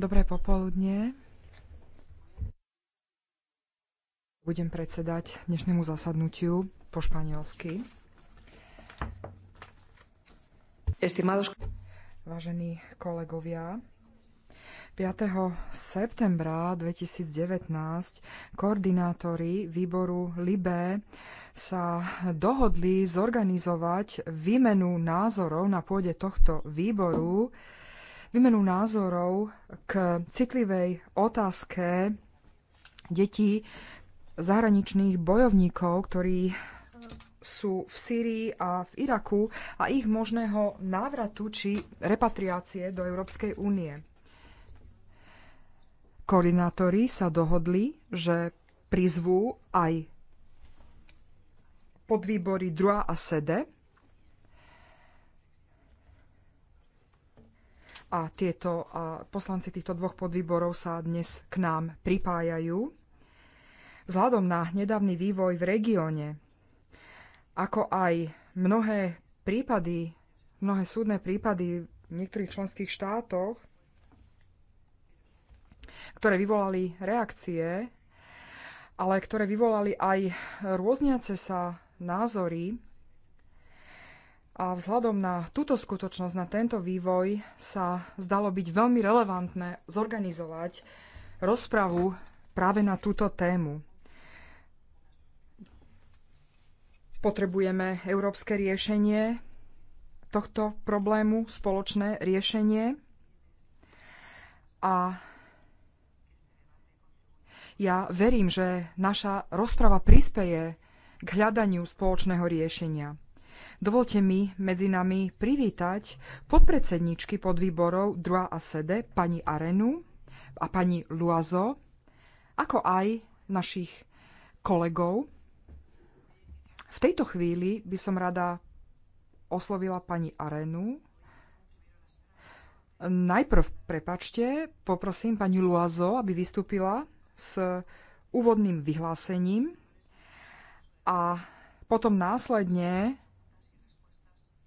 Dobré popoludne. Budem predsedať dnešnému zasadnutiu po španielsky. Estimados... Vážení kolegovia, 5. septembra 2019 koordinátori výboru LIBE sa dohodli zorganizovať výmenu názorov na pôde tohto výboru výmenu názorov k citlivej otázke detí zahraničných bojovníkov, ktorí sú v Sýrii a v Iraku a ich možného návratu či repatriácie do Európskej únie. Koordinátori sa dohodli, že prizvú aj podvýbory 2 a SEDE, a, tieto, a poslanci týchto dvoch podvýborov sa dnes k nám pripájajú. Vzhľadom na nedávny vývoj v regióne, ako aj mnohé prípady, mnohé súdne prípady v niektorých členských štátoch, ktoré vyvolali reakcie, ale ktoré vyvolali aj rôzniace sa názory a vzhľadom na túto skutočnosť, na tento vývoj sa zdalo byť veľmi relevantné zorganizovať rozpravu práve na túto tému. Potrebujeme európske riešenie tohto problému, spoločné riešenie. A ja verím, že naša rozprava prispeje k hľadaniu spoločného riešenia. Dovolte mi medzi nami privítať podpredsedničky podvýborov Drua a Sede, pani Arenu a pani Luazo, ako aj našich kolegov. V tejto chvíli by som rada oslovila pani Arenu. Najprv, prepačte, poprosím pani Luazo, aby vystúpila s úvodným vyhlásením a potom následne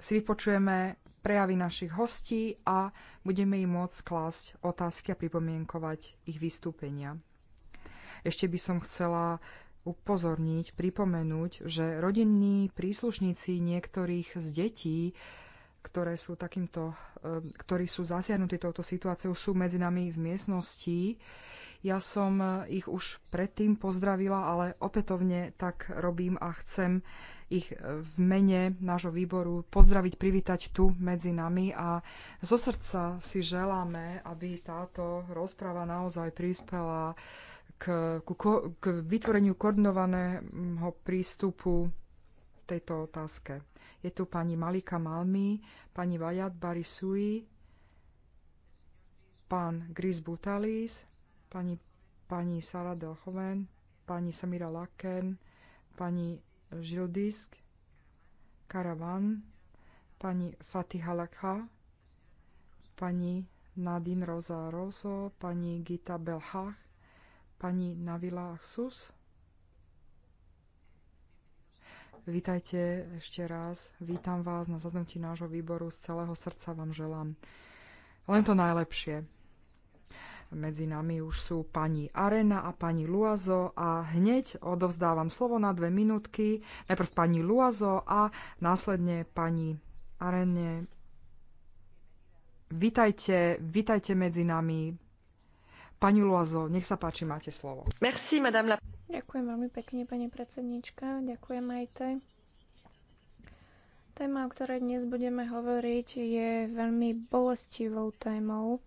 si vypočujeme prejavy našich hostí a budeme im môcť klásť otázky a pripomienkovať ich vystúpenia. Ešte by som chcela upozorniť, pripomenúť, že rodinní príslušníci niektorých z detí, ktoré sú takýmto, eh, ktorí sú zasiahnutí touto situáciou, sú medzi nami v miestnosti ja som eh, ich už predtým pozdravila, ale opätovne tak robím a chcem ich eh, v mene nášho výboru pozdraviť, privítať tu medzi nami a zo srdca si želáme, aby táto rozpráva naozaj prispela k, k, k vytvoreniu koordinovaného prístupu tejto otázke. Je tu pani Malika Malmi, pani Vajat Barisui, pán Gris Butalis, pani, pani Sara Delchoven, pani Samira Laken, pani Žildisk, Karavan, pani Fatiha Lakha, pani Nadin Rosa Roso, pani Gita Belhach, pani Navila Sus. Vítajte ešte raz. Vítam vás na zaznutí nášho výboru. Z celého srdca vám želám len to najlepšie medzi nami už sú pani Arena a pani Luazo a hneď odovzdávam slovo na dve minútky. Najprv pani Luazo a následne pani Arene. Vítajte, vítajte medzi nami. Pani Luazo, nech sa páči, máte slovo. Merci, madame la... Ďakujem veľmi pekne, pani predsednička. Ďakujem aj te. Téma, o ktorej dnes budeme hovoriť, je veľmi bolestivou témou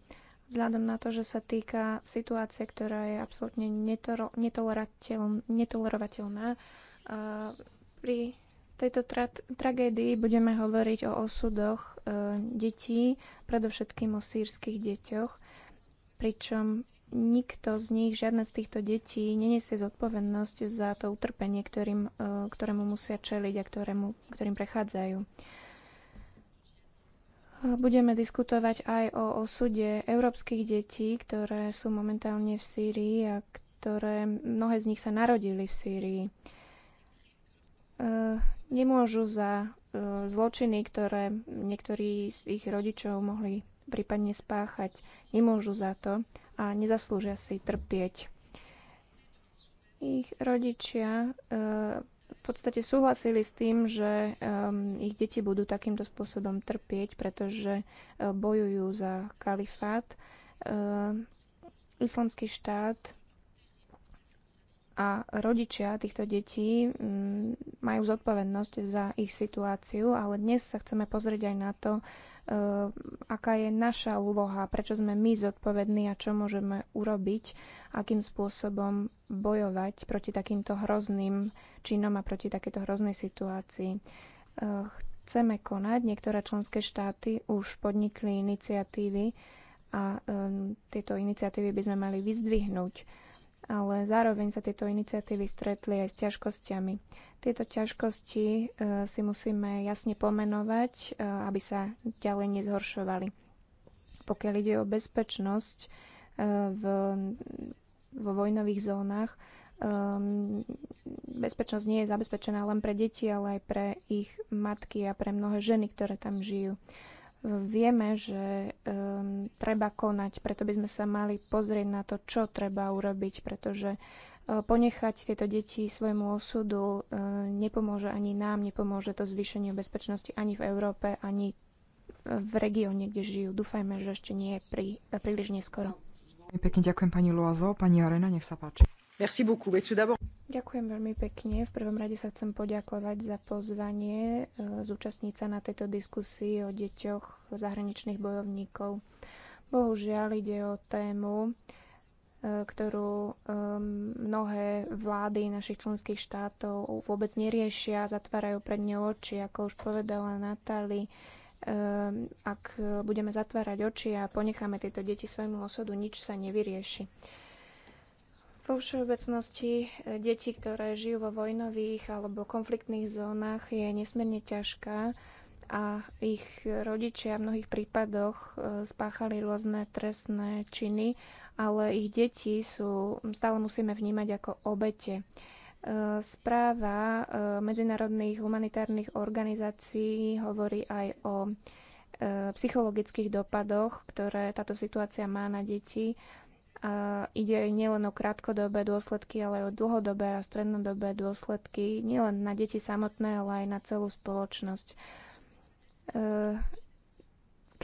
vzhľadom na to, že sa týka situácie, ktorá je absolútne netolerovateľná. Pri tejto tra- tragédii budeme hovoriť o osudoch e, detí, predovšetkým o sírskych deťoch, pričom nikto z nich, žiadne z týchto detí neniesie zodpovednosť za to utrpenie, ktorým, e, ktorému musia čeliť a ktorému, ktorým prechádzajú. Budeme diskutovať aj o osude európskych detí, ktoré sú momentálne v Sýrii a ktoré mnohé z nich sa narodili v Sýrii. E, nemôžu za e, zločiny, ktoré niektorí z ich rodičov mohli prípadne spáchať, nemôžu za to a nezaslúžia si trpieť. Ich rodičia e, v podstate súhlasili s tým, že um, ich deti budú takýmto spôsobom trpieť, pretože uh, bojujú za kalifát. Uh, islamský štát a rodičia týchto detí um, majú zodpovednosť za ich situáciu, ale dnes sa chceme pozrieť aj na to, Eh, aká je naša úloha, prečo sme my zodpovední a čo môžeme urobiť, akým spôsobom bojovať proti takýmto hrozným činom a proti takéto hroznej situácii. Eh, chceme konať, niektoré členské štáty už podnikli iniciatívy a tieto iniciatívy by sme mali vyzdvihnúť ale zároveň sa tieto iniciatívy stretli aj s ťažkosťami. Tieto ťažkosti e, si musíme jasne pomenovať, e, aby sa ďalej nezhoršovali. Pokiaľ ide o bezpečnosť e, v, vo vojnových zónach, bezpečnosť nie je zabezpečená len pre deti, ale aj pre ich matky a pre mnohé ženy, ktoré tam žijú. Vieme, že um, treba konať, preto by sme sa mali pozrieť na to, čo treba urobiť, pretože uh, ponechať tieto deti svojmu osudu uh, nepomôže ani nám, nepomôže to zvýšeniu bezpečnosti ani v Európe, ani v regióne, kde žijú. Dúfajme, že ešte nie je prí, e, príliš neskoro. Pekne ďakujem pani Loazo. Pani Arena, nech sa páči. Merci beaucoup. Ďakujem veľmi pekne. V prvom rade sa chcem poďakovať za pozvanie e, zúčastniť sa na tejto diskusii o deťoch zahraničných bojovníkov. Bohužiaľ ide o tému, e, ktorú e, mnohé vlády našich členských štátov vôbec neriešia, zatvárajú pred ňou oči, ako už povedala Natali. Ak budeme zatvárať oči a ponecháme tieto deti svojmu osudu, nič sa nevyrieši. Vo všeobecnosti e, deti, ktoré žijú vo vojnových alebo konfliktných zónach, je nesmierne ťažká a ich rodičia v mnohých prípadoch e, spáchali rôzne trestné činy, ale ich deti sú, stále musíme vnímať ako obete. E, správa medzinárodných humanitárnych organizácií hovorí aj o psychologických dopadoch, ktoré táto situácia má na deti a ide nielen o krátkodobé dôsledky, ale aj o dlhodobé a strednodobé dôsledky, nielen na deti samotné, ale aj na celú spoločnosť. E,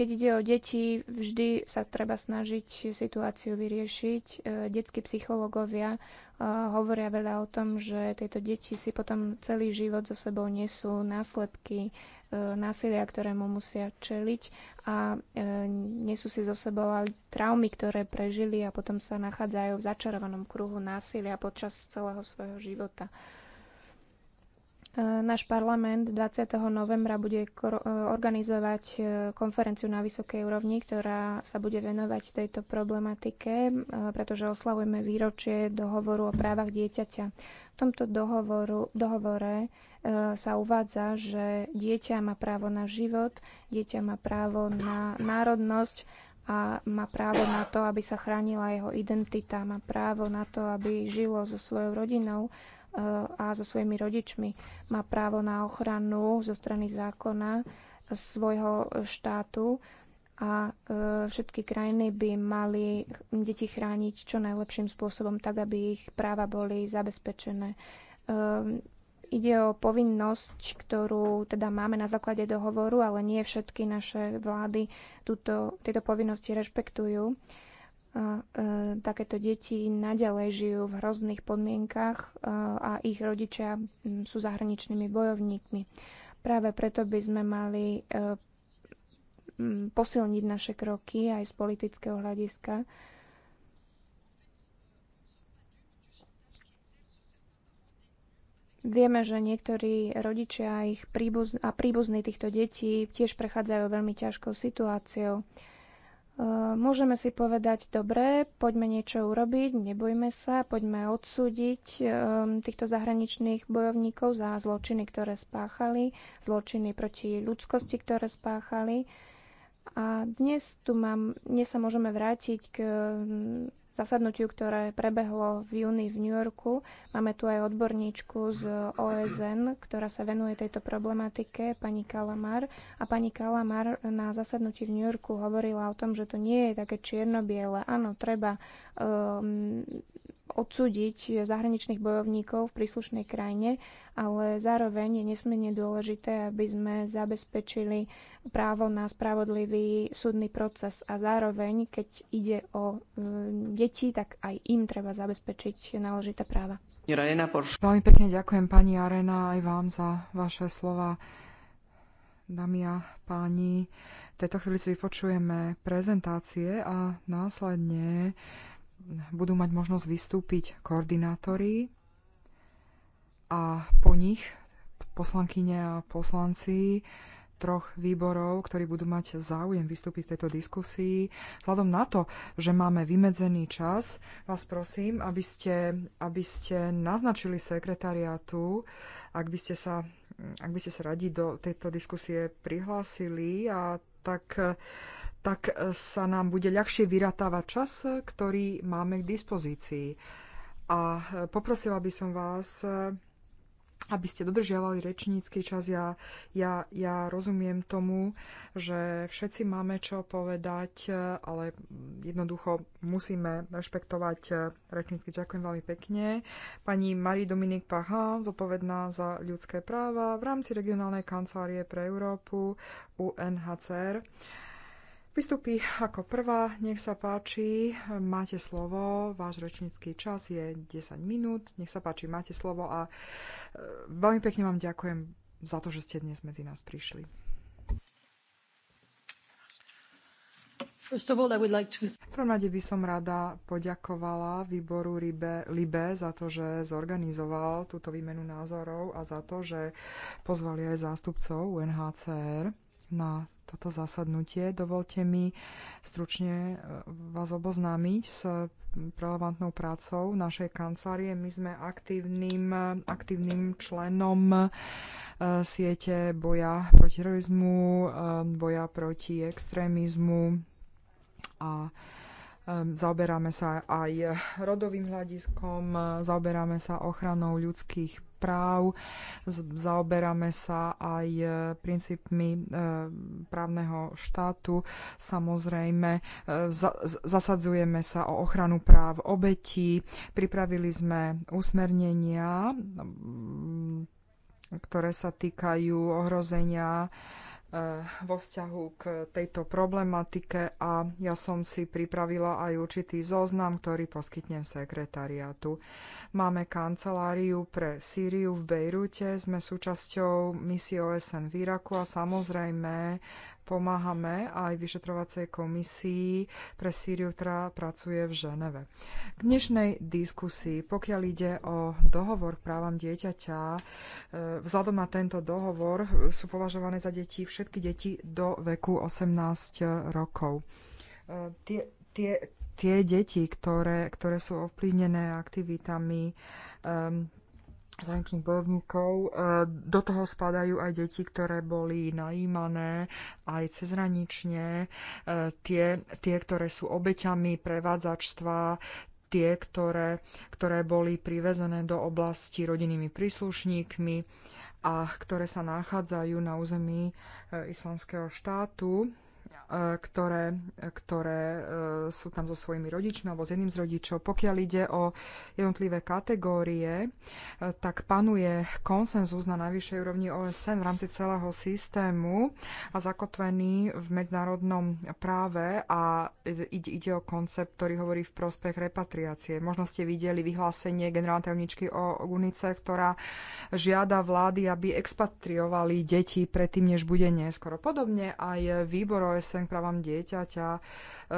keď ide o deti, vždy sa treba snažiť situáciu vyriešiť. E, detskí psychológovia e, hovoria veľa o tom, že tieto deti si potom celý život so sebou nesú následky e, násilia, ktorému musia čeliť a nesú si so sebou aj traumy, ktoré prežili a potom sa nachádzajú v začarovanom kruhu násilia počas celého svojho života. Eh, náš parlament 20. novembra bude eh, organizovať eh, konferenciu na vysokej úrovni, ktorá sa bude venovať tejto problematike, pretože oslavujeme výročie dohovoru o právach dieťaťa. V tomto dohovoru, dohovore sa uvádza, že dieťa má právo na život, dieťa má právo na národnosť, a má právo na to, aby sa chránila jeho identita, má právo na to, aby žilo so svojou rodinou a so svojimi rodičmi. Má právo na ochranu zo strany zákona svojho štátu a e, všetky krajiny by mali deti chrániť čo najlepším spôsobom, tak aby ich práva boli zabezpečené. E, ide o povinnosť, ktorú teda máme na základe dohovoru, ale nie všetky naše vlády túto, tieto povinnosti rešpektujú a e, takéto deti naďalej žijú v hrozných podmienkach e, a ich rodičia m, sú zahraničnými bojovníkmi. Práve preto by sme mali e, m, posilniť naše kroky aj z politického hľadiska. Vieme, že niektorí rodičia ich príbuz- a príbuzní týchto detí tiež prechádzajú veľmi ťažkou situáciou. E, Eh, môžeme si povedať, dobre, poďme niečo urobiť, nebojme sa, poďme odsúdiť ehm, týchto zahraničných bojovníkov za zločiny, ktoré spáchali, zločiny proti ľudskosti, ktoré spáchali. A dnes tu mám, dnes sa môžeme vrátiť k ehm, zasadnutiu, ktoré prebehlo v júni v New Yorku. Máme tu aj odborníčku z OSN, ktorá sa venuje tejto problematike, pani Kalamar. A pani Kalamar na zasadnutí v New Yorku hovorila o tom, že to nie je také čierno-biele. Áno, treba um, odsúdiť zahraničných bojovníkov v príslušnej krajine, ale zároveň je nesmierne dôležité, aby sme zabezpečili právo na spravodlivý súdny proces a zároveň, keď ide o e, deti, tak aj im treba zabezpečiť náležité práva. Veľmi pekne ďakujem pani Arena aj vám za vaše slova. Dámy a páni, v tejto chvíli si vypočujeme prezentácie a následne budú mať možnosť vystúpiť koordinátori a po nich poslankyne a poslanci troch výborov, ktorí budú mať záujem vystúpiť v tejto diskusii. Vzhľadom na to, že máme vymedzený čas, vás prosím, aby ste, aby ste naznačili sekretariátu, ak by ste sa, ak by ste sa radi do tejto diskusie prihlásili a tak tak e, sa nám bude ľahšie vyratávať čas, e, ktorý máme k dispozícii. A e, poprosila by som vás, aby ste dodržiavali rečnícky čas. Ja, ja, ja rozumiem tomu, že všetci máme čo povedať, ale jednoducho musíme rešpektovať rečnícky. Ďakujem veľmi pekne. Pani Marie Dominik Paha, zodpovedná za ľudské práva v rámci regionálnej kancelárie pre Európu UNHCR. Vystupí ako prvá, nech sa páči, máte slovo, váš ročnícky čas je 10 minút, nech sa páči, máte slovo a e, veľmi pekne vám ďakujem za to, že ste dnes medzi nás prišli. V prvom rade by som rada poďakovala výboru Libe, Libe za to, že zorganizoval túto výmenu názorov a za to, že pozvali aj zástupcov UNHCR na toto zasadnutie. Dovolte mi stručne e, vás oboznámiť s relevantnou prácou našej kancelárie. My sme aktívnym, aktívnym členom e, siete boja proti terorizmu, e, boja proti extrémizmu a zaoberáme sa aj rodovým hľadiskom, zaoberáme sa ochranou ľudských práv. Zaoberáme sa aj e, princípmi e, právneho štátu. Samozrejme, e, zasadzujeme sa o ochranu práv obetí. Pripravili sme usmernenia, ktoré sa týkajú ohrozenia vo vzťahu k tejto problematike a ja som si pripravila aj určitý zoznam, ktorý poskytnem sekretariátu. Máme kanceláriu pre Sýriu v Bejrute, sme súčasťou misie OSN v Iraku a samozrejme pomáhame aj vyšetrovacej komisii pre Sýriu, ktorá pracuje v Ženeve. K dnešnej diskusii, pokiaľ ide o dohovor právam dieťaťa, e, vzhľadom na tento dohovor sú považované za deti všetky deti do veku 18 rokov. E, tie, tie, tie deti, ktoré, ktoré sú ovplyvnené aktivitami um, zahraničných bojovníkov. Eh, do toho spadajú aj deti, ktoré boli najímané aj cezhranične, eh, tie, tie ktoré sú obeťami prevádzačstva, tie, ktoré, ktoré boli privezené do oblasti rodinnými príslušníkmi a ktoré sa nachádzajú na území eh, islamského štátu Eh, ktoré, ktoré eh, sú tam so svojimi rodičmi alebo s jedným z rodičov. Pokiaľ ide o jednotlivé kategórie, eh, tak panuje konsenzus na najvyššej úrovni OSN v rámci celého systému a zakotvený v medzinárodnom práve a ide, ide o koncept, ktorý hovorí v prospech repatriácie. Možno ste videli vyhlásenie generálnej tajomničky o Gunice, ktorá žiada vlády, aby expatriovali deti predtým, než bude neskoro. Podobne aj výbor OSN k právam dieťaťa e,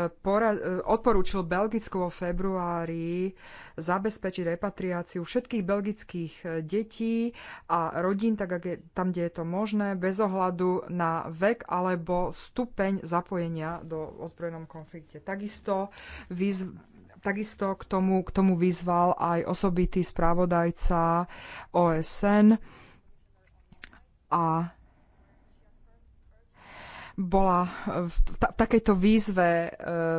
e, odporúčil Belgicku vo februári zabezpečiť repatriáciu všetkých belgických e, detí a rodín, tak ak je, tam, kde je to možné, bez ohľadu na vek alebo stupeň zapojenia do ozbrojenom konflikte. Takisto vyz, Takisto k tomu, k tomu vyzval aj osobitý správodajca OSN a bola v, ta, v takejto výzve e,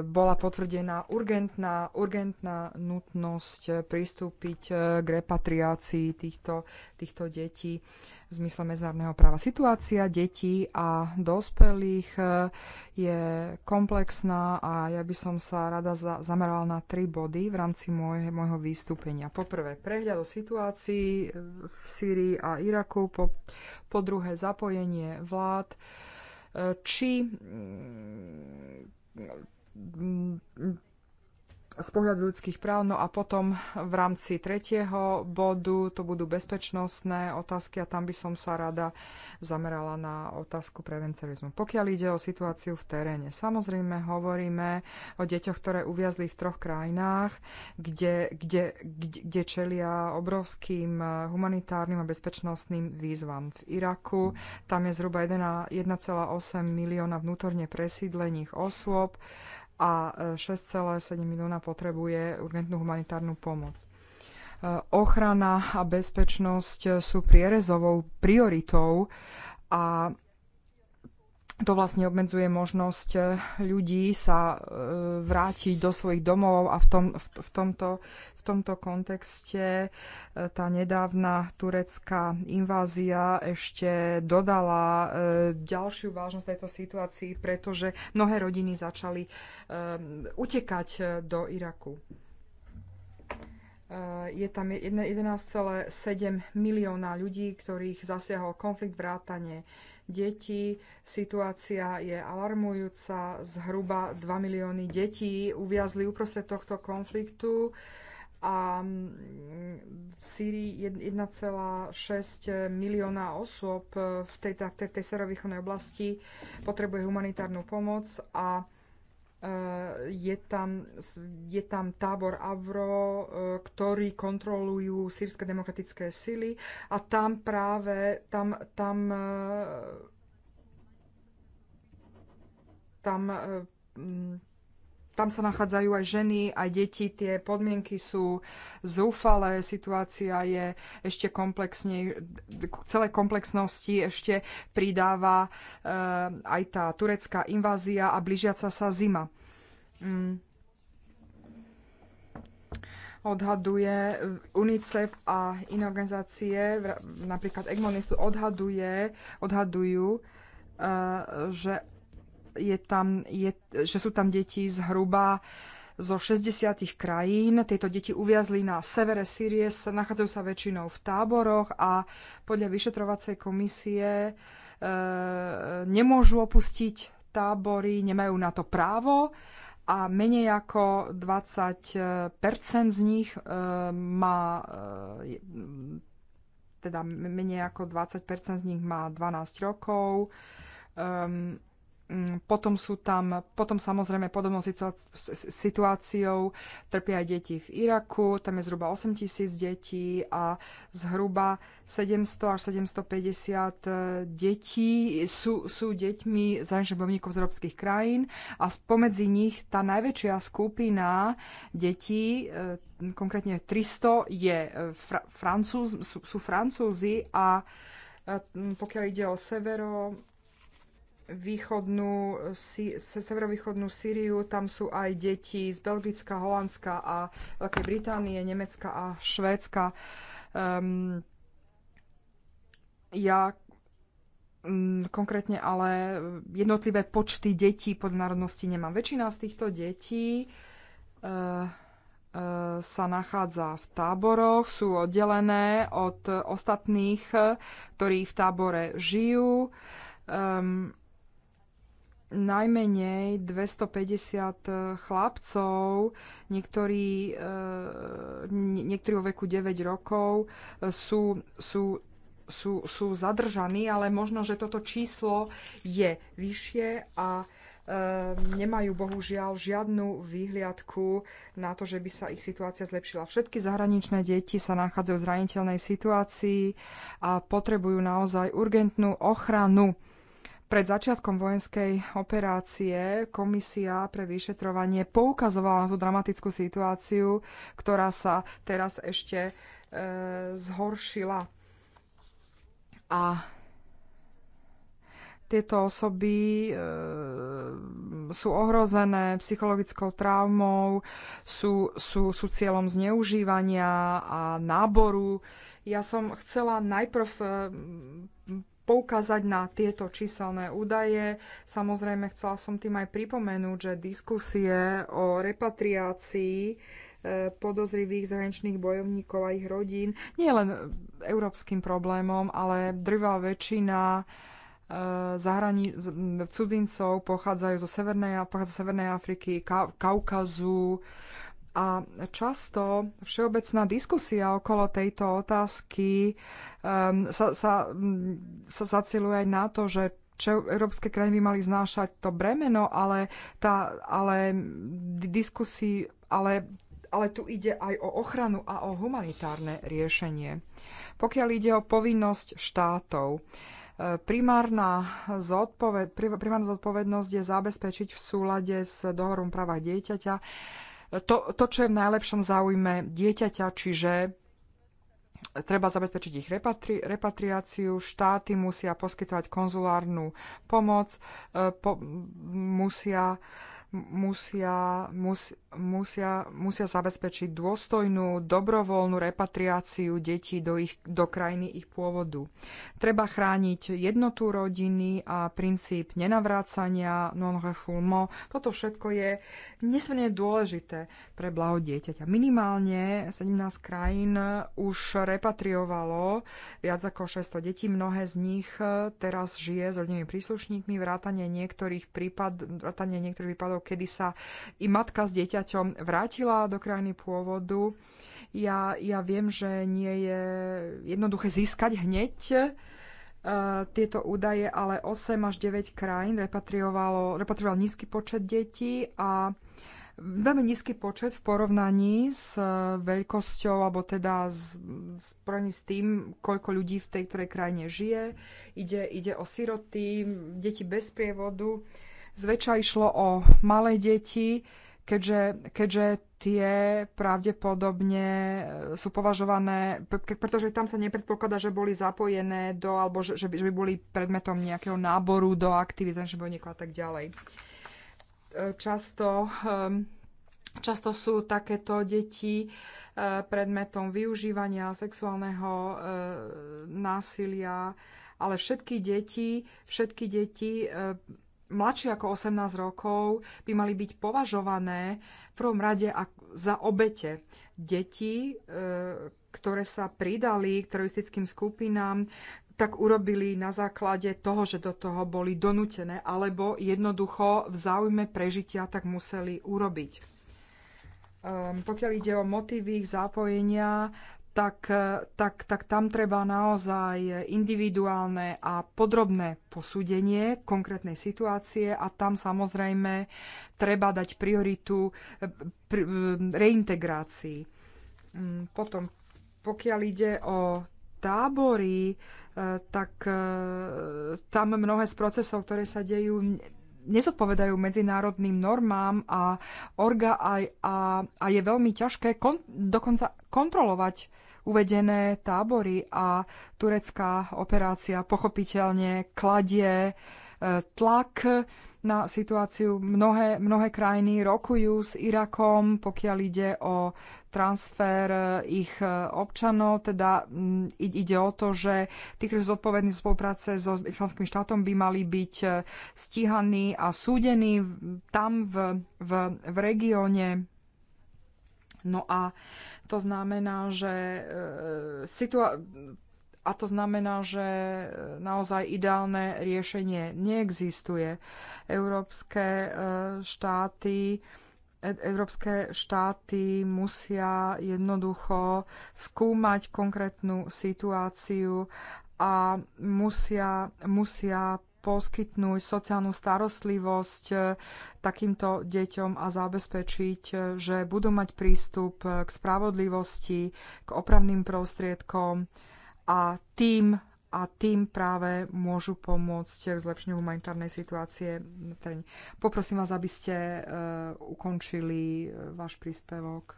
bola potvrdená urgentná, urgentná nutnosť e, pristúpiť e, k repatriácii týchto, týchto detí v zmysle medzinárodného práva. Situácia detí a dospelých je komplexná a ja by som sa rada za, zamerala na tri body v rámci môj, môjho vystúpenia. Po prvé, prehľad o situácii v Sýrii a Iraku, po, po druhé, zapojenie vlád, či mm, z pohľadu ľudských práv. No a potom v rámci tretieho bodu to budú bezpečnostné otázky a tam by som sa rada zamerala na otázku prevencerizmu. Pokiaľ ide o situáciu v teréne, samozrejme hovoríme o deťoch, ktoré uviazli v troch krajinách, kde, kde, kde, kde čelia obrovským humanitárnym a bezpečnostným výzvam. V Iraku tam je zhruba 1,8 milióna vnútorne presídlených osôb a 6,7 e, milióna potrebuje urgentnú humanitárnu pomoc. E, ochrana a bezpečnosť sú prierezovou prioritou a to vlastne obmedzuje možnosť e, ľudí sa e, vrátiť do svojich domov a v, tom, v, v, tomto, v tomto kontexte e, tá nedávna turecká invázia ešte dodala ďalšiu vážnosť tejto situácii, pretože mnohé rodiny začali utekať do Iraku je tam 11,7 milióna ľudí, ktorých zasiahol konflikt vrátane detí. Situácia je alarmujúca. Zhruba 2 milióny detí uviazli uprostred tohto konfliktu a mm, v Sýrii 1,6 milióna osôb v tej, v tej serovýchodnej oblasti potrebuje humanitárnu pomoc a Eh, je tam, je tam tábor Avro, eh, ktorý kontrolujú sírske demokratické sily a tam práve, tam, tam, eh, tam, tam tam sa nachádzajú aj ženy, aj deti. Tie podmienky sú zúfalé, situácia je ešte komplexnej, celé komplexnosti ešte pridáva e, aj tá turecká invázia a blížiaca sa zima. Mm. Odhaduje eh, UNICEF a iné organizácie, napríklad Egmonistu, odhaduje, odhadujú, e, že je tam, je, že sú tam deti zhruba zo 60 krajín. Tieto deti uviazli na severe Sýrie, nachádzajú sa väčšinou v táboroch a podľa vyšetrovacej komisie e, nemôžu opustiť tábory, nemajú na to právo a menej ako 20 z nich e, má e, teda menej ako 20 z nich má 12 rokov. Um, e, Mm, potom sú tam, potom samozrejme podobnou situáciou trpia aj deti v Iraku, tam je zhruba 8 tisíc detí a zhruba 700 až 750 e, detí sú, sú deťmi zahraničných bojovníkov z európskych krajín a spomedzi nich tá najväčšia skupina detí, e, konkrétne 300, je e, fr- francúz, sú, sú francúzi a pokiaľ ide o severo východnú, severovýchodnú Sýriu, tam sú aj deti z Belgicka, Holandska a Veľkej Británie, Nemecka a Švédska. Um, ja um, konkrétne ale jednotlivé počty detí pod národnosti nemám. Väčšina z týchto detí uh, sa nachádza v táboroch, sú oddelené od ostatných, ktorí v tábore žijú. Um, najmenej 250 eh, chlapcov, niektorí, eh, niektorí vo veku 9 rokov eh, sú, sú sú, sú zadržaní, ale možno, že toto číslo je vyššie a nemajú bohužiaľ žiadnu výhliadku na to, že by sa ich situácia zlepšila. Všetky zahraničné deti sa nachádzajú v zraniteľnej situácii a potrebujú naozaj urgentnú ochranu. Pred začiatkom vojenskej operácie komisia pre vyšetrovanie poukazovala na tú dramatickú situáciu, ktorá sa teraz ešte e, zhoršila. A tieto osoby e, sú ohrozené psychologickou traumou, sú, sú, sú cieľom zneužívania a náboru. Ja som chcela najprv e, poukázať na tieto číselné údaje. Samozrejme, chcela som tým aj pripomenúť, že diskusie o repatriácii e, podozrivých zahraničných bojovníkov a ich rodín nie je len európskym problémom, ale drvá väčšina e, zahrani- cudzincov pochádzajú zo Severnej, pochádza z Severnej Afriky, Kaukazu, a často všeobecná diskusia okolo tejto otázky um, sa, sa, mm, sa zaciluje aj na to, že čo európske krajiny by mali znášať to bremeno, ale, tá, ale diskusí, ale, ale tu ide aj o ochranu a o humanitárne riešenie. Pokiaľ ide o povinnosť štátov, e, Primárna, zodpoved, primárna zodpovednosť je zabezpečiť v súlade s dohorom práva dieťaťa to, to, čo je v najlepšom záujme dieťaťa, čiže treba zabezpečiť ich repatri- repatriáciu, štáty musia poskytovať konzulárnu pomoc, e, po- musia musia, mus, musia, musia zabezpečiť dôstojnú, dobrovoľnú repatriáciu detí do, ich, do krajiny ich pôvodu. Treba chrániť jednotu rodiny a princíp nenavrácania, non-refoulement. Toto všetko je nesmierne dôležité pre blaho dieťaťa. Minimálne 17 krajín už repatriovalo viac ako 600 detí. Mnohé z nich teraz žije s rodinnými príslušníkmi, vrátanie niektorých, prípad, vrátanie niektorých prípadov kedy sa i matka s dieťaťom vrátila do krajiny pôvodu. Ja, ja viem, že nie je jednoduché získať hneď e, tieto údaje, ale 8 až 9 krajín repatriovalo, repatrioval nízky počet detí a veľmi nízky počet v porovnaní s e, veľkosťou, alebo teda s, s, s tým, koľko ľudí v tej ktorej krajine žije. Ide, ide o siroty, deti bez prievodu. Zväčša išlo o malé deti, keďže, keďže tie pravdepodobne e, sú považované, pretože tam sa nepredpokladá, že boli zapojené do, alebo že, že, by, že by boli predmetom nejakého náboru do že by a tak ďalej. E, často, ehm, často sú takéto deti e, predmetom využívania sexuálneho násilia, ale všetky deti, všetky deti mladšie ako 18 rokov by mali byť považované v prvom rade za obete. detí, e, ktoré sa pridali k teroristickým skupinám, tak urobili na základe toho, že do toho boli donútené, alebo jednoducho v záujme prežitia tak museli urobiť. Ehm, pokiaľ ide o motivy ich zápojenia, tak, e, tak, tak tam treba naozaj individuálne a podrobné posúdenie konkrétnej situácie a tam samozrejme treba dať prioritu e, e, reintegrácii. Mm, potom, pokiaľ ide o tábory, tak tam mnohé z procesov, ktoré sa dejú, nezodpovedajú medzinárodným normám a, orga aj, a, a je veľmi ťažké kon, dokonca kontrolovať uvedené tábory a turecká operácia pochopiteľne kladie e, tlak na situáciu. Mnohé, mnohé krajiny rokujú s Irakom, pokiaľ ide o transfer e, ich e, občanov. Teda ide o to, že tí, ktorí sú zodpovední v spolupráce so islamským štátom, by mali byť stíhaní a súdení tam v, v, v regióne No a to znamená, že e, situa- a to znamená, že naozaj ideálne riešenie neexistuje. Európske e, štáty e, Európske štáty musia jednoducho skúmať konkrétnu situáciu a musia, musia poskytnúť sociálnu starostlivosť e, takýmto deťom a zabezpečiť, e, že budú mať prístup e, k spravodlivosti, k opravným prostriedkom a tým a tým práve môžu pomôcť k zlepšeniu humanitárnej situácie. Poprosím vás, aby ste uh, ukončili váš príspevok.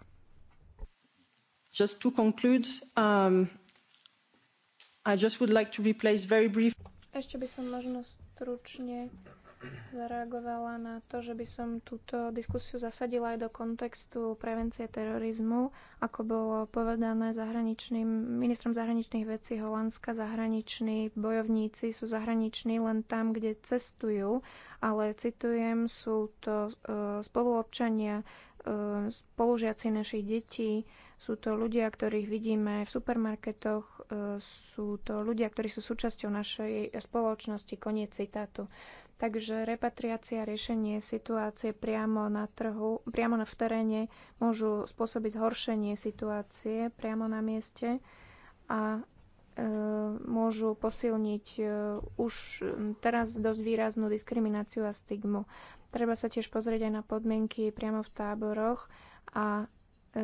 Just to conclude, um, I just would like to replace very brief... Ešte by som možno stručne zareagovala na to, že by som túto diskusiu zasadila aj do kontextu prevencie terorizmu, ako bolo povedané zahraničným, ministrom zahraničných vecí Holandska. Zahraniční bojovníci sú zahraniční len tam, kde cestujú, ale citujem, sú to e, spoluobčania, e, spolužiaci našich detí, sú to ľudia, ktorých vidíme v supermarketoch, e, sú to ľudia, ktorí sú súčasťou našej spoločnosti. Koniec citátu. Takže repatriácia, riešenie situácie priamo na trhu, priamo v teréne môžu spôsobiť zhoršenie situácie priamo na mieste a e, môžu posilniť e, už teraz dosť výraznú diskrimináciu a stigmu. Treba sa tiež pozrieť aj na podmienky priamo v táboroch a E,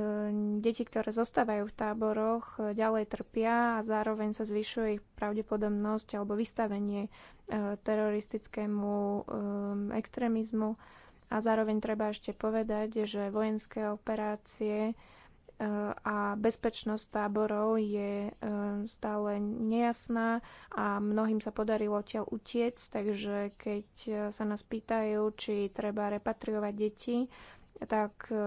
deti, ktoré zostávajú v táboroch, e, ďalej trpia a zároveň sa zvyšuje ich pravdepodobnosť alebo vystavenie e, teroristickému extrémizmu. A zároveň treba ešte povedať, že vojenské operácie a bezpečnosť táborov je stále nejasná a mnohým sa podarilo odtiaľ utiec, takže keď sa nás pýtajú, či treba repatriovať deti, tak e,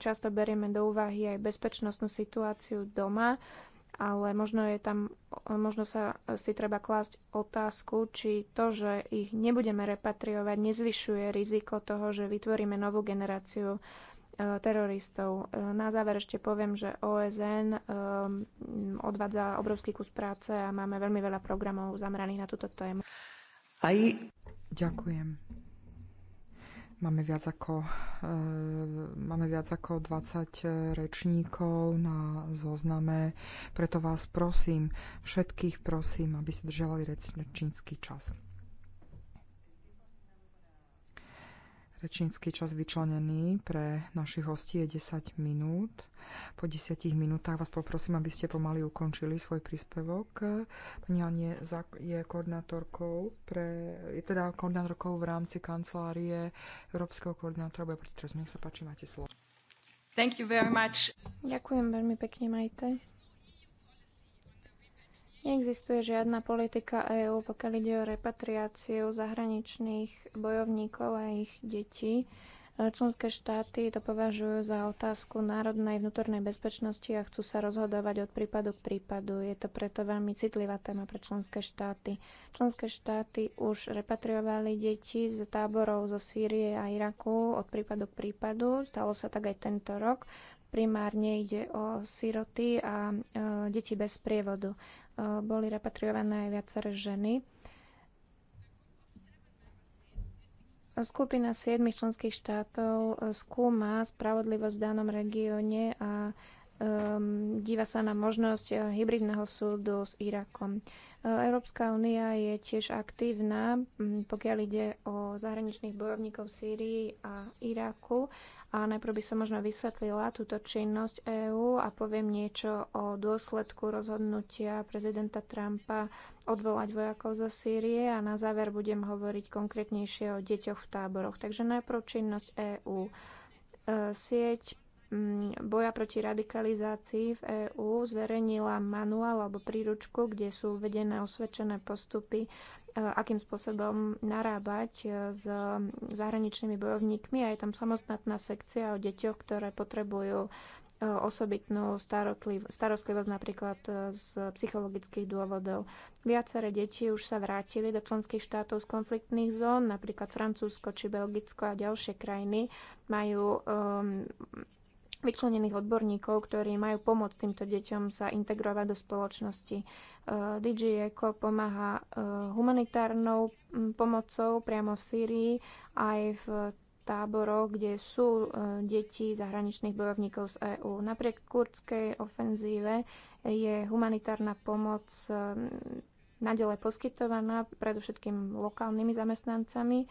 často berieme do úvahy aj bezpečnostnú situáciu doma, ale možno, je tam, e, možno sa e, si treba klásť otázku, či to, že ich nebudeme repatriovať, nezvyšuje riziko toho, že vytvoríme novú generáciu teroristov. Na záver ešte poviem, že OSN odvádza obrovský kus práce a máme veľmi veľa programov zameraných na túto tému. Aj ďakujem. Máme viac ako, e, máme viac ako 20 rečníkov na zozname, preto vás prosím, všetkých prosím, aby ste držali rečnícky čas. Rečnícky čas vyčlenený pre našich hostí je 10 minút. Po 10 minútach vás poprosím, aby ste pomaly ukončili svoj príspevok. Pani Anie je koordinátorkou, pre, je teda koordinátorkou v rámci kancelárie Európskeho koordinátora boja proti trestu. Nech sa páči, máte slovo. Thank you very much. Ďakujem veľmi pekne, Majte. Neexistuje žiadna politika EÚ, pokiaľ ide o repatriáciu zahraničných bojovníkov a ich detí. Členské štáty to považujú za otázku národnej vnútornej bezpečnosti a chcú sa rozhodovať od prípadu k prípadu. Je to preto veľmi citlivá téma pre členské štáty. Členské štáty už repatriovali deti z táborov zo Sýrie a Iraku od prípadu k prípadu. Stalo sa tak aj tento rok. Primárne ide o siroty a e, deti bez prievodu boli repatriované aj viaceré ženy. Skupina siedmých členských štátov eh, skúma spravodlivosť v danom regióne a um, díva sa na možnosť eh, hybridného súdu s Irakom. Eh, Európska únia je tiež aktívna, hm, pokiaľ ide o zahraničných bojovníkov v Sýrii a Iraku a najprv by som možno vysvetlila túto činnosť EÚ a poviem niečo o dôsledku rozhodnutia prezidenta Trumpa odvolať vojakov zo Sýrie a na záver budem hovoriť konkrétnejšie o deťoch v táboroch. Takže najprv činnosť EÚ. E, sieť mm, boja proti radikalizácii v EÚ zverejnila manuál alebo príručku, kde sú uvedené osvedčené postupy E, akým spôsobom narábať e, s zahraničnými bojovníkmi a je tam samostatná sekcia o deťoch, ktoré potrebujú e, osobitnú starostlivosť napríklad z psychologických dôvodov. Viaceré deti už sa vrátili do členských štátov z konfliktných zón, napríklad Francúzsko či Belgicko a ďalšie krajiny majú um, vyčlenených odborníkov, ktorí majú pomôcť týmto deťom sa integrovať do spoločnosti. E, DG Eco pomáha e, humanitárnou pomocou priamo v Sýrii aj v táboroch, kde sú e, deti zahraničných bojovníkov z EÚ. Napriek kurdskej ofenzíve je humanitárna pomoc nadalej poskytovaná predovšetkým lokálnymi zamestnancami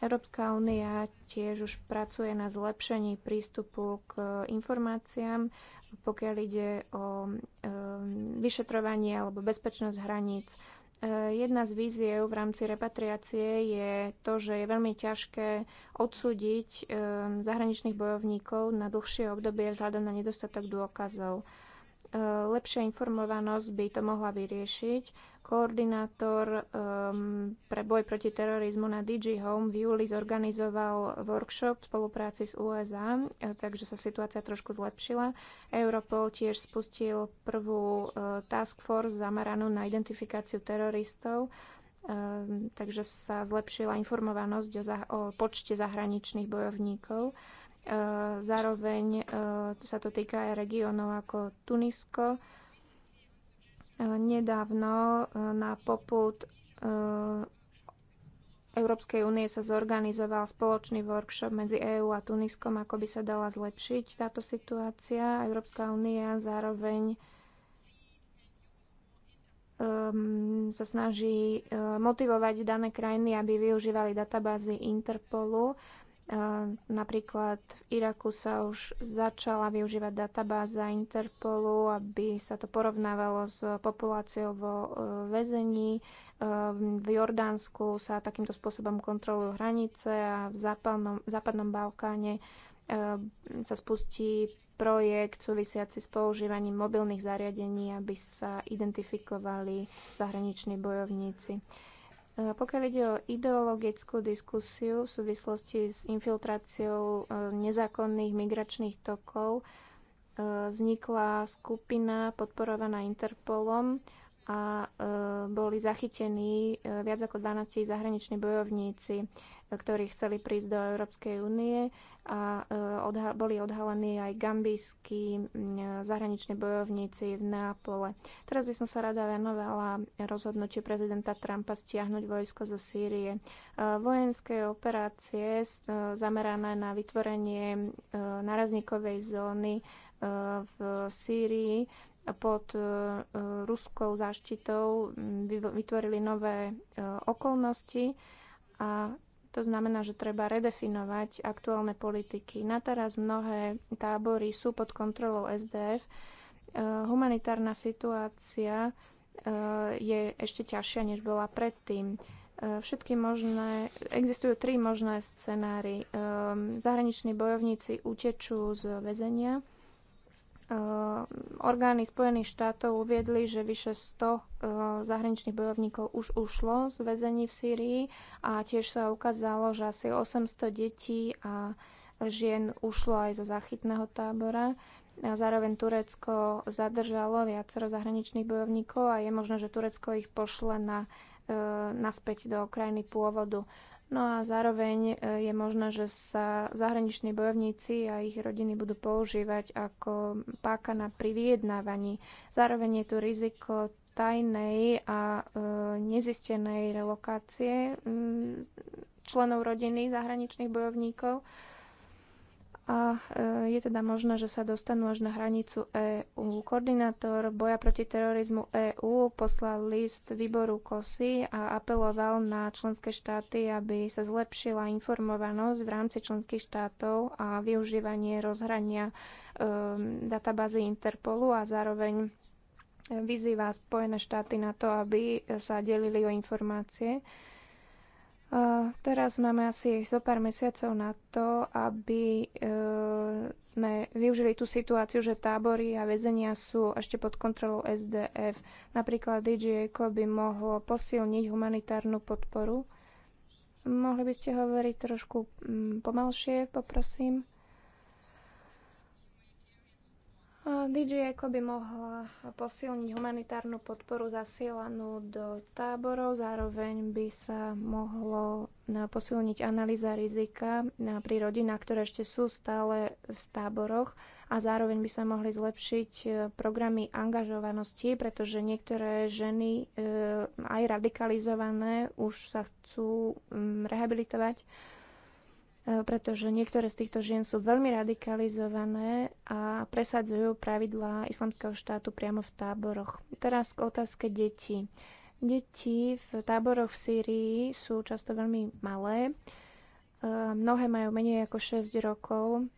Európska únia tiež už pracuje na zlepšení prístupu k informáciám, pokiaľ ide o e, vyšetrovanie alebo bezpečnosť hraníc. E, jedna z víziev v rámci repatriácie je to, že je veľmi ťažké odsúdiť e, zahraničných bojovníkov na dlhšie obdobie vzhľadom na nedostatok dôkazov. Eh, lepšia informovanosť by to mohla vyriešiť. Koordinátor um, pre boj proti terorizmu na DG Home v júli zorganizoval workshop v spolupráci s USA, eh, takže sa situácia trošku zlepšila. Europol tiež spustil prvú uh, task force zameranú na identifikáciu teroristov, um, takže sa zlepšila informovanosť o, o počte zahraničných bojovníkov. Zároveň e, sa to týka aj regiónov ako Tunisko. E, nedávno e, na poput Európskej únie sa zorganizoval spoločný workshop medzi EÚ a Tuniskom, ako by sa dala zlepšiť táto situácia. Európska únia zároveň um, sa snaží motivovať dané krajiny, aby využívali databázy Interpolu Napríklad v Iraku sa už začala využívať databáza Interpolu, aby sa to porovnávalo s populáciou vo e, väzení. E, v Jordánsku sa takýmto spôsobom kontrolujú hranice a v západnom, v západnom Balkáne e, sa spustí projekt súvisiaci s používaním mobilných zariadení, aby sa identifikovali zahraniční bojovníci. E, pokiaľ ide o ideologickú diskusiu v súvislosti s infiltráciou e, nezákonných migračných tokov, e, vznikla skupina podporovaná Interpolom a boli zachytení viac ako 12 zahraniční bojovníci ktorí chceli prísť do Európskej únie a e, odha- boli odhalení aj gambijskí zahraniční bojovníci v Neapole. Teraz by som sa rada venovala rozhodnutiu prezidenta Trumpa stiahnuť vojsko zo Sýrie. E, vojenské operácie e, zamerané na vytvorenie narazníkovej zóny v Sýrii pod ruskou záštitou vytvorili nové okolnosti a to znamená, že treba redefinovať aktuálne politiky. Na teraz mnohé tábory sú pod kontrolou SDF. E, humanitárna situácia e, je ešte ťažšia, než bola predtým. E, všetky možné, existujú tri možné scenári. Zahraniční bojovníci utečú z väzenia, Ehm, orgány Spojených štátov uviedli, že vyše 100 ehm, zahraničných bojovníkov už ušlo z väzení v Sýrii a tiež sa ukázalo, že asi 800 detí a žien ušlo aj zo záchytného tábora. A zároveň Turecko zadržalo viacero zahraničných bojovníkov a je možné, že Turecko ich pošle na, ehm, naspäť do krajiny pôvodu. No a zároveň e, je možné, že sa zahraniční bojovníci a ich rodiny budú používať ako páka na pri vyjednávaní. Zároveň je tu riziko tajnej a e, nezistenej relokácie mm, členov rodiny zahraničných bojovníkov a e, je teda možné, že sa dostanú až na hranicu EÚ. Koordinátor boja proti terorizmu EÚ poslal list výboru KOSY a apeloval na členské štáty, aby sa zlepšila informovanosť v rámci členských štátov a využívanie rozhrania um, databázy Interpolu a zároveň vyzýva Spojené štáty na to, aby sa delili o informácie. Uh, Teraz máme asi zo pár mesiacov na to, aby e, sme využili tú situáciu, že tábory a väzenia sú ešte pod kontrolou SDF. Napríklad DJ Eco by mohlo posilniť humanitárnu podporu. Mohli by ste hovoriť trošku mm, pomalšie, poprosím? DJ by mohla posilniť humanitárnu podporu zasielanú do táborov, zároveň by sa mohlo eh, posilniť analýza rizika eh, pri rodinách, ktoré ešte sú stále v táboroch a zároveň by sa mohli zlepšiť eh, programy angažovanosti, pretože niektoré ženy aj radikalizované už sa chcú mm, rehabilitovať E, pretože niektoré z týchto žien sú veľmi radikalizované a presadzujú pravidlá islamského štátu priamo v táboroch. Teraz k otázke detí. Deti v táboroch v Sýrii sú často veľmi malé. E, mnohé majú menej ako 6 rokov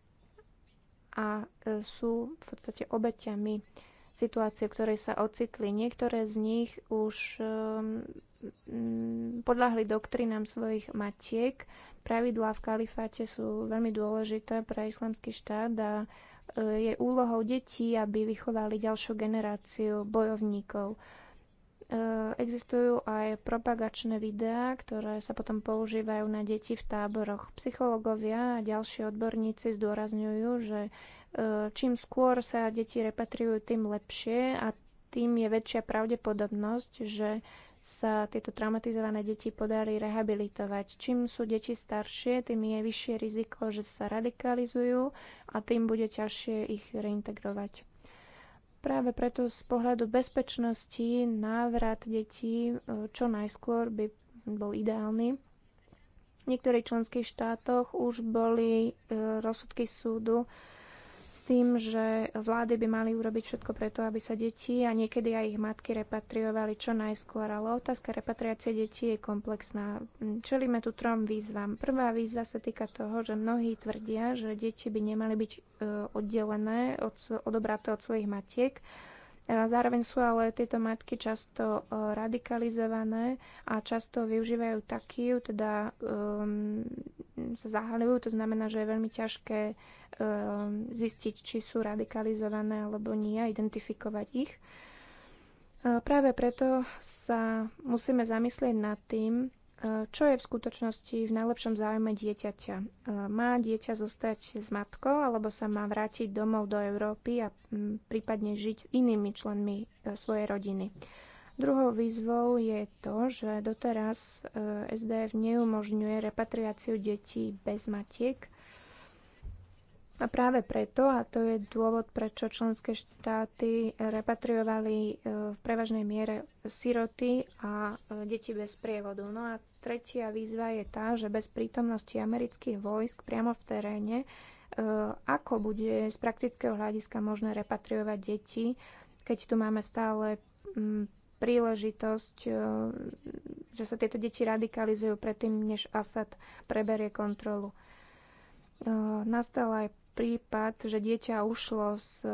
a e, sú v podstate obeťami situácie, v ktorej sa ocitli. Niektoré z nich už podľahli doktrinám svojich matiek, Pravidlá v kalifáte sú veľmi dôležité pre islamský štát a e, je úlohou detí, aby vychovali ďalšiu generáciu bojovníkov. E, existujú aj propagačné videá, ktoré sa potom používajú na deti v táboroch. Psychológovia a ďalší odborníci zdôrazňujú, že e, čím skôr sa deti repatriujú, tým lepšie a tým je väčšia pravdepodobnosť, že sa tieto traumatizované deti podarí rehabilitovať. Čím sú deti staršie, tým je vyššie riziko, že sa radikalizujú a tým bude ťažšie ich reintegrovať. Práve preto z pohľadu bezpečnosti návrat detí e, čo najskôr by bol ideálny. V niektorých členských štátoch už boli e, rozsudky súdu s tým, že vlády by mali urobiť všetko preto, aby sa deti a niekedy aj ich matky repatriovali čo najskôr, ale otázka repatriácie detí je komplexná. Čelíme tu trom výzvam. Prvá výzva sa týka toho, že mnohí tvrdia, že deti by nemali byť e, oddelené, od, odobraté od svojich matiek, Zároveň sú ale tieto matky často e, radikalizované a často využívajú taký, teda um, sa zahalujú, to znamená, že je veľmi ťažké um, zistiť, či sú radikalizované alebo nie, a identifikovať ich. E, práve preto sa musíme zamyslieť nad tým, E, čo je v skutočnosti v najlepšom záujme dieťaťa. E, má dieťa zostať s matkou alebo sa má vrátiť domov do Európy a mm, prípadne žiť s inými členmi e, svojej rodiny. Druhou výzvou je to, že doteraz SDF neumožňuje repatriáciu detí bez matiek a práve preto, a to je dôvod, prečo členské štáty repatriovali e, v prevažnej miere siroty a e, deti bez prievodu. No a tretia výzva je tá, že bez prítomnosti amerických vojsk priamo v teréne, e, ako bude z praktického hľadiska možné repatriovať deti, keď tu máme stále príležitosť, že sa tieto deti radikalizujú predtým, než Asad preberie kontrolu nastala aj prípad, že dieťa ušlo z um,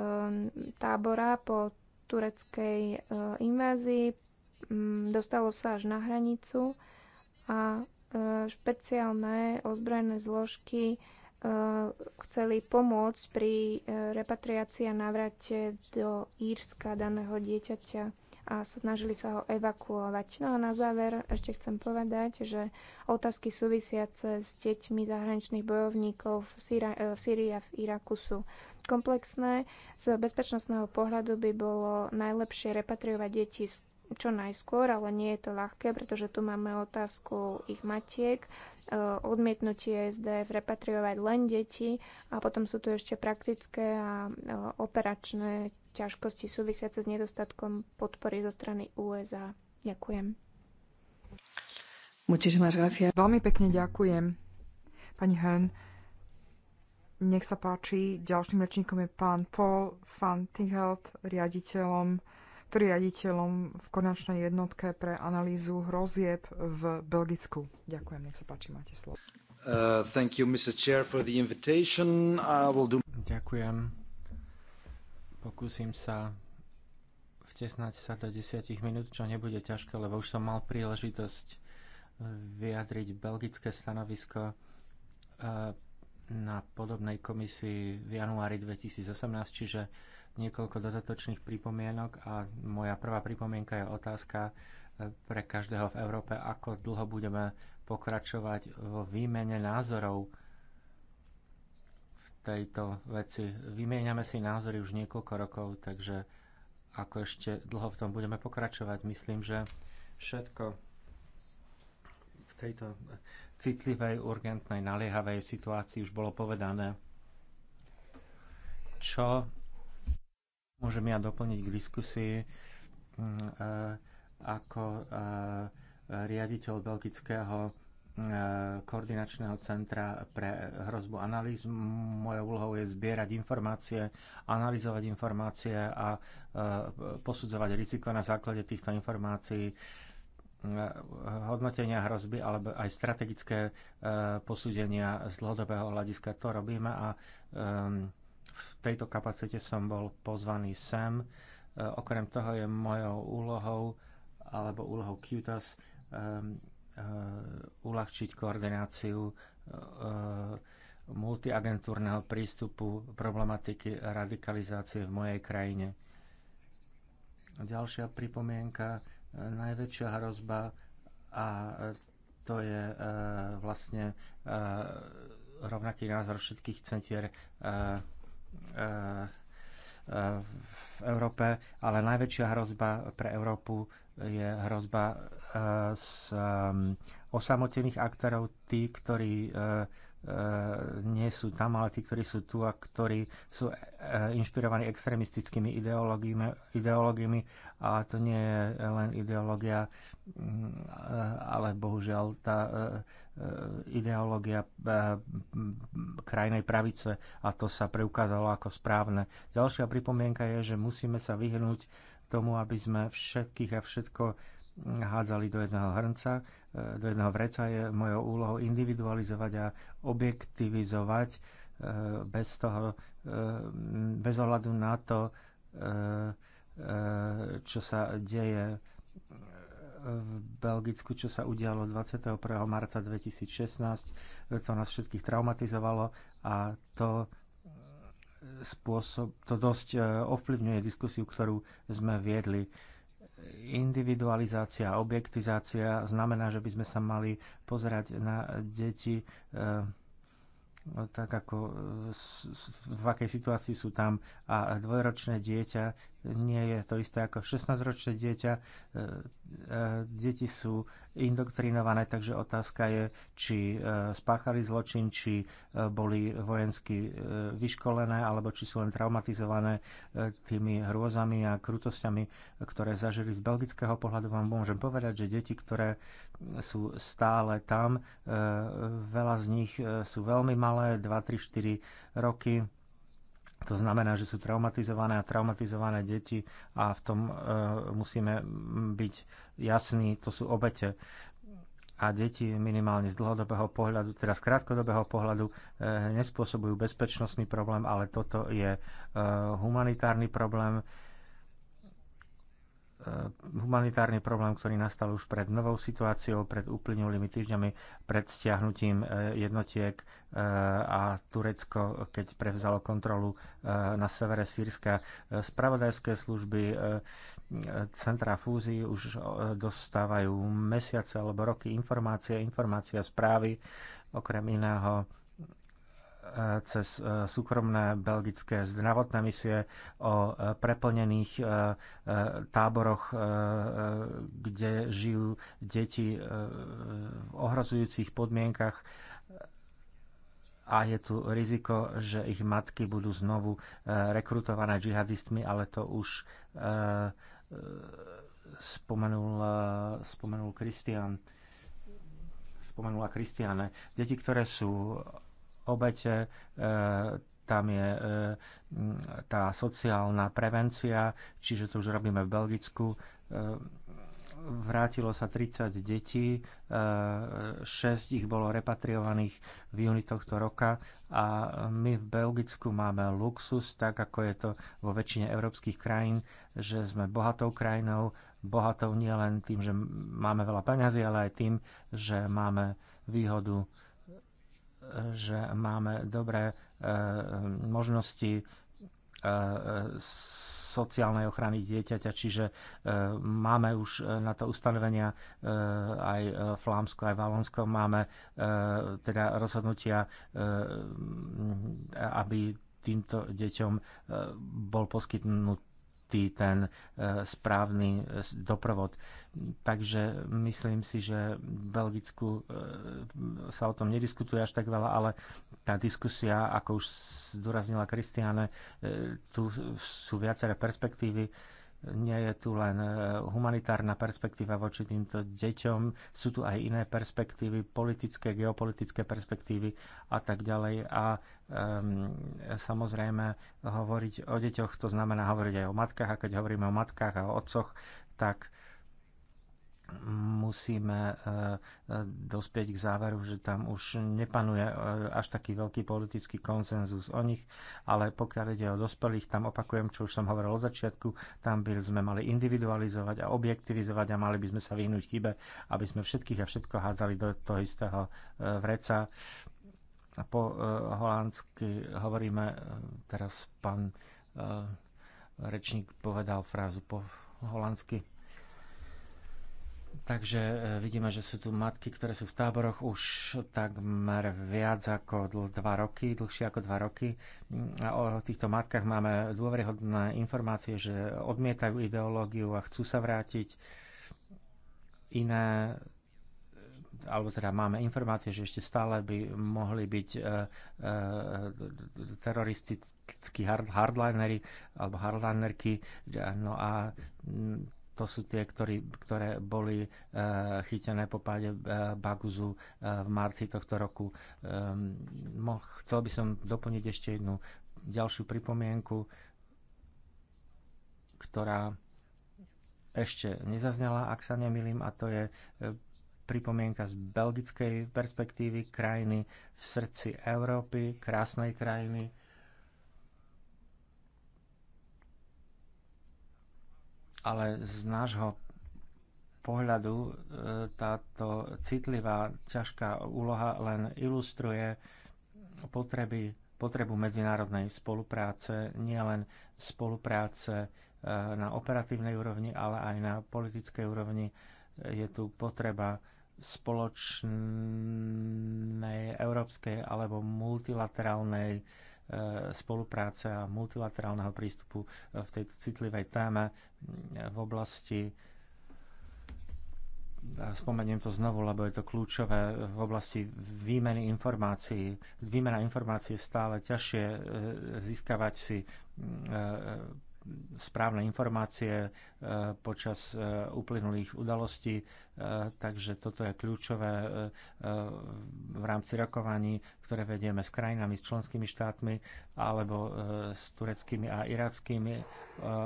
tábora po tureckej uh, invázii, mm, dostalo sa až na hranicu a uh, špeciálne ozbrojené zložky uh, chceli pomôcť pri repatriácii a návrate do Írska daného dieťaťa a snažili sa ho evakuovať. No a na záver ešte chcem povedať, že otázky súvisiace s deťmi zahraničných bojovníkov v, Syra, e, v Syrii a v Iraku sú komplexné. Z bezpečnostného pohľadu by bolo najlepšie repatriovať deti čo najskôr, ale nie je to ľahké, pretože tu máme otázku ich matiek, e, odmietnutie SDF repatriovať len deti a potom sú tu ešte praktické a e, operačné ťažkosti súvisiace s nedostatkom podpory zo strany USA. Ďakujem. Muchísimas gracias. Veľmi pekne ďakujem. Pani Hen, nech sa páči, ďalším rečníkom je pán Paul Fantigelt, riaditeľom, ktorý je riaditeľom v konačnej jednotke pre analýzu hrozieb v Belgicku. Ďakujem, nech sa páči, máte slovo. Uh, you, Chair, do... Ďakujem, Pokúsim sa vtesnať sa do 10 minút, čo nebude ťažké, lebo už som mal príležitosť eh, vyjadriť belgické stanovisko eh, na podobnej komisii v januári 2018, čiže niekoľko dodatočných pripomienok a moja prvá pripomienka je otázka eh, pre každého v Európe, ako dlho budeme pokračovať vo výmene názorov tejto veci. Vymieňame si názory už niekoľko rokov, takže ako ešte dlho v tom budeme pokračovať, myslím, že všetko v tejto citlivej, urgentnej, naliehavej situácii už bolo povedané. Čo môžem ja doplniť k diskusii mm, e, ako e, riaditeľ belgického Eh, koordinačného centra pre hrozbu analýz. Mojou úlohou je zbierať informácie, analyzovať informácie a eh, posudzovať riziko na základe týchto informácií eh, hodnotenia hrozby alebo aj strategické posúdenia z dlhodobého hľadiska. To robíme a v tejto kapacite som bol pozvaný sem. Okrem toho je mojou úlohou alebo úlohou QTAS Eh, uľahčiť koordináciu eh, multiagentúrneho prístupu problematiky radikalizácie v mojej krajine. Ďalšia pripomienka, eh, najväčšia hrozba a to je vlastne rovnaký názor všetkých centier v Európe, ale najväčšia hrozba pre Európu je hrozba z um, osamotených aktorov, tí, ktorí uh, uh, nie sú tam, ale tí, ktorí sú tu a ktorí sú uh, inšpirovaní extremistickými ideológiami. A to nie je len ideológia, mm, ale bohužiaľ tá ideológia krajnej pravice a to sa preukázalo ako správne. Ďalšia pripomienka je, že musíme sa vyhnúť tomu, aby sme všetkých a všetko hádzali do jedného hrnca, e, do jedného vreca, je mojou úlohou individualizovať a objektivizovať e, bez toho, e, bez ohľadu na to, čo sa deje v Belgicku, čo sa udialo 21. marca 2016. To nás všetkých traumatizovalo a to spôsob, to dosť ovplyvňuje diskusiu, ktorú sme viedli individualizácia a objektizácia znamená, že by sme sa mali pozerať na deti eh, tak ako v akej situácii sú tam a dvojročné dieťa nie je to isté ako 16-ročné dieťa. E, e, deti sú indoktrinované, takže otázka je, či e, spáchali zločin, či boli vojensky vyškolené, alebo či sú len traumatizované tými hrôzami a krutosťami, ktoré zažili z belgického pohľadu. Vám môžem povedať, že deti, ktoré sú stále tam, veľa z nich sú veľmi malé, 2, 3, 4 roky to znamená, že sú traumatizované a traumatizované deti a v tom e, musíme byť jasní, to sú obete. A deti minimálne z dlhodobého pohľadu, teda z krátkodobého pohľadu, e, nespôsobujú bezpečnostný problém, ale toto je e, humanitárny problém. E, E, humanitárny problém, ktorý nastal už pred novou situáciou, pred uplynulými týždňami, pred stiahnutím e, jednotiek e, a Turecko, keď prevzalo kontrolu na severe Sýrska. Spravodajské služby centra fúzií už dostávajú mesiace alebo roky informácie, informácie a správy okrem iného E, cez e, súkromné belgické zdravotné misie o e, preplnených táboroch, kde žijú deti v ohrozujúcich podmienkach a je tu riziko, že ich matky budú znovu rekrutované džihadistmi, ale to už spomenul, spomenul Kristian spomenula Kristiane. Deti, ktoré sú obete, e, tam je e, tá sociálna prevencia, čiže to už robíme v Belgicku. E, vrátilo sa 30 detí, 6 ich bolo repatriovaných v júni tohto roka a my v Belgicku máme luxus, tak ako je to vo väčšine európskych krajín, že sme bohatou krajinou, bohatou nielen tým, že máme veľa peňazí, ale aj tým, že máme výhodu že máme dobré e, možnosti e, sociálnej ochrany dieťaťa, čiže e, máme už na to ustanovenia aj Flámsko, aj Valonsko, máme teda rozhodnutia, aby týmto deťom bol poskytnutý istý ten e, správny e, doprovod. Takže myslím si, že v Belgicku e, sa o tom nediskutuje až tak veľa, ale tá diskusia, ako už zdôraznila Kristiane, tu sú viaceré perspektívy nie je tu len e, humanitárna perspektíva voči týmto deťom, sú tu aj iné perspektívy, politické, geopolitické perspektívy a tak ďalej. A um, samozrejme hovoriť o deťoch, to znamená hovoriť aj o matkách a keď hovoríme o matkách a o otcoch, tak musíme e, e, dospieť k záveru, že tam už nepanuje e, až taký veľký politický konsenzus o nich, ale pokiaľ ide o dospelých, tam opakujem, čo už som hovoril od začiatku, tam by sme mali individualizovať a objektivizovať a mali by sme sa vyhnúť chybe, aby sme všetkých a všetko hádzali do toho istého vreca. A po holandsky hovoríme, teraz pán rečník povedal frázu po holandsky, Takže e, vidíme, že sú tu matky, ktoré sú v táboroch už takmer viac ako dva roky, dlhšie ako dva roky. Mm, a o týchto matkách máme dôveryhodné informácie, že odmietajú ideológiu a chcú sa vrátiť. Iné e, alebo teda máme informácie, že ešte stále by mohli byť e, teroristickí hardlinery alebo hardlinerky. No a mm, to sú tie, ktorý, ktoré boli e, chytené po páde e, Baguzu e, v marci tohto roku. Ehm, chcel by som doplniť ešte jednu ďalšiu pripomienku, ktorá ešte nezaznela, ak sa nemýlim, a to je pripomienka z belgickej perspektívy krajiny v srdci Európy, krásnej krajiny, ale z nášho pohľadu e, táto citlivá, ťažká úloha len ilustruje potreby, potrebu medzinárodnej spolupráce, nielen spolupráce e, na operatívnej úrovni, ale aj na politickej úrovni. Je tu potreba spoločnej európskej alebo multilaterálnej E, spolupráce a multilaterálneho prístupu e, v tejto citlivej téme e, v oblasti a spomeniem to znovu, lebo je to kľúčové v oblasti výmeny informácií. Výmena informácií je stále ťažšie získavať si správne informácie e, počas e, uplynulých udalostí, e, takže toto je kľúčové v rámci rokovaní, ktoré vedieme s krajinami, s členskými štátmi alebo s tureckými a irackými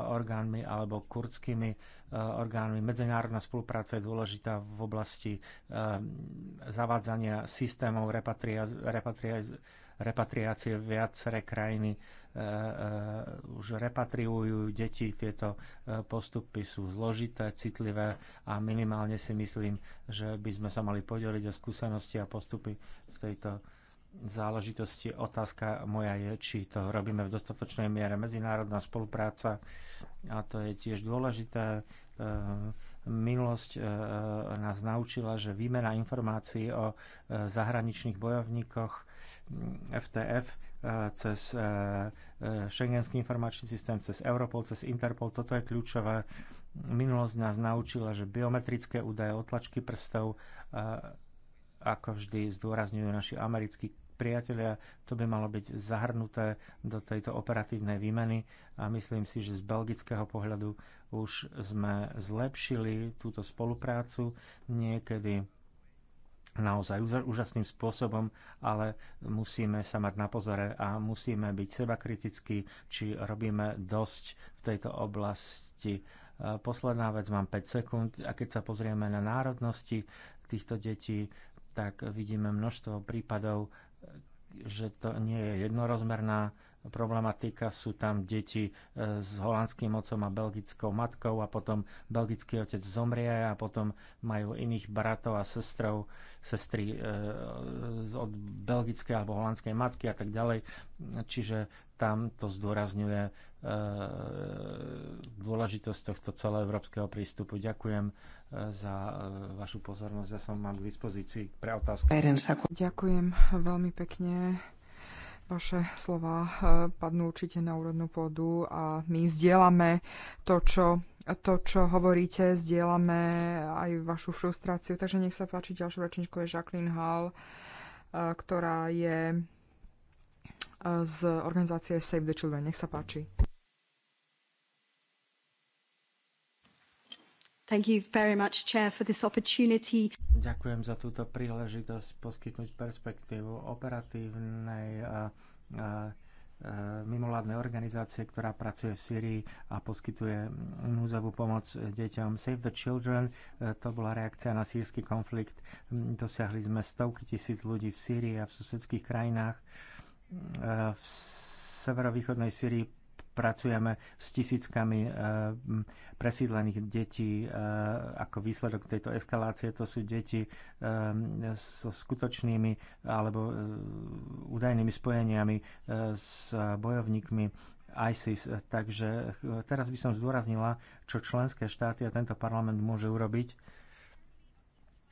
orgánmi alebo kurdskými orgánmi. Medzinárodná spolupráca je dôležitá v oblasti zavádzania systémov repatriácie. repatria repatriácie. Viaceré krajiny e, e, už repatriujú deti. Tieto e, postupy sú zložité, citlivé a minimálne si myslím, že by sme sa mali podeliť o skúsenosti a postupy v tejto záležitosti. Otázka moja je, či to robíme v dostatočnej miere. Medzinárodná spolupráca, a to je tiež dôležité, minulosť nás naučila, že výmena informácií o zahraničných bojovníkoch FTF, eh, cez eh, eh, Schengenský informačný systém, cez Europol, cez Interpol. Toto je kľúčové. Minulosť nás naučila, že biometrické údaje, otlačky prstov, ako vždy zdôrazňujú naši americkí priatelia, to by malo byť zahrnuté do tejto operatívnej výmeny a myslím si, že z belgického pohľadu už sme zlepšili túto spoluprácu. Niekedy naozaj úžasným spôsobom, ale musíme sa mať na pozore a musíme byť seba kritickí, či robíme dosť v tejto oblasti. E, posledná vec, mám 5 sekúnd a keď sa pozrieme na národnosti týchto detí, tak vidíme množstvo prípadov, e, že to nie je jednorozmerná problematika. Sú tam deti e, s holandským otcom a belgickou matkou a potom belgický otec zomrie a potom majú iných bratov a sestrov, sestry e, od belgickej alebo holandskej matky a tak ďalej. Čiže tam to zdôrazňuje e, dôležitosť tohto celoevropského prístupu. Ďakujem za vašu pozornosť. Ja som mám k dispozícii pre otázky. Ďakujem veľmi pekne Vaše slova e, padnú určite na úrodnú pôdu a my zdieľame to, čo, to, čo hovoríte, zdieľame aj vašu frustráciu. Takže nech sa páči, ďalšou rečničkou je Jacqueline Hall, e, ktorá je e, z organizácie Save the Children. Nech sa páči. Thank you very much, Chair, for this opportunity. Ďakujem za túto príležitosť poskytnúť perspektívu operatívnej a, a mimoládnej organizácie, ktorá pracuje v Syrii a poskytuje núzovú pomoc deťom. Save the Children, e, to bola reakcia na sírsky konflikt. Dosiahli sme stovky tisíc ľudí v Syrii a v susedských krajinách. E, v severovýchodnej Syrii pracujeme s tisíckami eh, presídlených detí eh, ako výsledok tejto eskalácie. To sú deti eh, so skutočnými alebo údajnými spojeniami s bojovníkmi ISIS. Takže teraz by som zdôraznila, čo členské štáty a tento parlament môže urobiť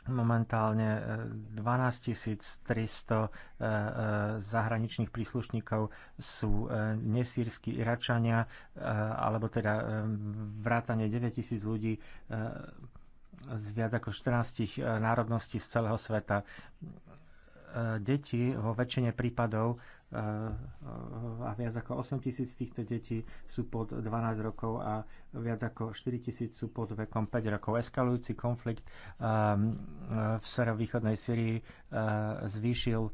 momentálne 12 e, 300 e, e, zahraničných príslušníkov sú nesírsky Iračania, alebo teda vrátane 9 000 ľudí z viac ako 14 národností z celého sveta. E, deti vo väčšine prípadov e, e, a viac ako 8 tisíc týchto detí sú pod 12 rokov a viac ako 4 tisíc sú pod vekom 5 rokov. Eskalujúci konflikt v severovýchodnej Syrii zvýšil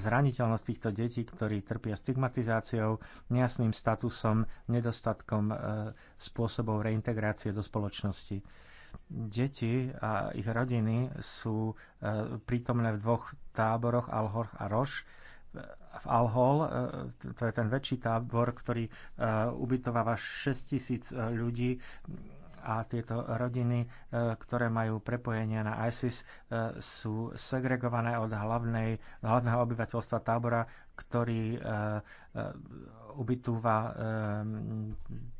zraniteľnosť týchto detí, ktorí trpia stigmatizáciou, nejasným statusom, nedostatkom spôsobov reintegrácie do spoločnosti deti a ich rodiny sú e, prítomné v dvoch táboroch, Alhorch a Roš. V Alhol, e, to je ten väčší tábor, ktorý e, ubytováva 6000 ľudí, a tieto rodiny, e, ktoré majú prepojenia na ISIS, e, sú segregované od hlavnej, hlavného obyvateľstva tábora, ktorý e, ubytúva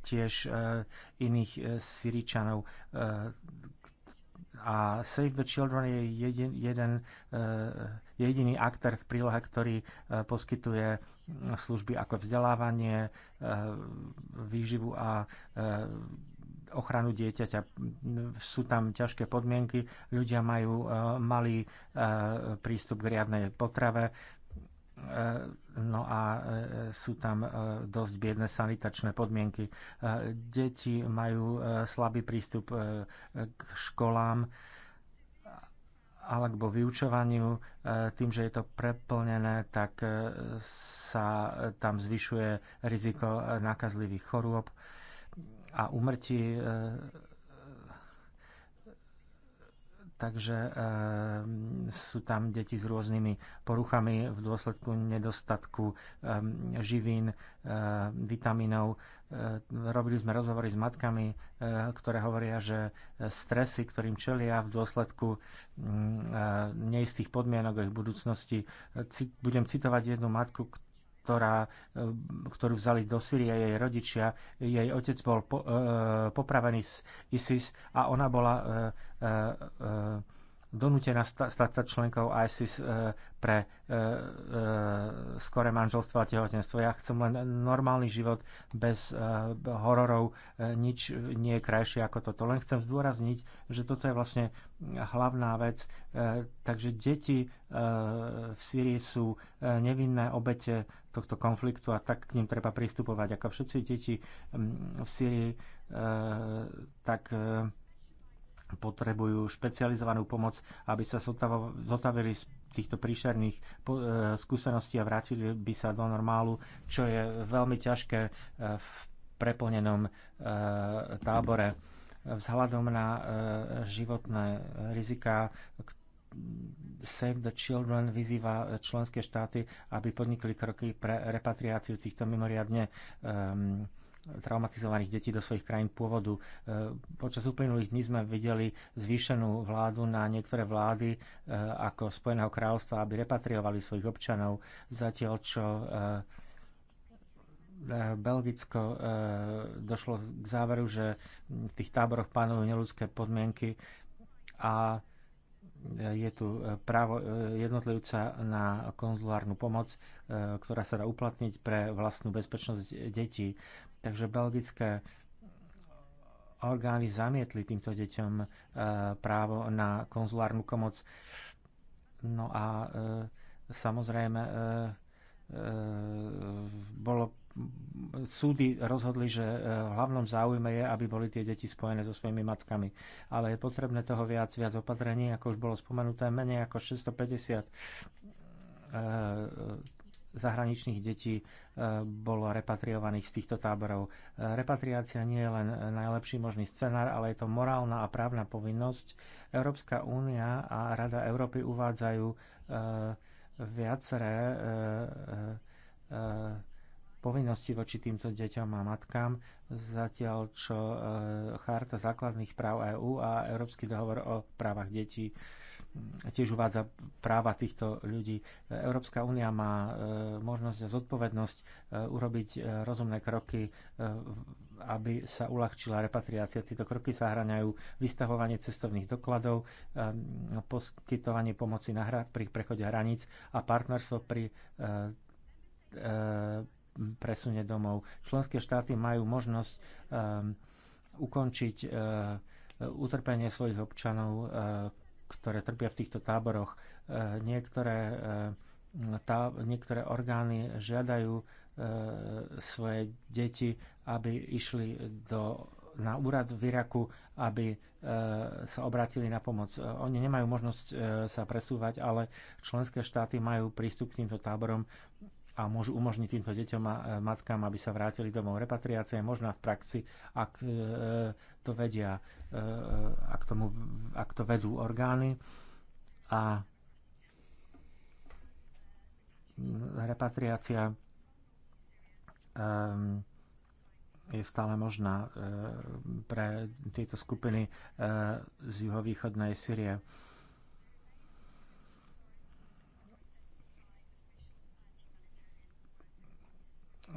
tiež iných Syričanov. A Save the Children je jedin, jeden, jediný aktér v prílohe, ktorý poskytuje služby ako vzdelávanie, výživu a ochranu dieťaťa. Sú tam ťažké podmienky, ľudia majú e, malý e, prístup k riadnej potrave, e, no a sú tam dosť biedne sanitačné podmienky. Deti majú slabý prístup k školám alebo vyučovaniu. Tým, že je to preplnené, tak sa tam zvyšuje riziko nákazlivých chorôb a umrtí. E, takže e, sú tam deti s rôznymi poruchami v dôsledku nedostatku e, živín, vitamínov. Robili sme rozhovory s matkami, ktoré hovoria, že stresy, ktorým čelia v dôsledku neistých podmienok ich budúcnosti. Budem citovať jednu matku, ktorá, e, ktorú vzali do Syrie jej rodičia. Jej otec bol po, e, popravený z ISIS a ona bola e, e, e donútená stať sa členkou ISIS e, pre e, e, skoré manželstvo a tehotenstvo. Ja chcem len normálny život bez hororov. Nič nie je krajšie ako toto. Len chcem zdôrazniť, že toto je vlastne hlavná vec. Takže deti v Sýrii sú nevinné obete tohto konfliktu a tak k ním treba pristupovať. Ako všetci deti v Sýrii, tak potrebujú špecializovanú pomoc, aby sa zotavili z týchto príšerných e, skúseností a vrátili by sa do normálu, čo je veľmi ťažké e, v preplnenom e, tábore. Vzhľadom na životné riziká, Save the Children vyzýva členské štáty, aby podnikli kroky pre repatriáciu týchto mimoriadne um, traumatizovaných detí do svojich krajín pôvodu. E, počas uplynulých dní sme videli zvýšenú vládu na niektoré vlády e, ako Spojeného kráľovstva, aby repatriovali svojich občanov, zatiaľ čo e, Belgicko došlo k záveru, že v tých táboroch panujú neludské podmienky a je tu právo jednotlivca na konzulárnu pomoc, ktorá sa dá uplatniť pre vlastnú bezpečnosť detí. Takže belgické orgány zamietli týmto deťom e, právo na konzulárnu pomoc. No a e, samozrejme e, bolo súdy rozhodli, že v hlavnom záujme je, aby boli tie deti spojené so svojimi matkami. Ale je potrebné toho viac, viac opatrení, ako už bolo spomenuté, menej ako 650 zahraničných detí e, bolo repatriovaných z týchto táborov. E, repatriácia nie je len najlepší možný scenár, ale je to morálna a právna povinnosť. Európska únia a Rada Európy uvádzajú e, viaceré povinnosti voči týmto deťom a matkám, zatiaľ čo Charta základných práv EÚ a Európsky dohovor o právach detí tiež uvádza práva týchto ľudí. Európska únia má e, možnosť a zodpovednosť e, urobiť e, rozumné kroky, aby sa uľahčila repatriácia. Tieto kroky zahraňajú vystavovanie cestovných dokladov, poskytovanie pomoci na hra, pri prechode hraníc a partnerstvo pri presune domov. Členské štáty majú možnosť ukončiť utrpenie svojich občanov ktoré trpia v týchto táboroch. E, niektoré, e, tá, niektoré orgány žiadajú e, svoje deti, aby išli do, na úrad v Iraku, aby sa obratili na pomoc. Oni nemajú možnosť sa presúvať, ale členské štáty majú prístup k týmto táborom a môžu umožniť týmto deťom a e, matkám, aby sa vrátili domov. Repatriácia je možná v praxi, ak e, to vedia, e, ak, tomu, ak to vedú orgány. A repatriácia ehm, je stále možná pre tieto skupiny z juhovýchodnej Syrie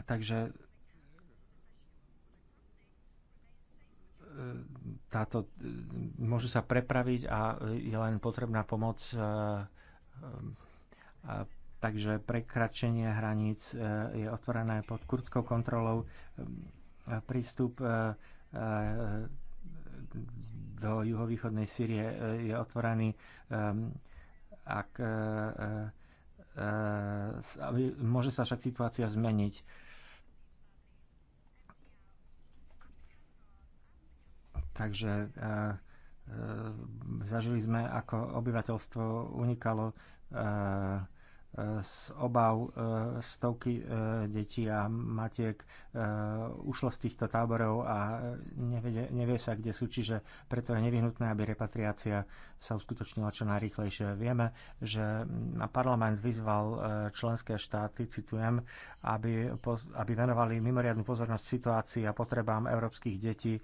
Takže e, táto, e, môžu sa prepraviť a je len potrebná pomoc. E, takže prekračenie hraníc je otvorené pod kurdskou kontrolou. Prístup do juhovýchodnej Sýrie je otvorený. Ak, môže sa však situácia zmeniť Takže e, e, zažili sme, ako obyvateľstvo unikalo e, z obav stovky detí a matiek ušlo z týchto táborov a nevie, nevie sa, kde sú, čiže preto je nevyhnutné, aby repatriácia sa uskutočnila čo najrychlejšie. Vieme, že parlament vyzval členské štáty, citujem, aby, aby venovali mimoriadnu pozornosť situácii a potrebám európskych detí,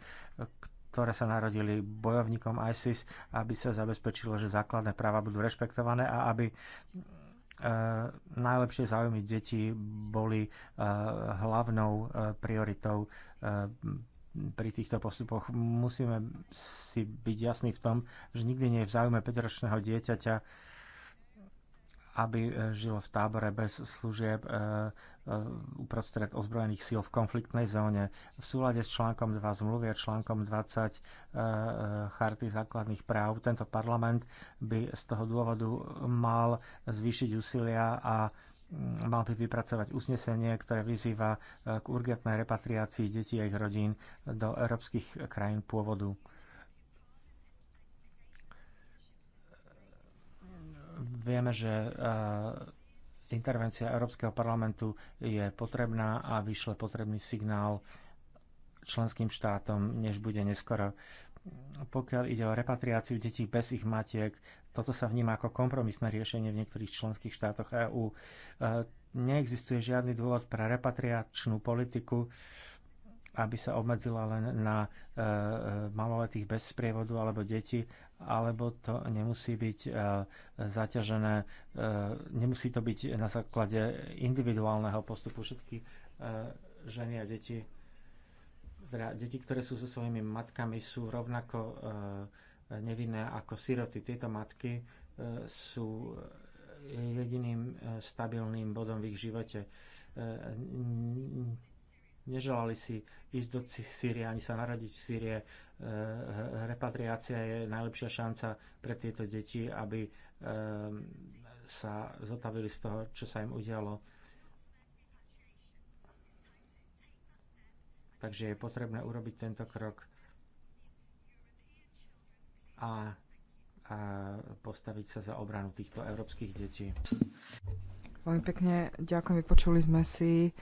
ktoré sa narodili bojovníkom ISIS, aby sa zabezpečilo, že základné práva budú rešpektované a aby e, najlepšie záujmy detí boli e, hlavnou e, prioritou pri týchto postupoch. Musíme si byť jasní v tom, že nikdy nie je v záujme 5-ročného dieťaťa aby e, žil v tábore bez služieb e, e, uprostred ozbrojených síl v konfliktnej zóne. V súlade s článkom 2 zmluvy a článkom 20 Charty základných práv tento parlament by z toho dôvodu mal zvýšiť úsilia a mm, mal by vypracovať usnesenie, ktoré vyzýva k urgentnej repatriácii detí a ich rodín do európskych krajín pôvodu. Vieme, že eh, intervencia Európskeho parlamentu je potrebná a vyšle potrebný signál členským štátom, než bude neskoro. Pokiaľ ide o repatriáciu detí bez ich matiek, toto sa vníma ako kompromisné riešenie v niektorých členských štátoch EÚ. Eh, neexistuje žiadny dôvod pre repatriačnú politiku, aby sa obmedzila len na eh, maloletých bez sprievodu alebo deti, alebo to nemusí byť e, zaťažené, e, nemusí to byť na základe individuálneho postupu. Všetky e, ženy a deti, teda deti, ktoré sú so svojimi matkami, sú rovnako nevinné ako siroty. Tieto matky sú jediným stabilným bodom v ich živote Neželali si ísť do Sýrie ani sa narodiť v Sýrie. E, repatriácia je najlepšia šanca pre tieto deti, aby e, sa zotavili z toho, čo sa im udialo. Takže je potrebné urobiť tento krok a, a postaviť sa za obranu týchto európskych detí. Veľmi pekne ďakujem, vypočuli sme si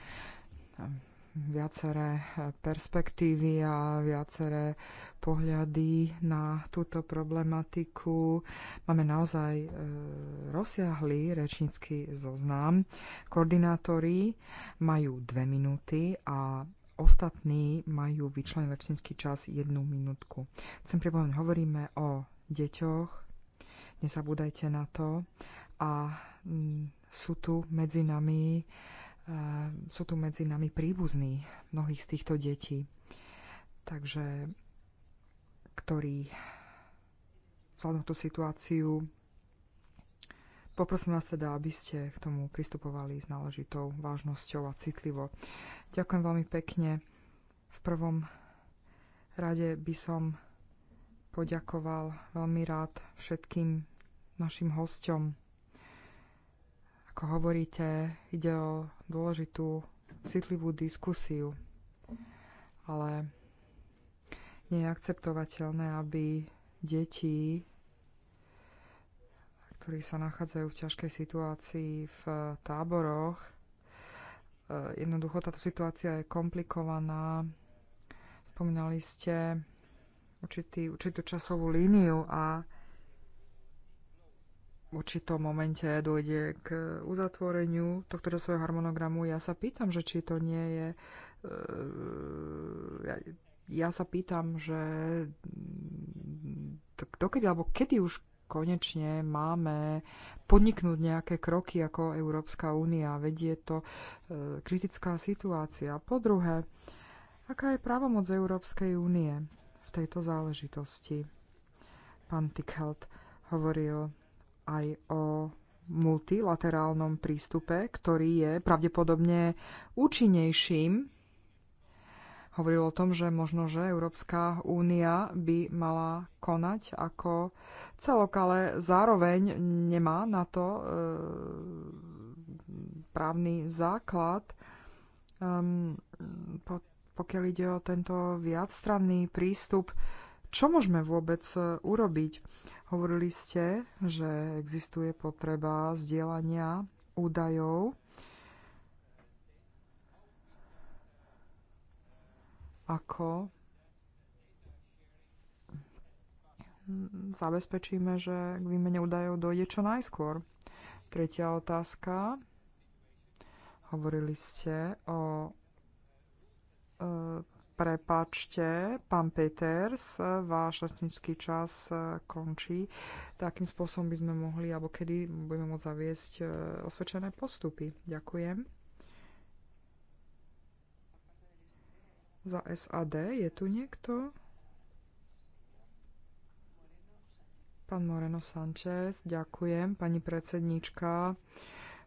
viaceré eh, perspektívy a viaceré pohľady na túto problematiku. Máme naozaj eh, rozsiahlý rečnícky zoznam. Koordinátori majú dve minúty a ostatní majú vyčlen rečnícky čas jednu minútku. Chcem pripomenúť, hovoríme o deťoch, nezabúdajte na to. A mm, sú tu medzi nami sú tu medzi nami príbuzní mnohých z týchto detí, takže ktorí vzhľadom tú situáciu Poprosím vás teda, aby ste k tomu pristupovali s náležitou vážnosťou a citlivo. Ďakujem veľmi pekne. V prvom rade by som poďakoval veľmi rád všetkým našim hosťom. Ako hovoríte, ide o dôležitú, citlivú diskusiu, ale nie je akceptovateľné, aby deti, ktorí sa nachádzajú v ťažkej situácii v táboroch, eh, jednoducho táto situácia je komplikovaná. Spomínali ste určitý, určitú časovú líniu a určitom momente dojde k uzatvoreniu tohto časového harmonogramu. Ja sa pýtam, že či to nie je... E, ja, ja sa pýtam, že mm, dokedy alebo kedy už konečne máme podniknúť nejaké kroky ako Európska únia. Vedie to e, kritická situácia. Po druhé, aká je právomoc Európskej únie v tejto záležitosti? Pán Tikhelt hovoril aj o multilaterálnom prístupe, ktorý je pravdepodobne účinnejším. Hovoril o tom, že možno, že Európska únia by mala konať ako celok, ale zároveň nemá na to e, právny základ. Um, po, pokiaľ ide o tento viacstranný prístup, čo môžeme vôbec e, urobiť? Hovorili ste, že existuje potreba zdieľania údajov. Ako zabezpečíme, že k výmene údajov dojde čo najskôr. Tretia otázka. Hovorili ste o e, prepačte, pán Peters, váš letnický čas eh, končí. Takým spôsobom by sme mohli, alebo kedy budeme môcť zaviesť eh, osvedčené postupy. Ďakujem. Za SAD je tu niekto? Pán Moreno Sanchez, ďakujem. Pani predsedníčka,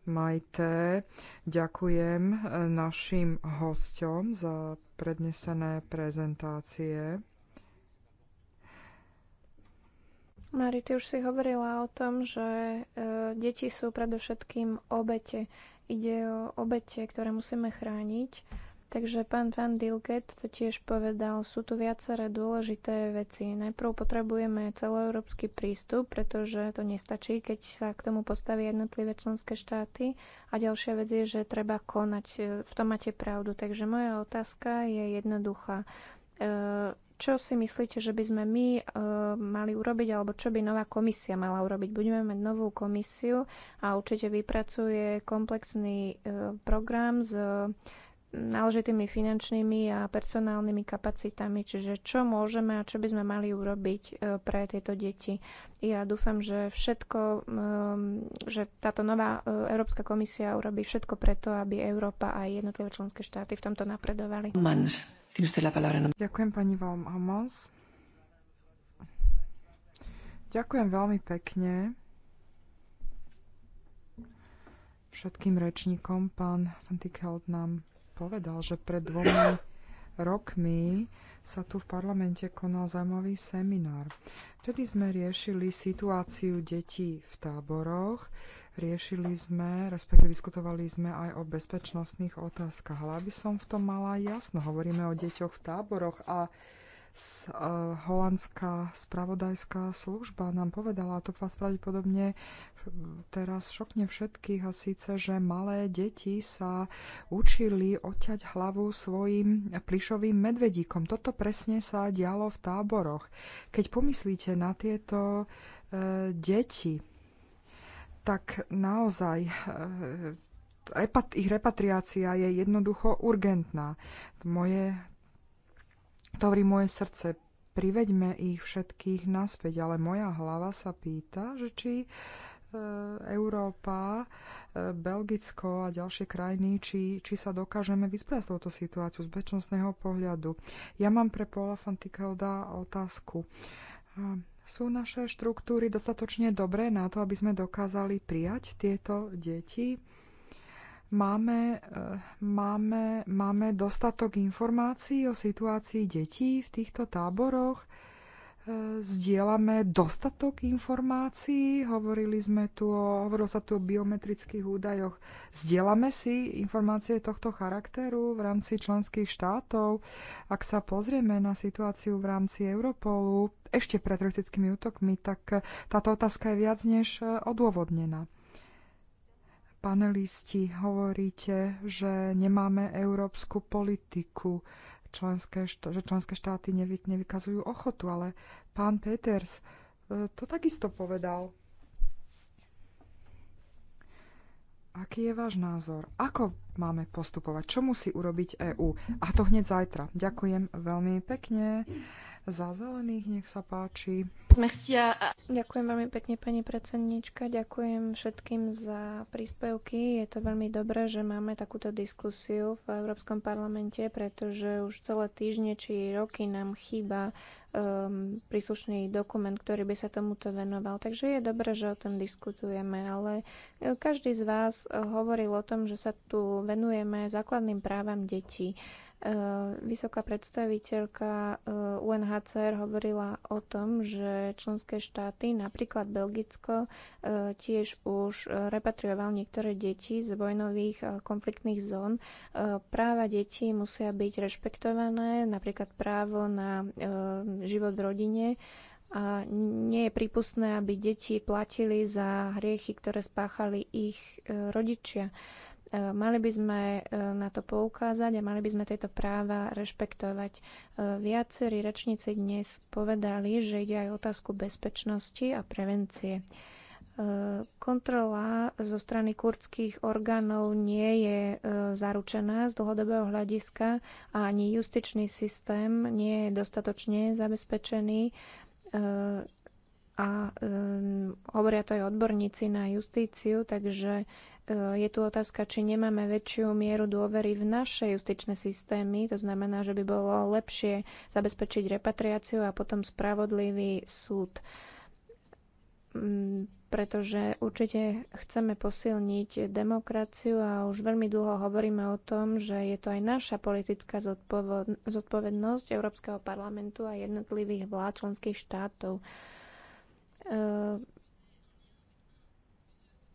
Majté. Ďakujem eh, našim hosťom za prednesené prezentácie. Mari, ty už si hovorila o tom, že e, deti sú predovšetkým obete. Ide o obete, ktoré musíme chrániť Takže pán Van Dilget to tiež povedal, sú tu viaceré dôležité veci. Najprv potrebujeme celoeurópsky prístup, pretože to nestačí, keď sa k tomu postaví jednotlivé členské štáty. A ďalšia vec je, že treba konať. E, v tom máte pravdu. Takže moja otázka je jednoduchá. E, čo si myslíte, že by sme my e, mali urobiť, alebo čo by nová komisia mala urobiť? Budeme mať novú komisiu a určite vypracuje komplexný program z náležitými finančnými a personálnymi kapacitami, čiže čo môžeme a čo by sme mali urobiť e, pre tieto deti. Ja dúfam, že všetko, že táto nová e, Európska komisia urobí všetko preto, aby Európa a jednotlivé členské štáty v tomto napredovali. ¿no? Ďakujem pani Amos. Ďakujem veľmi pekne všetkým rečníkom. Pán Fantikeld nám povedal, že pred dvomi rokmi sa tu v parlamente konal zaujímavý seminár. Vtedy sme riešili situáciu detí v táboroch, riešili sme, respektíve diskutovali sme aj o bezpečnostných otázkach. Ale aby som v tom mala jasno, hovoríme o deťoch v táboroch a Eh, holandská spravodajská služba nám povedala, a to vás pravdepodobne teraz šokne všetkých, a síce, že malé deti sa učili oťať hlavu svojim plišovým medvedíkom. Toto presne sa dialo v táboroch. Keď pomyslíte na tieto e, deti, tak naozaj e, ich repatriácia je jednoducho urgentná. Moje to hovorí moje srdce. Priveďme ich všetkých naspäť, ale moja hlava sa pýta, že či e, Európa, e, Belgicko a ďalšie krajiny, či, či sa dokážeme vysporiadať s touto situáciu z bezpečnostného pohľadu. Ja mám pre Paula Fantikelda otázku. E, sú naše štruktúry dostatočne dobré na to, aby sme dokázali prijať tieto deti? Máme, eh, máme, máme dostatok informácií o situácii detí v týchto táboroch. Eh, Zdieľame dostatok informácií, hovorili sme tu o, hovorilo sa tu o biometrických údajoch. Zdieľame si informácie tohto charakteru v rámci členských štátov. Ak sa pozrieme na situáciu v rámci Europolu ešte pred teroristickými útokmi, tak eh, táto otázka je viac než odôvodnená panelisti hovoríte, že nemáme európsku politiku, členské, že členské štáty nevy, nevykazujú ochotu, ale pán Peters e, to takisto povedal. Aký je váš názor? Ako máme postupovať? Čo musí urobiť EÚ? A to hneď zajtra. Ďakujem veľmi pekne. Za zelených, nech sa páči. Merci. Ďakujem veľmi pekne, pani predsednička. Ďakujem všetkým za príspevky. Je to veľmi dobré, že máme takúto diskusiu v Európskom parlamente, pretože už celé týždne či roky nám chýba um, príslušný dokument, ktorý by sa tomuto venoval. Takže je dobré, že o tom diskutujeme, ale e, každý z vás e, hovoril o tom, že sa tu venujeme základným právam detí. Eh, vysoká predstaviteľka eh, UNHCR hovorila o tom, že členské štáty, napríklad Belgicko, eh, tiež už repatriovali niektoré deti z vojnových konfliktných zón. Práva detí musia byť rešpektované, napríklad právo na život v rodine. A nie je prípustné, aby deti platili za hriechy, ktoré spáchali ich rodičia. E, mali by sme e, na to poukázať a mali by sme tieto práva rešpektovať. E, viacerí rečníci dnes povedali, že ide aj o otázku bezpečnosti a prevencie. Kontrola zo strany kurdských orgánov nie je zaručená z dlhodobého hľadiska a ani justičný systém nie je dostatočne zabezpečený a um, hovoria to aj odborníci na justíciu, takže E, je tu otázka, či nemáme väčšiu mieru dôvery v naše justičné systémy. To znamená, že by bolo lepšie zabezpečiť repatriáciu a potom spravodlivý súd. Mm, pretože určite chceme posilniť demokraciu a už veľmi dlho hovoríme o tom, že je to aj naša politická zodpovednosť Európskeho parlamentu a jednotlivých vlád členských štátov e,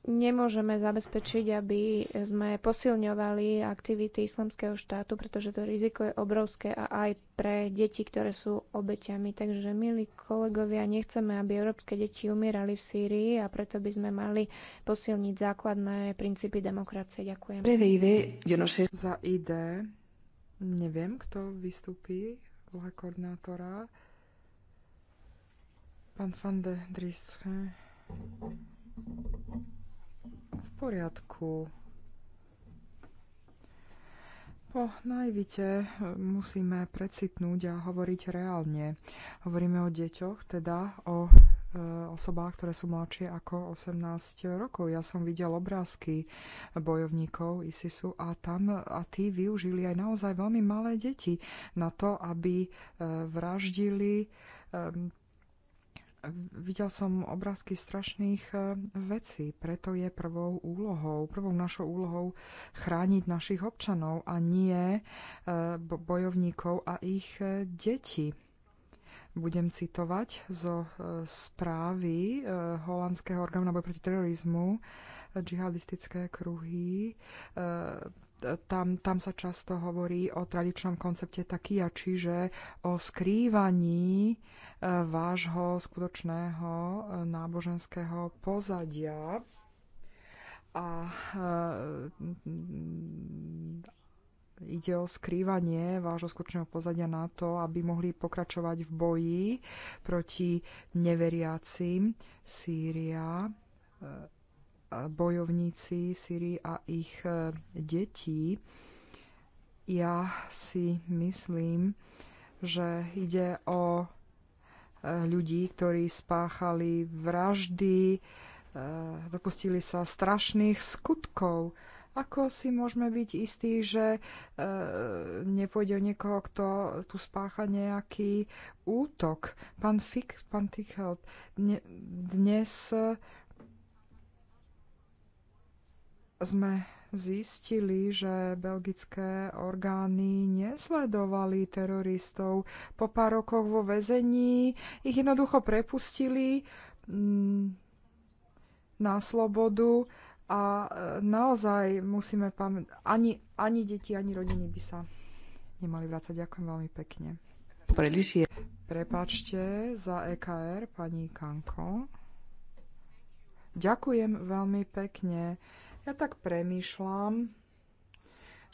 nemôžeme zabezpečiť, aby sme posilňovali aktivity islamského štátu, pretože to riziko je obrovské a aj pre deti, ktoré sú obeťami. Takže, milí kolegovia, nechceme, aby európske deti umierali v Sýrii a preto by sme mali posilniť základné princípy demokracie. Ďakujem. No Za ID neviem, kto vystúpi úloha koordinátora. Pán van de you. V poriadku. Po najvite musíme precitnúť a hovoriť reálne. Hovoríme o deťoch, teda o e, osobách, ktoré sú mladšie ako 18 rokov. Ja som videl obrázky bojovníkov ISISu a tam a tí využili aj naozaj veľmi malé deti na to, aby e, vraždili e, videl som obrázky strašných e, vecí, preto je prvou úlohou, prvou našou úlohou chrániť našich občanov a nie e, bojovníkov a ich e, deti budem citovať zo e, správy e, holandského orgánu na boj proti terorizmu, e, džihadistické kruhy. Tam, tam sa často hovorí o tradičnom koncepte takia, čiže o skrývaní vášho skutočného náboženského pozadia. A, ide o skrývanie vášho skutočného pozadia na to, aby mohli pokračovať v boji proti neveriacim. Sýria, eh, bojovníci v Sýrii a ich eh, detí. Ja si myslím, že ide o eh, ľudí, ktorí spáchali vraždy, dopustili sa strašných skutkov ako si môžeme byť istí, že e, nepôjde o niekoho, kto tu spácha nejaký útok? Pán Fik, pán Tichelt, dnes e, sme zistili, že belgické orgány nesledovali teroristov. Po pár rokoch vo väzení ich jednoducho prepustili mm, na slobodu a e, naozaj musíme pamätať, ani, ani deti, ani rodiny by sa nemali vrácať. Ďakujem veľmi pekne. Prepačte za EKR, pani Kanko. Ďakujem veľmi pekne. Ja tak premýšľam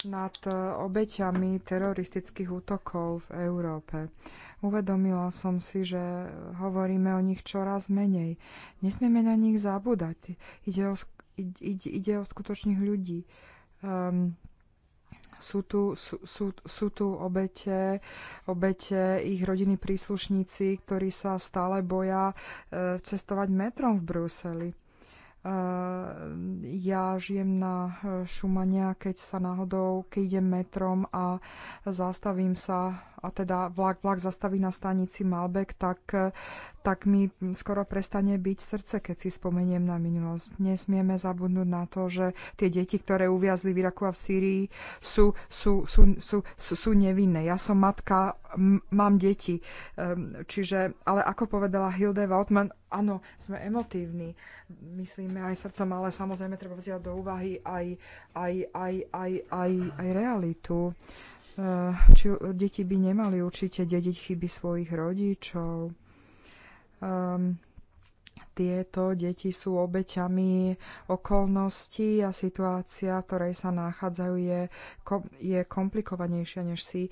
nad obeťami teroristických útokov v Európe. Uvedomila som si, že hovoríme o nich čoraz menej. Nesmieme na nich zabúdať. Ide o ide, ide o skutočných ľudí. Um, sú tu, sú, sú, sú tu obete, obete, ich rodiny príslušníci, ktorí sa stále boja e, cestovať metrom v Bruseli. E, ja žijem na e, Šumania, keď sa náhodou, keď idem metrom a zastavím sa a teda vlak, vlak zastaví na stanici Malbek, tak, tak mi skoro prestane byť srdce, keď si spomeniem na minulosť. Nesmieme zabudnúť na to, že tie deti, ktoré uviazli v Iraku a v Sýrii, sú, sú, sú, sú, sú, sú nevinné. Ja som matka, mám deti. Ehm, čiže, ale ako povedala Hilde Waltman, áno, sme emotívni, myslíme aj srdcom, ale samozrejme treba vziať do úvahy aj, aj, aj, aj, aj, aj realitu. Eh, či deti by nemali určite dediť chyby svojich rodičov. Um, tieto deti sú obeťami okolností a situácia, v ktorej sa nachádzajú, je, je komplikovanejšia, než si e,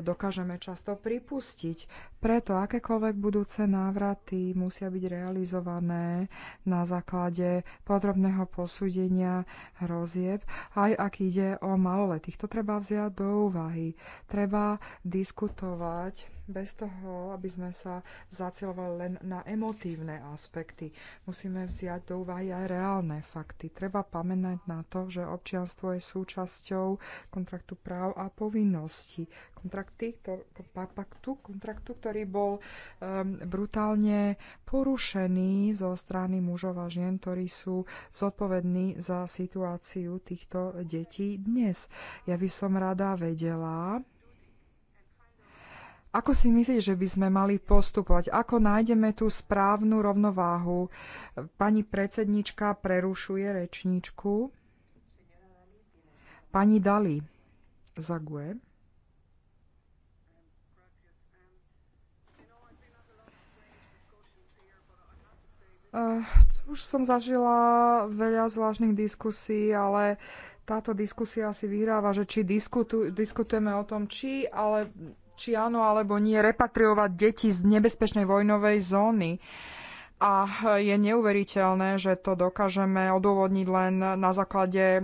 dokážeme často pripustiť. Preto akékoľvek budúce návraty musia byť realizované na základe podrobného posúdenia hrozieb, aj ak ide o maloletých. To treba vziať do úvahy. Treba diskutovať bez toho, aby sme sa zacielovali len na emotívne aspekty fakty. Musíme vziať do úvahy aj reálne fakty. Treba pamätať na to, že občianstvo je súčasťou kontraktu práv a povinností. Kontrakty, to, kontraktu, ktorý bol um, brutálne porušený zo strany mužov a žien, ktorí sú zodpovední za situáciu týchto detí dnes. Ja by som rada vedela, ako si myslíš, že by sme mali postupovať? Ako nájdeme tú správnu rovnováhu? Pani predsednička prerušuje rečníčku. Pani Dali Zague. Uh, eh, už som zažila veľa zvláštnych diskusí, ale táto diskusia si vyhráva, že či diskutu, diskutujeme o tom, či, ale či áno alebo nie, repatriovať deti z nebezpečnej vojnovej zóny. A je neuveriteľné, že to dokážeme odôvodniť len na základe e,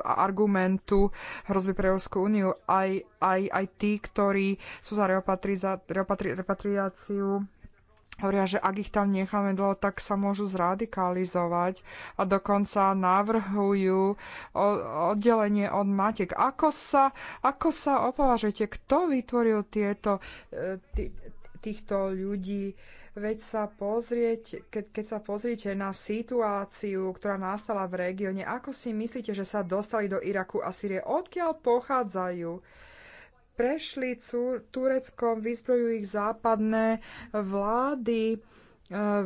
argumentu hrozby pre Európsku úniu. Aj, aj, aj tí, ktorí sú za repatri, repatri, repatriáciu, Hovoria, že ak ich tam necháme dlho, tak sa môžu zradikalizovať a dokonca navrhujú oddelenie od matiek. Ako sa, ako sa opovažujete? Kto vytvoril tieto, e, tý, týchto ľudí? Veď sa pozrieť, keď, keď sa pozriete na situáciu, ktorá nastala v regióne, ako si myslíte, že sa dostali do Iraku a Sýrie? Odkiaľ pochádzajú? prešli Tureckom, vyzbrojujú ich západné vlády, e,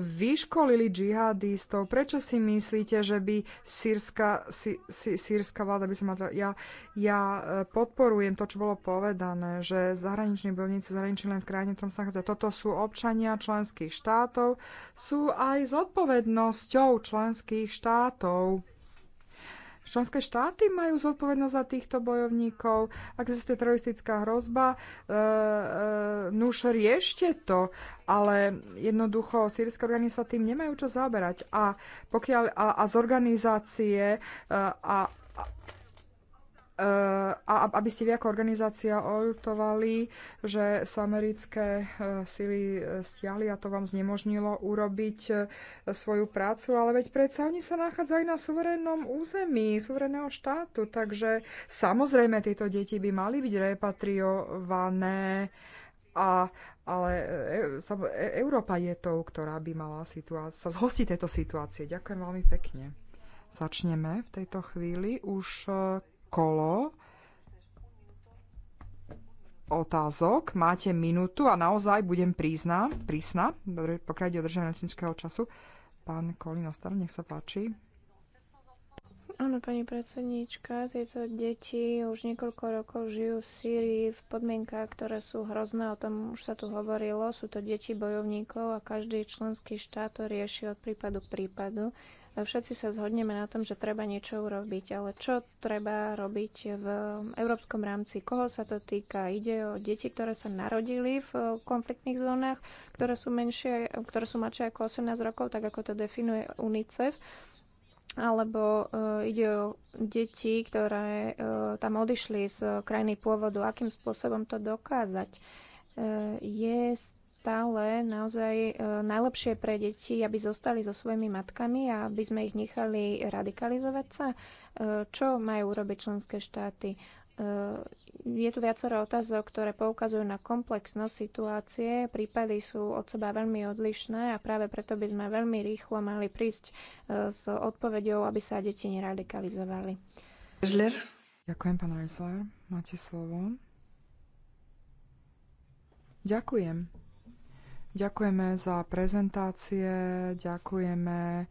vyškolili džihadistov. Prečo si myslíte, že by sírska, sí, sí, sírska vláda by sa mala... Teda- ja, ja e, podporujem to, čo bolo povedané, že zahraniční bojovníci zahraniční len v krajine, v ktorom sa nachádza. Toto sú občania členských štátov, sú aj s odpovednosťou členských štátov. Členské štáty majú zodpovednosť za týchto bojovníkov. Ak existuje teroristická hrozba, e, e, nuž riešte to, ale jednoducho sírske orgány sa tým nemajú čo zaberať. A, pokiaľ, a, a z organizácie e, a, a Eh, a aby ste vy ako organizácia oľutovali, že sa americké eh, sily eh, stiahli a to vám znemožnilo urobiť svoju prácu, ale veď predsa oni sa nachádzajú na suverénnom území, suverénneho štátu, takže samozrejme tieto deti by mali byť repatriované, a, ale e, e, Európa je tou, ktorá by mala situácia, zhostiť tejto situácie. Ďakujem veľmi pekne. Začneme v tejto chvíli už kolo otázok. Máte minútu a naozaj budem prísna, prísna pokiaľ ide o držanie času. Pán Kolín Ostar, nech sa páči. Áno, pani predsedníčka, tieto deti už niekoľko rokov žijú v Sýrii v podmienkách, ktoré sú hrozné, o tom už sa tu hovorilo. Sú to deti bojovníkov a každý členský štát to rieši od prípadu k prípadu. Všetci sa zhodneme na tom, že treba niečo urobiť, ale čo treba robiť v európskom rámci? Koho sa to týka? Ide o deti, ktoré sa narodili v eh, konfliktných zónach, ktoré sú, menšie, ktoré sú mladšie ako 18 rokov, tak ako to definuje UNICEF alebo uh, ide o deti, ktoré uh, tam odišli z uh, krajiny pôvodu. Akým spôsobom to dokázať? Uh, je stále naozaj e, najlepšie pre deti, aby zostali so svojimi matkami a aby sme ich nechali radikalizovať sa? E, čo majú urobiť členské štáty? E, je tu viacero otázok, ktoré poukazujú na komplexnosť situácie. Prípady sú od seba veľmi odlišné a práve preto by sme veľmi rýchlo mali prísť s odpovedou, aby sa deti neradikalizovali. Reisler. Ďakujem, pán Reisler. Máte slovo. Ďakujem. Ďakujeme za prezentácie, ďakujeme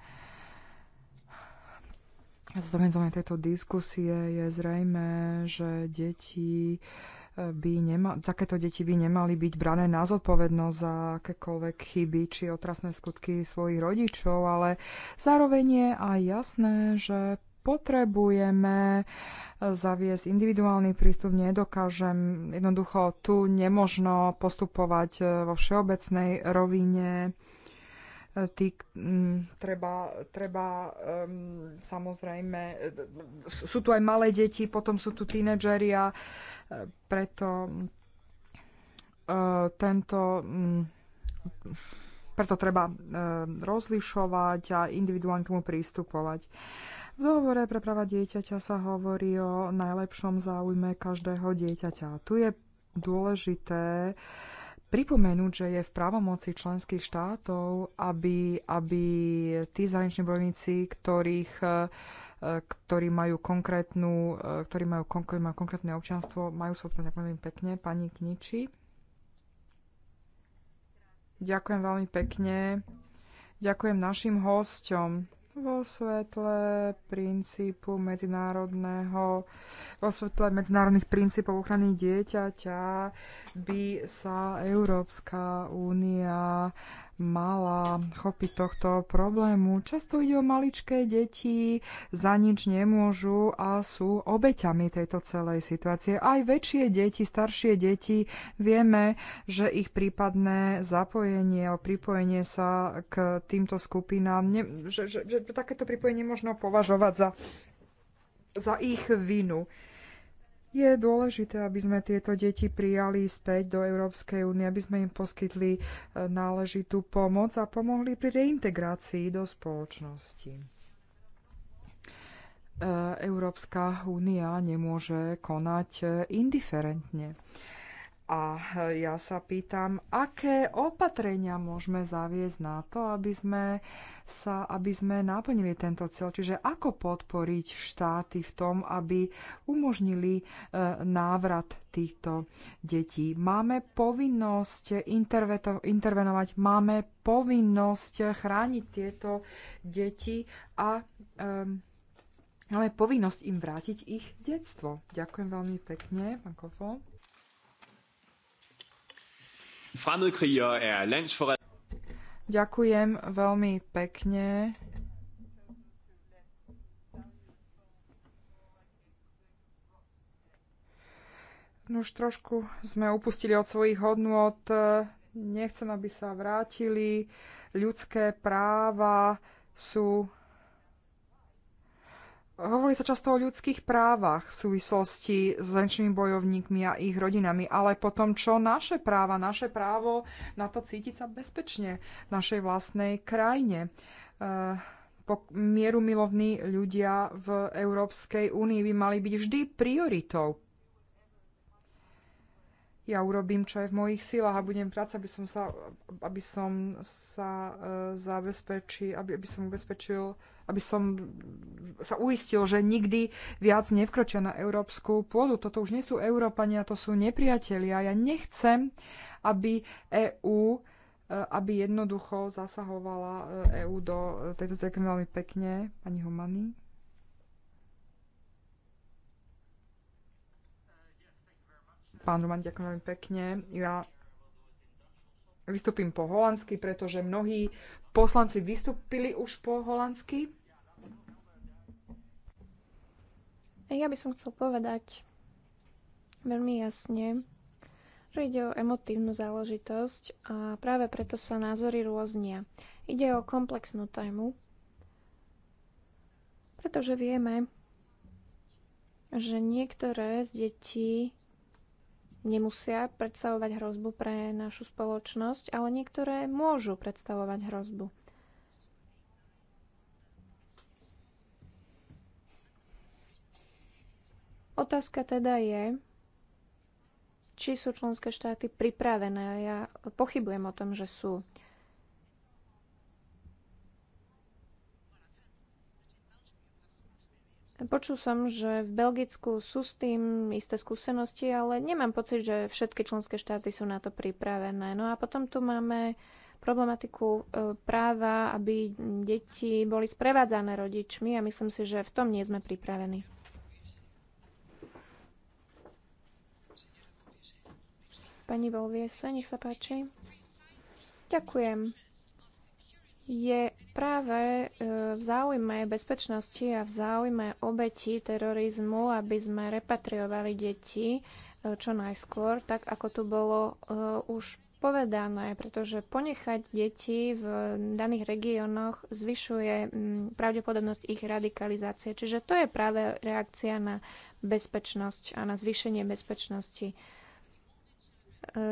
z organizovanie tejto diskusie. Je zrejme, že deti eh, by nema, takéto deti by nemali byť brané na zodpovednosť za akékoľvek chyby či otrasné skutky svojich rodičov, ale zároveň je aj jasné, že potrebujeme eh, zaviesť individuálny prístup, nedokážem. Jednoducho tu nemožno postupovať eh, vo všeobecnej rovine. Eh, Tý, m, mm, treba, treba um, samozrejme, sú tu aj malé deti, potom sú tu tínedžeri a preto uh, tento um, preto treba e, rozlišovať a individuálne k tomu prístupovať. V dohovore pre práva dieťaťa sa hovorí o najlepšom záujme každého dieťaťa. Tu je dôležité pripomenúť, že je v právomoci členských štátov, aby, aby tí zahraniční bojovníci, ktorých e, ktorí majú, konkrétnu, e, ktorí majú, ktorí majú konkrétne občianstvo, majú svoje veľmi pekne, pani Kniči. Ďakujem veľmi pekne. Ďakujem našim hosťom vo svetle princípu medzinárodného, vo svetle medzinárodných princípov ochrany dieťaťa by sa Európska únia mala chopiť tohto problému. Často ide o maličké deti, za nič nemôžu a sú obeťami tejto celej situácie. Aj väčšie deti, staršie deti, vieme, že ich prípadné zapojenie a pripojenie sa k týmto skupinám, ne, že, že, že takéto pripojenie možno považovať za, za ich vinu. Je dôležité, aby sme tieto deti prijali späť do Európskej únie, aby sme im poskytli e, náležitú pomoc a pomohli pri reintegrácii do spoločnosti. E, Európska únia nemôže konať e, indiferentne. A ja sa pýtam, aké opatrenia môžeme zaviesť na to, aby sme, sa, aby sme naplnili tento cieľ. Čiže ako podporiť štáty v tom, aby umožnili e, návrat týchto detí. Máme povinnosť intervenovať, máme povinnosť chrániť tieto deti a um, máme povinnosť im vrátiť ich detstvo. Ďakujem veľmi pekne, pán Kofo. Er Ďakujem veľmi pekne. No už trošku sme upustili od svojich hodnôt. Nechcem, aby sa vrátili. Ľudské práva sú Hovorí sa často o ľudských právach v súvislosti s zrenčnými bojovníkmi a ich rodinami, ale potom čo naše práva, naše právo na to cítiť sa bezpečne v našej vlastnej krajine. mieru eh, mierumilovní ľudia v Európskej únii by mali byť vždy prioritou. Ja urobím, čo je v mojich silách a budem pracovať, aby som sa, aby som sa uh, eh, zabezpečil, aby, aby som ubezpečil uh, aby som sa uistil, že nikdy viac nevkročia na európsku pôdu. Toto už nie sú Európania, to sú nepriatelia. Ja nechcem, aby EÚ e, aby jednoducho zasahovala EÚ e do e, tejto ďakujem veľmi pekne, pani Humany. Pán Roman, ďakujem veľmi pekne. Ja vystúpim po holandsky, pretože mnohí poslanci vystúpili už po holandsky. Ja by som chcel povedať veľmi jasne, že ide o emotívnu záležitosť a práve preto sa názory rôznia. Ide o komplexnú tému, pretože vieme, že niektoré z detí nemusia predstavovať hrozbu pre našu spoločnosť, ale niektoré môžu predstavovať hrozbu. Otázka teda je, či sú členské štáty pripravené. Ja pochybujem o tom, že sú. Počul som, že v Belgicku sú s tým isté skúsenosti, ale nemám pocit, že všetky členské štáty sú na to pripravené. No a potom tu máme problematiku e, práva, aby deti boli sprevádzané rodičmi a myslím si, že v tom nie sme pripravení. Pani Bolviesa, nech sa páči. Ďakujem. Je práve e, v záujme bezpečnosti a v záujme obetí terorizmu, aby sme repatriovali deti e, čo najskôr, tak ako tu bolo e, už povedané, pretože ponechať deti v daných regiónoch zvyšuje pravdepodobnosť ich radikalizácie. Čiže to je práve reakcia na bezpečnosť a na zvýšenie bezpečnosti.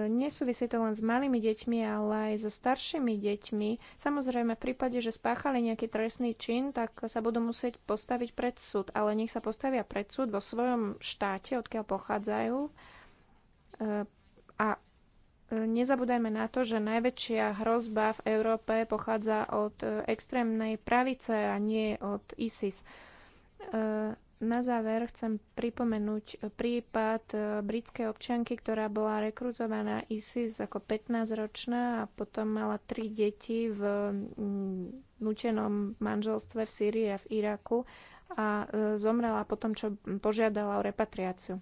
Nesúvisí to len s malými deťmi, ale aj so staršími deťmi. Samozrejme, v prípade, že spáchali nejaký trestný čin, tak sa budú musieť postaviť pred súd. Ale nech sa postavia pred súd vo svojom štáte, odkiaľ pochádzajú. A e, nezabúdajme na to, že najväčšia hrozba v Európe pochádza od e, extrémnej pravice a nie od ISIS e, na záver chcem pripomenúť eh, prípad eh, britskej občanky, ktorá bola rekrutovaná ISIS ako 15-ročná a potom mala tri deti v mm, nutenom manželstve v Sýrii a v Iraku a eh, zomrela potom, čo požiadala o repatriáciu.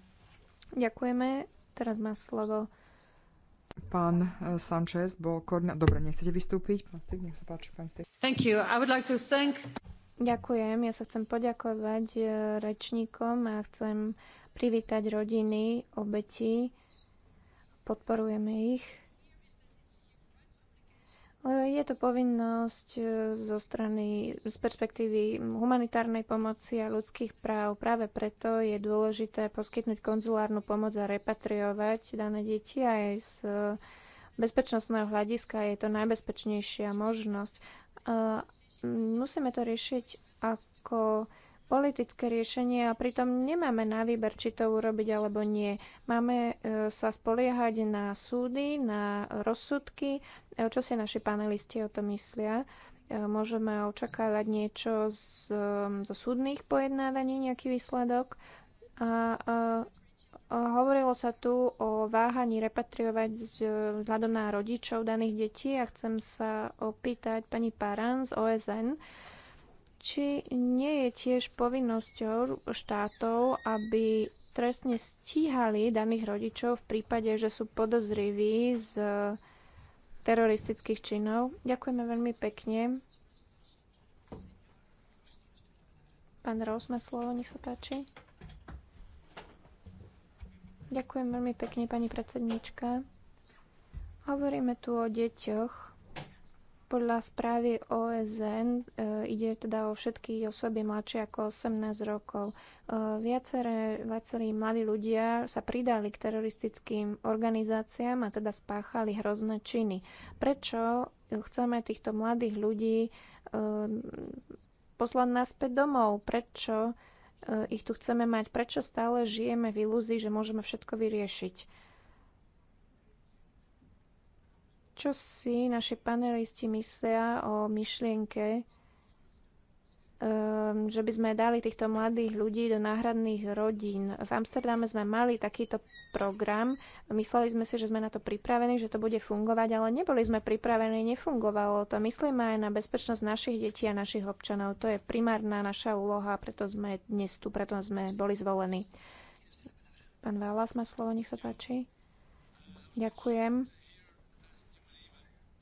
Ďakujeme. Teraz má slovo Pán Sanchez bol koordinátor. Dobre, nechcete vystúpiť? Pán Stig, nech sa páči, pán Stig. Thank you. I would like to thank Ďakujem, ja sa chcem poďakovať e, rečníkom a chcem privítať rodiny, obeti, podporujeme ich. E, je to povinnosť e, zo strany, z perspektívy humanitárnej pomoci a ľudských práv. Práve preto je dôležité poskytnúť konzulárnu pomoc a repatriovať dané deti aj z bezpečnostného hľadiska. Je to najbezpečnejšia možnosť musíme to riešiť ako politické riešenie a pritom nemáme na výber, či to urobiť alebo nie. Máme e, sa spoliehať na súdy, na rozsudky, e, čo si naši panelisti o tom myslia. E, môžeme očakávať niečo z, zo súdnych pojednávaní, nejaký výsledok. A, a Hovorilo sa tu o váhaní repatriovať vzhľadom na rodičov daných detí a chcem sa opýtať pani Paran z OSN, či nie je tiež povinnosťou štátov, aby trestne stíhali daných rodičov v prípade, že sú podozriví z teroristických činov. Ďakujeme veľmi pekne. Pán Rous má slovo, nech sa páči. Ďakujem veľmi pekne, pani predsednička. Hovoríme tu o deťoch. Podľa správy OSN e, ide teda o všetky osoby mladšie ako 18 rokov. E, viaceré, viacerí mladí ľudia sa pridali k teroristickým organizáciám a teda spáchali hrozné činy. Prečo chceme týchto mladých ľudí e, poslať naspäť domov? Prečo e, Eh, ich tu chceme mať? Prečo stále žijeme v ilúzii, že môžeme všetko vyriešiť? Čo si naši panelisti myslia o myšlienke, Ehm, že by sme dali týchto mladých ľudí do náhradných rodín. V Amsterdame sme mali takýto program. Mysleli sme si, že sme na to pripravení, že to bude fungovať, ale neboli sme pripravení, nefungovalo to. Myslíme aj na bezpečnosť našich detí a našich občanov. To je primárna naša úloha, preto sme dnes tu, preto sme boli zvolení. Pán Válas má slovo, nech sa páči. Ďakujem.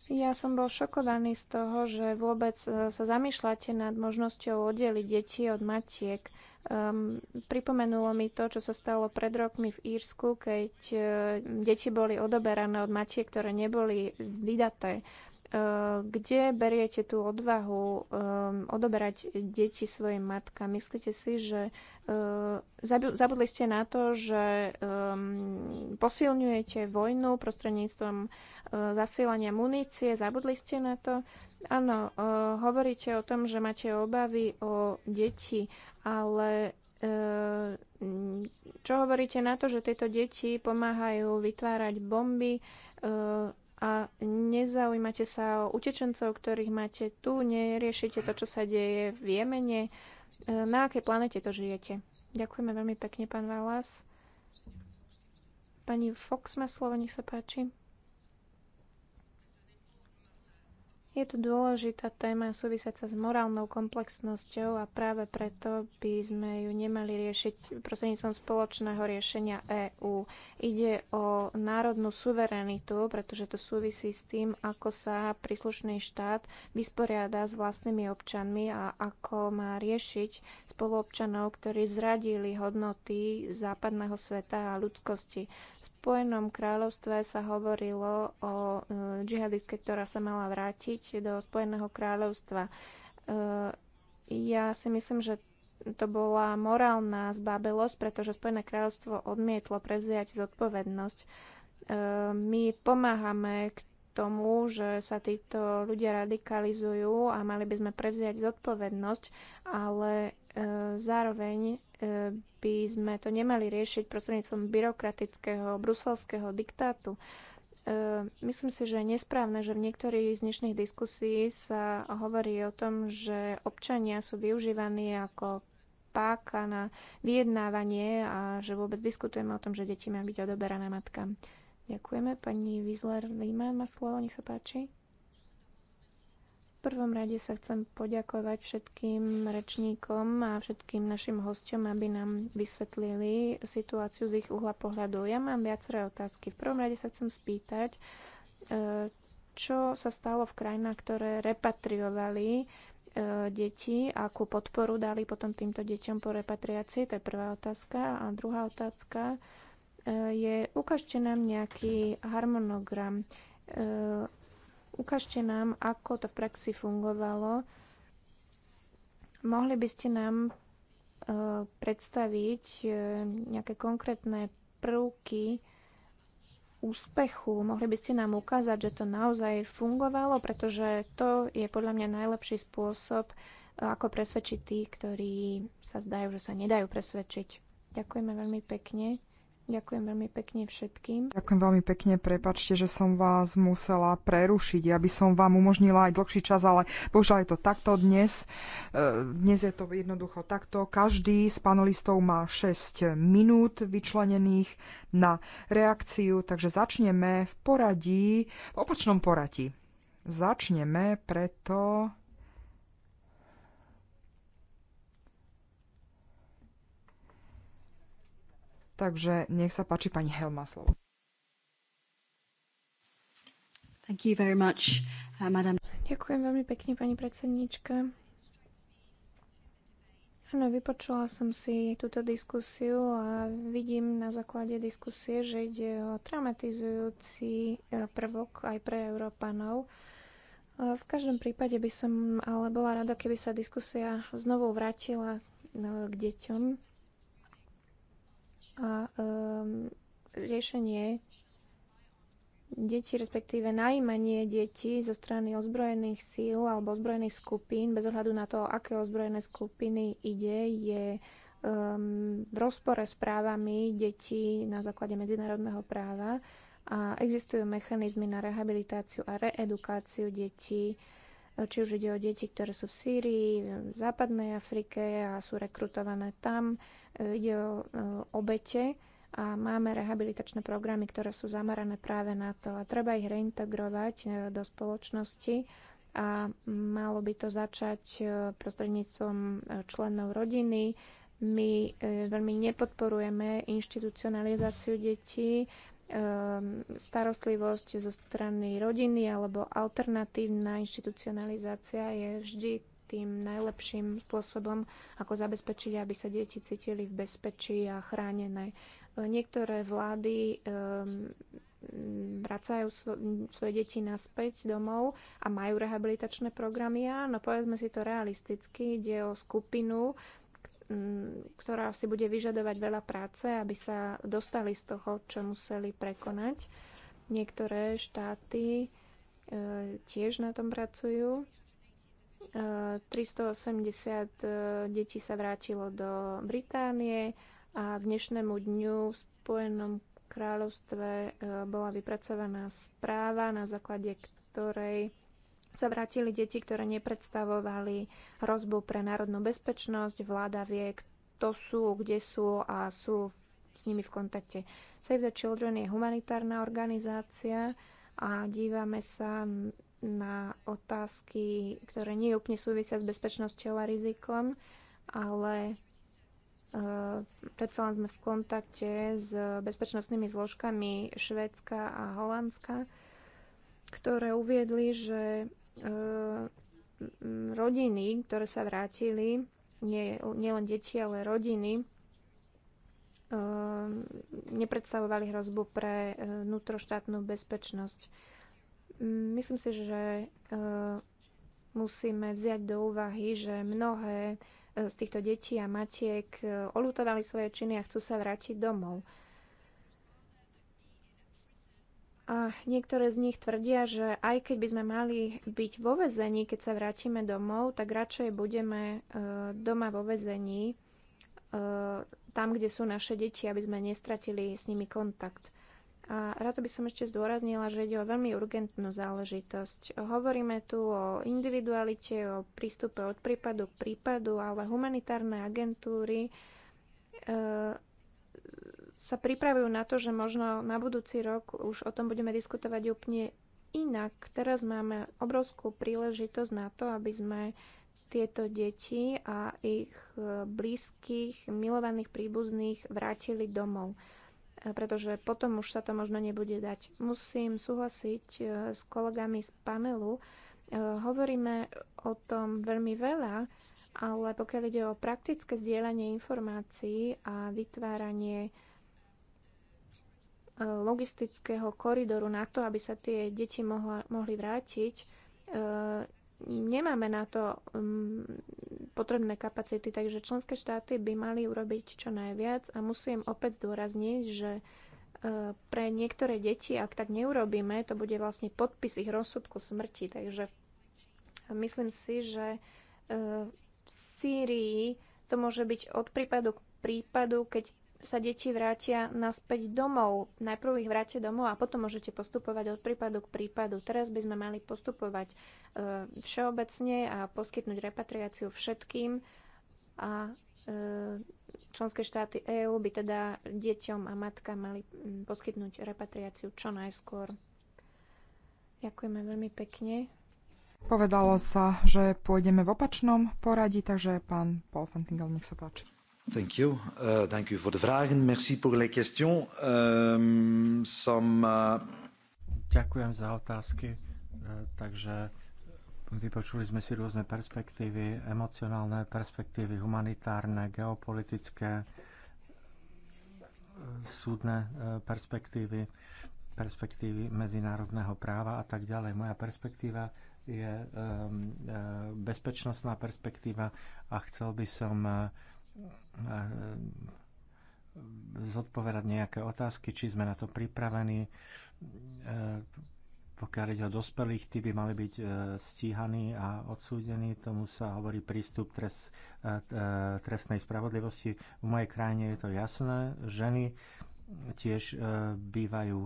Ja som bol šokovaný z toho, že vôbec e, sa zamýšľate nad možnosťou oddeliť deti od matiek. Um, pripomenulo mi to, čo sa stalo pred rokmi v Írsku, keď uh, deti boli odoberané od matiek, ktoré neboli vydaté. Eh, kde beriete tú odvahu um, odoberať deti svojim matkám? Myslíte si, že uh, zabudli ste na to, že um, posilňujete vojnu prostredníctvom uh, zasielania munície? Zabudli ste na to? Áno, uh, hovoríte o tom, že máte obavy o deti, ale uh, čo hovoríte na to, že tieto deti pomáhajú vytvárať bomby? Uh, a nezaujímate sa o utečencov, ktorých máte tu, neriešite to, čo sa deje v Jemene, e, na akej planete to žijete. Ďakujeme veľmi pekne, pán Valas. Pani Fox má slovo, nech sa páči. Je to dôležitá téma súvisiaca s morálnou komplexnosťou a práve preto by sme ju nemali riešiť prostredníctvom spoločného riešenia EÚ. Ide o národnú suverenitu, pretože to súvisí s tým, ako sa príslušný štát vysporiada s vlastnými občanmi a ako má riešiť spoluobčanov, ktorí zradili hodnoty západného sveta a ľudskosti. V Spojenom kráľovstve sa hovorilo o e, džihadistke, ktorá sa mala vrátiť do Spojeného kráľovstva. E, ja si myslím, že to bola morálna zbábelosť, pretože Spojené kráľovstvo odmietlo prevziať zodpovednosť. E, my pomáhame k tomu, že sa títo ľudia radikalizujú a mali by sme prevziať zodpovednosť, ale e, zároveň by sme to nemali riešiť prostredníctvom byrokratického bruselského diktátu. Ehm, myslím si, že je nesprávne, že v niektorých z dnešných diskusí sa hovorí o tom, že občania sú využívaní ako páka na vyjednávanie a že vôbec diskutujeme o tom, že deti má byť odoberaná matka. Ďakujeme. Pani Wiesler, Liman má slovo, nech sa páči prvom rade sa chcem poďakovať všetkým rečníkom a všetkým našim hostom, aby nám vysvetlili situáciu z ich uhla pohľadu. Ja mám viaceré otázky. V prvom rade sa chcem spýtať, e, čo sa stalo v krajinách, ktoré repatriovali e, deti, akú podporu dali potom týmto deťom po repatriácii, to je prvá otázka. A druhá otázka e, je, ukážte nám nejaký harmonogram, Ukážte nám, ako to v praxi fungovalo. Mohli by ste nám e, predstaviť e, nejaké konkrétne prvky úspechu. Mohli by ste nám ukázať, že to naozaj fungovalo, pretože to je podľa mňa najlepší spôsob, e, ako presvedčiť tých, ktorí sa zdajú, že sa nedajú presvedčiť. Ďakujeme veľmi pekne. Ďakujem veľmi pekne všetkým. Ďakujem veľmi pekne, prepačte, že som vás musela prerušiť. Aby som vám umožnila aj dlhší čas, ale bohužiaľ je to takto dnes. E, dnes je to jednoducho takto. Každý z panelistov má 6 minút vyčlenených na reakciu, takže začneme v poradí, v opačnom poradí. Začneme preto Takže nech sa páči pani Helma slovo. Thank you very much, uh, madam. Ďakujem veľmi pekne, pani predsednička. Áno, vypočula som si túto diskusiu a vidím na základe diskusie, že ide o traumatizujúci eh, prvok aj pre Európanov. V každom prípade by som ale bola rada, keby sa diskusia znovu vrátila eh, k deťom a um, riešenie detí, respektíve najímanie detí zo strany ozbrojených síl alebo ozbrojených skupín, bez ohľadu na to, aké ozbrojené skupiny ide, je um, v rozpore s právami detí na základe medzinárodného práva a existujú mechanizmy na rehabilitáciu a reedukáciu detí či už ide o deti, ktoré sú v Sýrii, v západnej Afrike a sú rekrutované tam. E, ide o e, obete a máme rehabilitačné programy, ktoré sú zamerané práve na to a treba ich reintegrovať e, do spoločnosti a malo by to začať prostredníctvom členov rodiny. My veľmi nepodporujeme inštitucionalizáciu detí, Ehm, starostlivosť zo strany rodiny alebo alternatívna inštitucionalizácia je vždy tým najlepším spôsobom, ako zabezpečiť, aby sa deti cítili v bezpečí a chránené. E, niektoré vlády ehm, vracajú svoje deti naspäť domov a majú rehabilitačné programy. Áno, povedzme si to realisticky, ide o skupinu Mm, ktorá si bude vyžadovať veľa práce, aby sa dostali z toho, čo museli prekonať. Niektoré štáty e, tiež na tom pracujú. 380 e, e, detí sa vrátilo do Británie a dnešnému dňu v Spojenom kráľovstve bola vypracovaná správa, na základe ktorej sa vrátili deti, ktoré nepredstavovali hrozbu pre národnú bezpečnosť. Vláda vie, kto sú, kde sú a sú s nimi v kontakte. Save the Children je humanitárna organizácia a dívame sa na otázky, ktoré nie úplne súvisia s bezpečnosťou a rizikom, ale Uh, predsa len sme v kontakte s bezpečnostnými zložkami Švédska a Holandska, ktoré uviedli, že Ehm, rodiny, ktoré sa vrátili, nie, nielen deti, ale rodiny, ehm, nepredstavovali hrozbu pre eh, vnútroštátnu bezpečnosť. Myslím si, že eh, musíme vziať do úvahy, že mnohé eh, z týchto detí a matiek olutovali svoje činy a chcú sa vrátiť domov. A niektoré z nich tvrdia, že aj keď by sme mali byť vo vezení, keď sa vrátime domov, tak radšej budeme e, doma vo vezení, e, tam, kde sú naše deti, aby sme nestratili s nimi kontakt. A rado by som ešte zdôraznila, že ide o veľmi urgentnú záležitosť. Hovoríme tu o individualite, o prístupe od prípadu k prípadu, ale humanitárne agentúry e, sa pripravujú na to, že možno na budúci rok už o tom budeme diskutovať úplne inak. Teraz máme obrovskú príležitosť na to, aby sme tieto deti a ich blízkych, milovaných príbuzných vrátili domov. E, pretože potom už sa to možno nebude dať. Musím súhlasiť e, s kolegami z panelu. E, hovoríme o tom veľmi veľa, ale pokiaľ ide o praktické zdieľanie informácií a vytváranie E, logistického koridoru na to, aby sa tie deti mohla, mohli vrátiť, e, nemáme na to um, potrebné kapacity, takže členské štáty by mali urobiť čo najviac a musím opäť zdôrazniť, že e, pre niektoré deti, ak tak neurobíme, to bude vlastne podpis ich rozsudku smrti. Takže myslím si, že v Sýrii to môže byť od prípadu k prípadu, keď sa deti vrátia naspäť domov. Najprv ich vráte domov a potom môžete postupovať od prípadu k prípadu. Teraz by sme mali postupovať e, všeobecne a poskytnúť repatriáciu všetkým a e, členské štáty EÚ by teda deťom a matka mali poskytnúť repatriáciu čo najskôr. Ďakujeme veľmi pekne. Povedalo sa, že pôjdeme v opačnom poradí, takže pán Paul Fentingel, nech sa páči. Thank you. Uh, thank you for the vragen. Merci pour les questions. Um, some, uh... Ďakujem za otázky. Uh, takže Vypočuli sme si rôzne perspektívy, emocionálne perspektívy, humanitárne, geopolitické, uh, súdne perspektívy, perspektívy medzinárodného práva a tak ďalej. Moja perspektíva je um, bezpečnostná perspektíva a chcel by som Eh, zodpovedať nejaké otázky, či sme na to pripravení. Eh, pokiaľ ide o dospelých, tí by mali byť eh, stíhaní a odsúdení. Tomu sa hovorí prístup trest, trestnej spravodlivosti. V mojej krajine je to jasné. Ženy tiež bývajú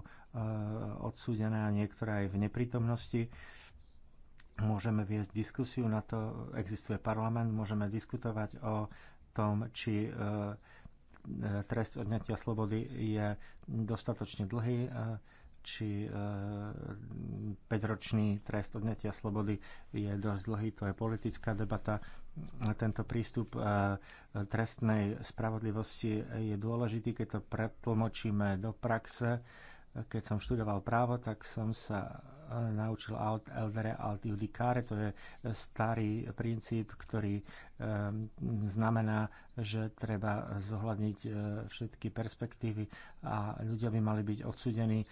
odsúdené a niektoré aj v neprítomnosti. Môžeme viesť diskusiu na to, existuje parlament, môžeme diskutovať o tom, či e, e, trest odňatia slobody je dostatočne dlhý, e, či 5-ročný trest odňatia slobody je dosť dlhý, to je politická debata. Tento prístup trestnej spravodlivosti je dôležitý, keď to pretlmočíme do praxe keď som študoval právo, tak som sa e, naučil alt eldere alt judicare, to je starý princíp, ktorý e, znamená, že treba zohľadniť e, všetky perspektívy a ľudia by mali byť odsudení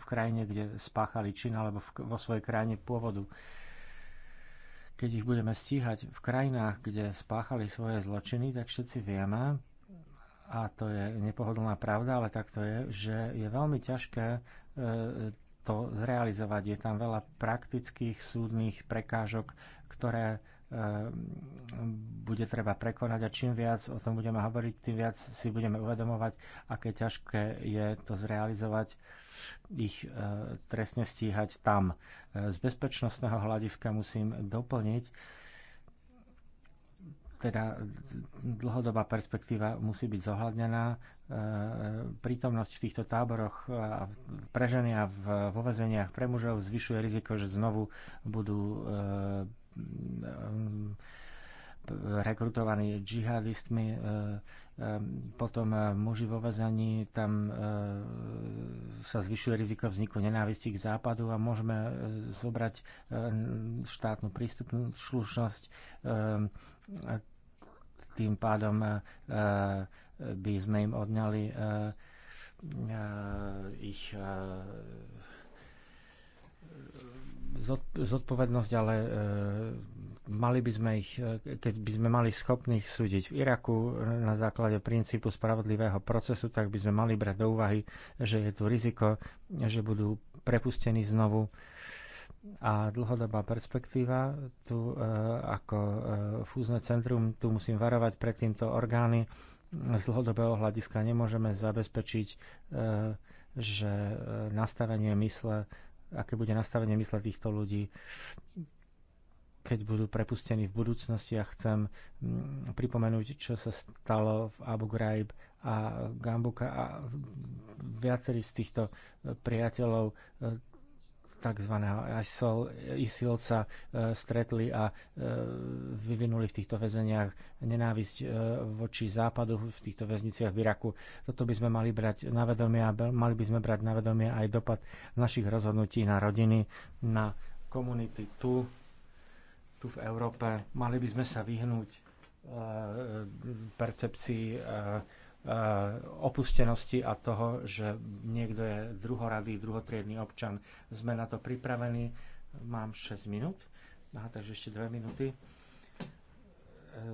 v krajine, kde spáchali čin alebo vo svojej krajine pôvodu. Keď ich budeme stíhať v krajinách, kde spáchali svoje zločiny, tak všetci vieme, a to je nepohodlná pravda, ale tak to je, že je veľmi ťažké e, to zrealizovať. Je tam veľa praktických súdnych prekážok, ktoré e, bude treba prekonať a čím viac o tom budeme hovoriť, tým viac si budeme uvedomovať, aké ťažké je to zrealizovať, ich e, trestne stíhať tam. Z bezpečnostného hľadiska musím doplniť, teda dlhodobá perspektíva musí byť zohľadnená. E, prítomnosť v týchto táboroch e, pre ženy v vo vezeniach pre mužov zvyšuje riziko, že znovu budú e, rekrutovaní džihadistmi, potom muži vo vezení, tam sa zvyšuje riziko vzniku nenávisti k západu a môžeme zobrať štátnu prístupnú slušnosť tým pádom e, e, by sme im odňali e, ich zodpovednosť, ale mali by sme ich, keď by sme mali schopných súdiť v Iraku na základe princípu spravodlivého procesu, tak by sme mali brať do úvahy, že je tu riziko, že budú prepustení znovu a dlhodobá perspektíva. Tu e, ako e, fúzne centrum, tu musím varovať pred týmto orgány. Z dlhodobého hľadiska nemôžeme zabezpečiť, e, že e, nastavenie mysle, aké bude nastavenie mysle týchto ľudí, keď budú prepustení v budúcnosti. a chcem mm, pripomenúť, čo sa stalo v Abu Ghraib a Gambuka a viacerí z týchto e, priateľov e, tzv. ISILca sa e, stretli a e, vyvinuli v týchto väzeniach nenávisť e, voči západu v týchto väzniciach v Iraku. Toto by sme mali brať na vedomie a mali by sme brať na vedomie aj dopad našich rozhodnutí na rodiny, na komunity tu, tu v Európe. Mali by sme sa vyhnúť percepcii Eh, opustenosti a toho, že niekto je druhoradý, druhotriedný občan. Sme na to pripravení. Mám 6 minút. Aha, takže ešte 2 minúty. Eh,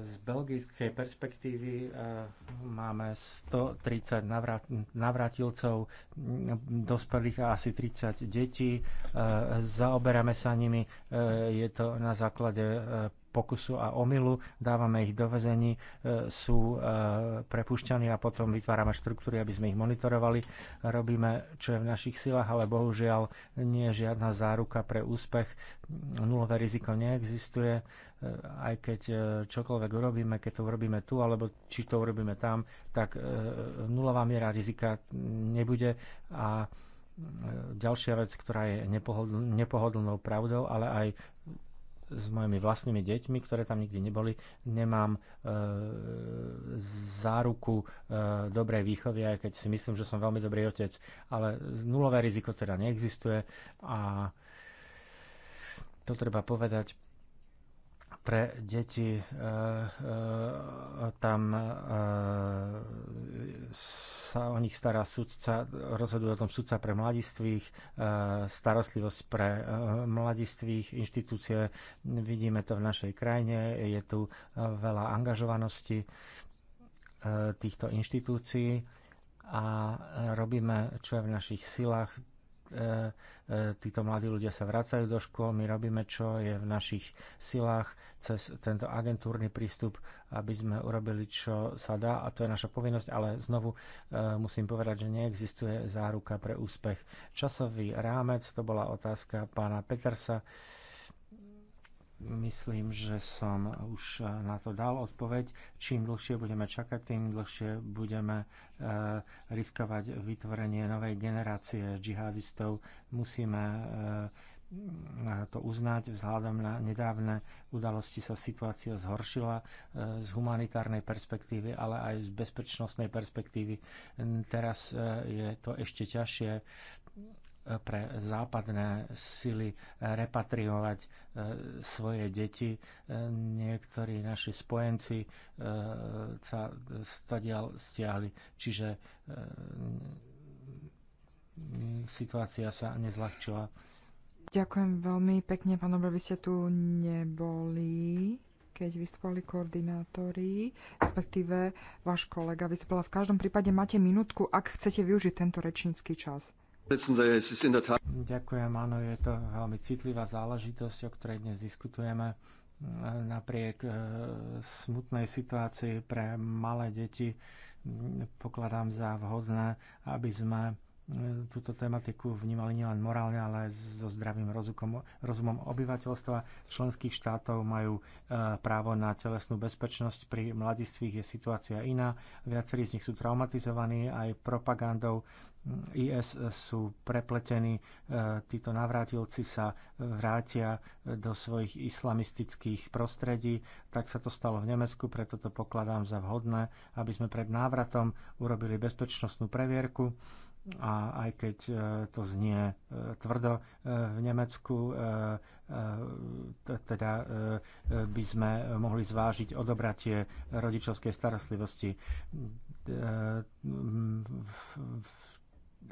z belgickej perspektívy eh, máme 130 navrat, navratilcov, mm, dospelých a asi 30 detí. Zaoberáme sa nimi. Je to na základe pokusu a omylu, dávame ich do vezení, e, sú e, prepušťaní a potom vytvárame štruktúry, aby sme ich monitorovali. Robíme, čo je v našich silách, ale bohužiaľ nie je žiadna záruka pre úspech. Nulové riziko neexistuje, e, aj keď čokoľvek urobíme, keď to urobíme tu, alebo či to urobíme tam, tak nulová miera rizika nebude a ďalšia vec, ktorá je nepohodl- nepohodlnou pravdou, ale aj s mojimi vlastnými deťmi, ktoré tam nikdy neboli, nemám e, záruku e, dobrej výchovy, aj keď si myslím, že som veľmi dobrý otec, ale nulové riziko teda neexistuje a to treba povedať pre deti. E, e, tam e, sa o nich stará sudca, rozhoduje o tom sudca pre mladistvých, starostlivosť pre mladistvých, inštitúcie. Vidíme to v našej krajine, je tu veľa angažovanosti týchto inštitúcií a robíme, čo je v našich silách, E, e, títo mladí ľudia sa vracajú do škôl, my robíme, čo je v našich silách cez tento agentúrny prístup, aby sme urobili, čo sa dá a to je naša povinnosť, ale znovu e, musím povedať, že neexistuje záruka pre úspech. Časový rámec, to bola otázka pána Petersa. Myslím, že som už eh, na to dal odpoveď. Čím dlhšie budeme čakať, tým dlhšie budeme eh, riskovať vytvorenie novej generácie džihadistov. Musíme eh, to uznať. Vzhľadom na nedávne udalosti sa situácia zhoršila z humanitárnej perspektívy, ale aj z bezpečnostnej perspektívy. Teraz je to ešte ťažšie pre západné sily e, repatriovať e, svoje deti. E, niektorí naši spojenci sa stadial stiahli, čiže situácia sa nezľahčila. Ďakujem veľmi pekne, pán vy ste tu neboli keď vystupovali koordinátori, respektíve váš kolega vystupovala. V každom prípade máte minútku, ak chcete využiť tento rečnícky čas. Ďakujem, áno, je to veľmi citlivá záležitosť, o ktorej dnes diskutujeme. Napriek e, smutnej situácii pre malé deti pokladám za vhodné, aby sme e, túto tematiku vnímali nielen morálne, ale aj so zdravým rozumom obyvateľstva. Členských štátov majú e, právo na telesnú bezpečnosť. Pri mladistvých je situácia iná. Viacerí z nich sú traumatizovaní aj propagandou IS sú prepletení, e, títo navrátilci sa vrátia do svojich islamistických prostredí. Tak sa to stalo v Nemecku, preto to pokladám za vhodné, aby sme pred návratom urobili bezpečnostnú previerku a aj keď e, to znie e, tvrdo v Nemecku, teda by sme mohli zvážiť odobratie rodičovskej starostlivosti.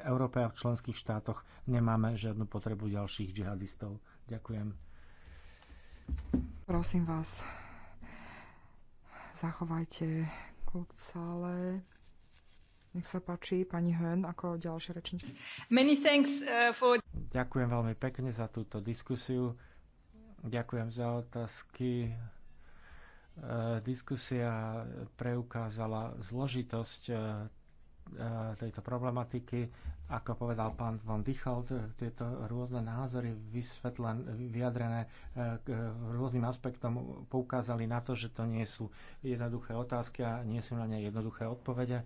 Európe a v členských štátoch nemáme žiadnu potrebu ďalších džihadistov. Ďakujem. Prosím vás, zachovajte kľud v sále. Nech sa páči, pani Hen, ako ďalšia rečnica. Many thanks uh, for... Ďakujem veľmi pekne za túto diskusiu. Ďakujem za otázky. Uh, diskusia preukázala zložitosť uh, Eh, tejto problematiky. Ako povedal pán von Dichald, eh, tieto rôzne názory vysvetlen, vyjadrené eh, k rôznym aspektom poukázali na to, že to nie sú jednoduché otázky a nie sú na ne jednoduché odpovede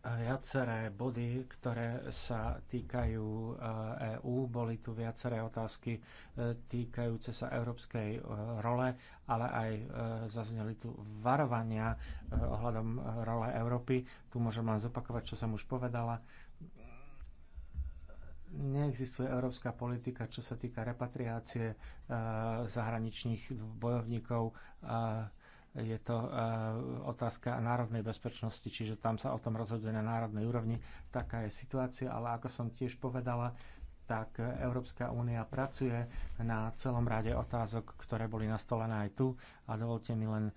viaceré body, ktoré sa týkajú EÚ. Eh, e Boli tu viaceré otázky eh, týkajúce sa európskej eh, role, ale aj zazneli tu varovania ohľadom role Európy. Tu môžem len zopakovať, čo som už povedala. Neexistuje európska politika, čo sa týka repatriácie zahraničných bojovníkov je to eh, otázka národnej bezpečnosti, čiže tam sa o tom rozhoduje na národnej úrovni. Taká je situácia, ale ako som tiež povedala, tak Európska únia pracuje na celom rade otázok, ktoré boli nastolené aj tu a dovolte mi len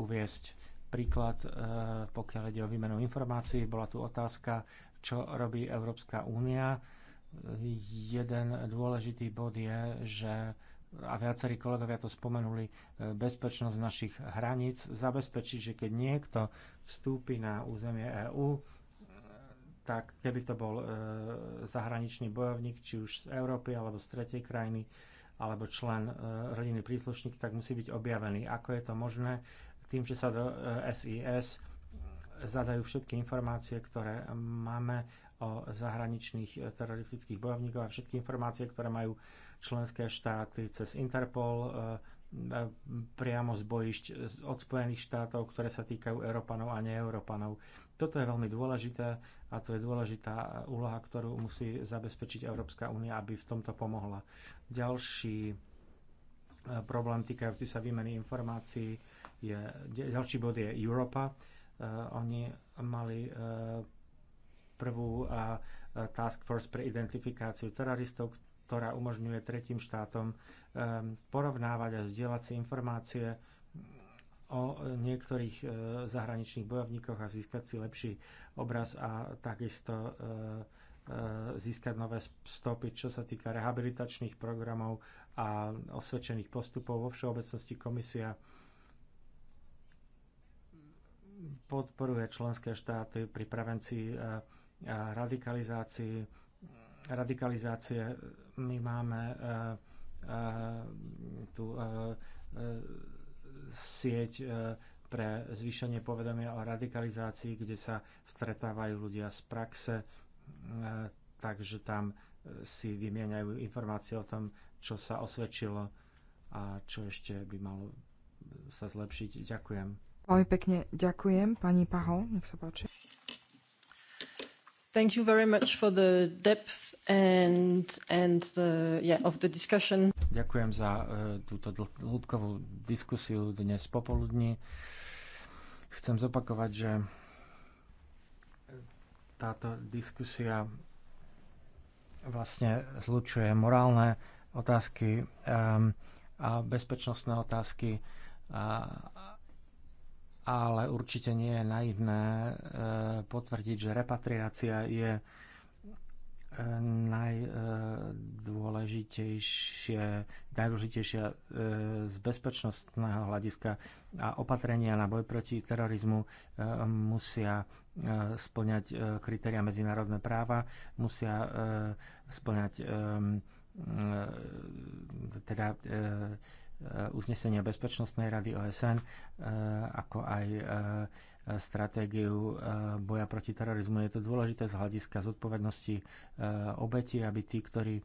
uviesť príklad, eh, pokiaľ ide o výmenu informácií. Bola tu otázka, čo robí Európska únia. Jeden dôležitý bod je, že a viacerí kolegovia to spomenuli, e, bezpečnosť našich hraníc, zabezpečiť, že keď niekto vstúpi na územie EÚ, e, tak keby to bol e, zahraničný bojovník, či už z Európy alebo z tretej krajiny, alebo člen rodiny príslušník, tak musí byť objavený. Ako je to možné? Tým, že sa do SIS zadajú všetky informácie, ktoré máme o zahraničných teroristických bojovníkov a všetky informácie, ktoré majú členské štáty cez Interpol e, e, priamo z bojišť od Spojených štátov, ktoré sa týkajú Európanov a neeurópanov. Toto je veľmi dôležité a to je dôležitá úloha, ktorú musí zabezpečiť Európska únia, aby v tomto pomohla. Ďalší e, problém týkajúci sa výmeny informácií je, ďalší bod je Európa. Oni mali prvú task force pre identifikáciu teroristov, ktorá umožňuje tretím štátom um, porovnávať a zdieľať si informácie o niektorých uh, zahraničných bojovníkoch a získať si lepší obraz a takisto uh, uh, získať nové stopy, čo sa týka rehabilitačných programov a osvedčených postupov. Vo všeobecnosti komisia podporuje členské štáty pri prevencii a radikalizácii radikalizácie. My máme eh, eh, tú eh, sieť pre zvýšenie povedomia o radikalizácii, kde sa stretávajú ľudia z praxe, takže tam si vymieňajú informácie o tom, čo sa osvedčilo a čo ešte by malo sa zlepšiť. Ďakujem. Veľmi pekne ďakujem, pani Paho, nech sa páči. Thank you very much for the depth and, and the, yeah, of the discussion. Ďakujem za uh, túto hĺbkovú diskusiu dnes popoludní. Chcem zopakovať, že táto diskusia vlastne zlučuje morálne otázky um, a bezpečnostné otázky a, ale určite nie je naivné eh, potvrdiť, že repatriácia je eh, najdôležitejšie, najdôležitejšie eh, z bezpečnostného hľadiska a opatrenia na boj proti terorizmu musia splňať kritéria medzinárodné práva, musia splňať teda Eh, uznesenia Bezpečnostnej rady OSN, eh, ako aj eh, stratégiu boja proti terorizmu. Je to dôležité z hľadiska zodpovednosti obeti, aby tí, ktorí mm,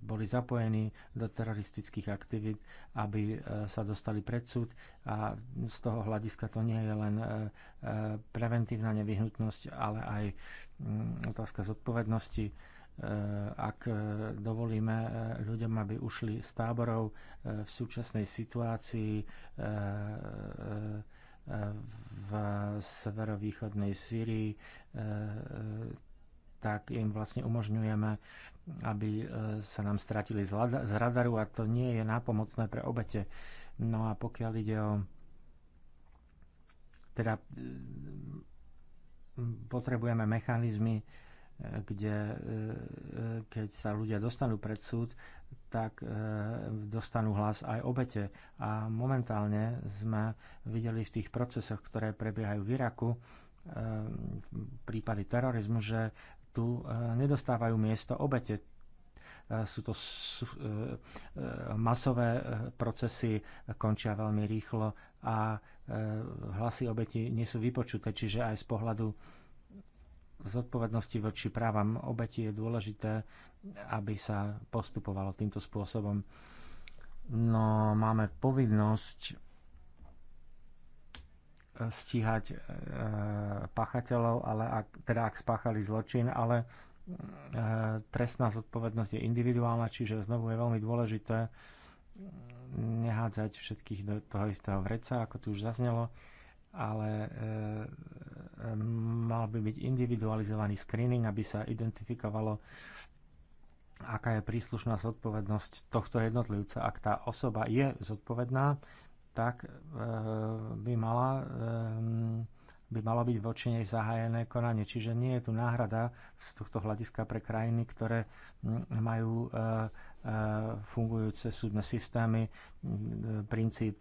boli zapojení do teroristických aktivít, aby sa dostali pred súd a z toho hľadiska to nie je len preventívna nevyhnutnosť, ale aj mm, otázka zodpovednosti Eh, ak eh, dovolíme eh, ľuďom, aby ušli z táborov v súčasnej situácii v severovýchodnej Sýrii, tak im vlastne umožňujeme, aby sa nám stratili z radaru a to nie je nápomocné pre obete. No a pokiaľ ide o teda potrebujeme mechanizmy, kde e, e, keď sa ľudia dostanú pred súd, tak e, dostanú hlas aj obete. A momentálne sme videli v tých procesoch, ktoré prebiehajú v Iraku, prípady terorizmu, že tu nedostávajú miesto obete. Sú to masové procesy, končia veľmi rýchlo a hlasy obeti nie sú vypočuté, čiže aj z pohľadu zodpovednosti voči právam obeti je dôležité, aby sa postupovalo týmto spôsobom. No, máme povinnosť eh, stíhať e, eh, pachateľov, ale ak, teda ak spáchali zločin, ale e, trestná zodpovednosť je individuálna, čiže znovu je veľmi dôležité nehádzať všetkých do toho istého vreca, ako tu už zaznelo. E, ale eh, eh, mal by byť individualizovaný screening, aby sa identifikovalo, aká je príslušná zodpovednosť tohto jednotlivca. Ak tá osoba je zodpovedná, tak eh, by mala by malo byť voči nej zahájené konanie. Čiže nie je tu náhrada z tohto hľadiska pre krajiny, ktoré hm, majú fungujúce súdne systémy, hm, princíp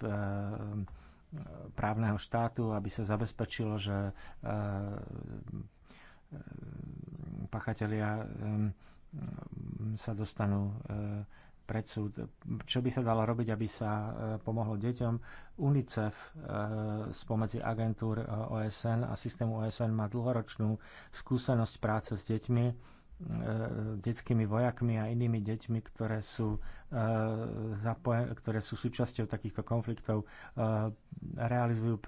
právneho štátu, aby sa zabezpečilo, že e, e, pachatelia e, sa dostanú pred súd. Čo by sa dalo robiť, aby sa pomohlo deťom? UNICEF pomedzi agentúr OSN a systému OSN má dlhoročnú skúsenosť práce s deťmi E, detskými vojakmi a inými deťmi, ktoré sú, e, ktoré sú súčasťou takýchto konfliktov, e, realizujú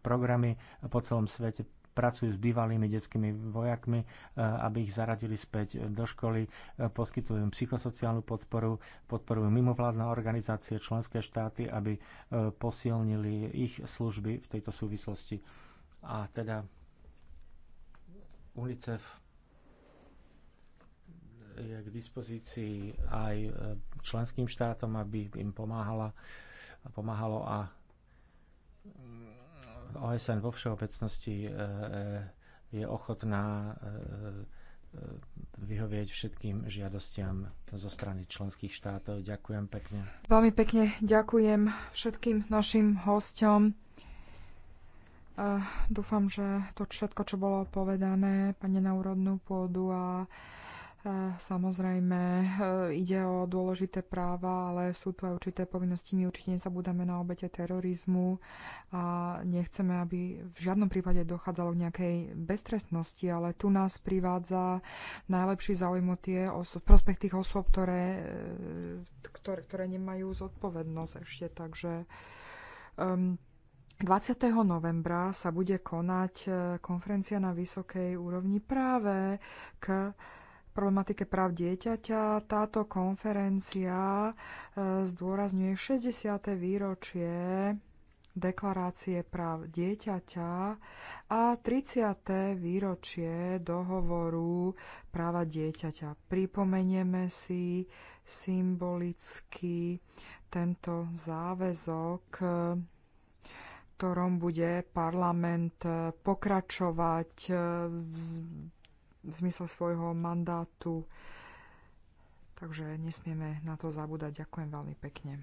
programy po celom svete, pracujú s bývalými detskými vojakmi, aby ich zaradili späť do školy, poskytujú im psychosociálnu podporu, podporujú mimovládne organizácie, členské štáty, aby posilnili ich služby v tejto súvislosti. A teda UNICEF je k dispozícii aj e, členským štátom, aby im pomáhala, pomáhalo a mm, OSN vo všeobecnosti e, e, je ochotná vyhovieť všetkým žiadostiam zo strany členských štátov. Ďakujem pekne. Veľmi pekne ďakujem všetkým našim hostom. Uh, dúfam, že to všetko, čo bolo povedané, pani na úrodnú pôdu a Samozrejme, e, ide o dôležité práva, ale sú tu aj určité povinnosti. My určite nezabúdame na obete terorizmu a nechceme, aby v žiadnom prípade dochádzalo k nejakej beztrestnosti, ale tu nás privádza najlepší záujem o tie oso- prospech tých osôb, ktoré, e, ktoré, ktoré nemajú zodpovednosť ešte. Takže um, 20. novembra sa bude konať e, konferencia na vysokej úrovni práve k problematike práv dieťaťa. Táto konferencia e, zdôrazňuje 60. výročie deklarácie práv dieťaťa a 30. výročie dohovoru práva dieťaťa. Pripomenieme si symbolicky tento záväzok ktorom bude parlament pokračovať v zmysle svojho mandátu. Takže nesmieme na to zabúdať. Ďakujem veľmi pekne.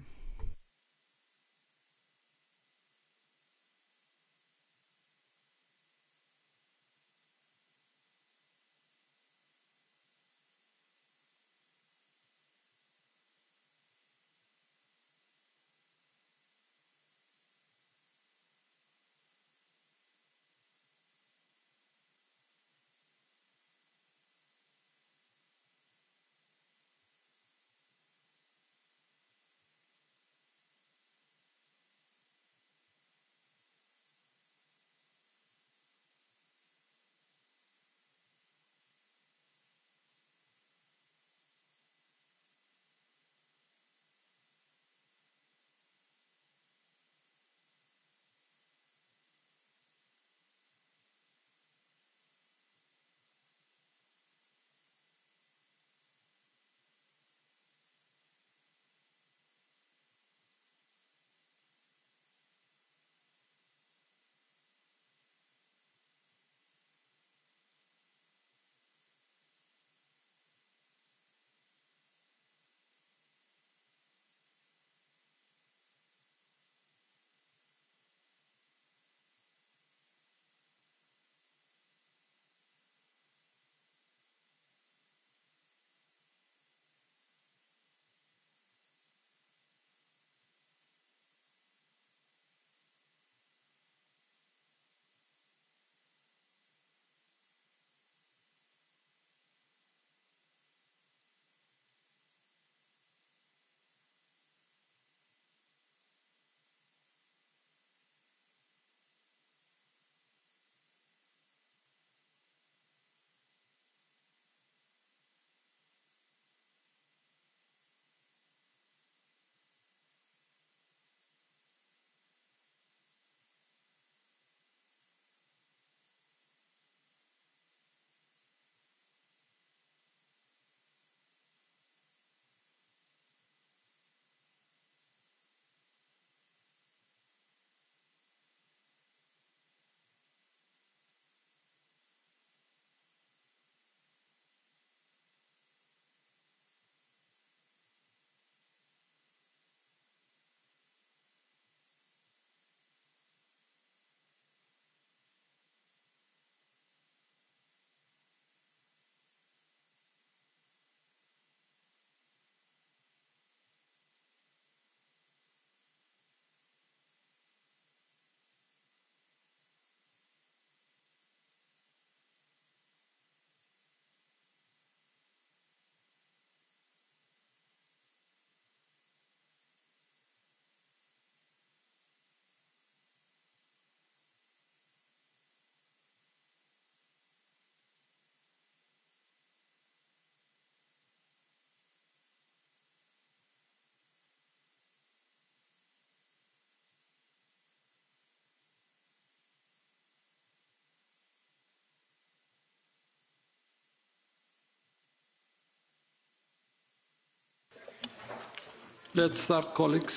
Let's start, colleagues.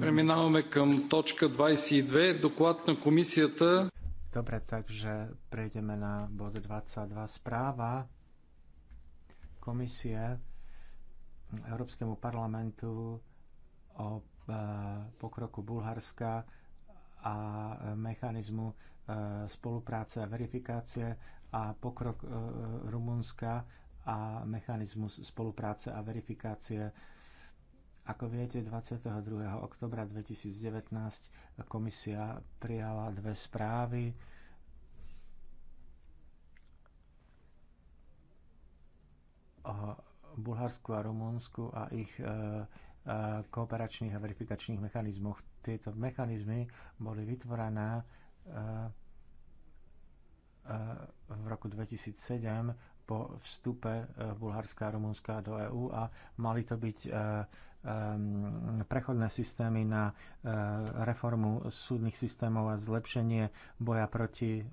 Преминаваме към точка 22, доклад на комисията. Dobre, takže prejdeme na bod 22. Správa komisie Európskemu parlamentu o pokroku Bulharska a mechanizmu e, spolupráce a verifikácie a pokrok e, Rumunska a mechanizmus spolupráce a verifikácie. Ako viete, 22. oktobra 2019 komisia prijala dve správy. o Bulharsku a Rumunsku a ich e, Eh, kooperačných a verifikačných mechanizmoch. Tieto mechanizmy boli vytvorené eh, eh, v roku 2007 po vstupe Bulharska a Rumunska do EÚ a mali to byť prechodné systémy na reformu súdnych systémov a zlepšenie boja proti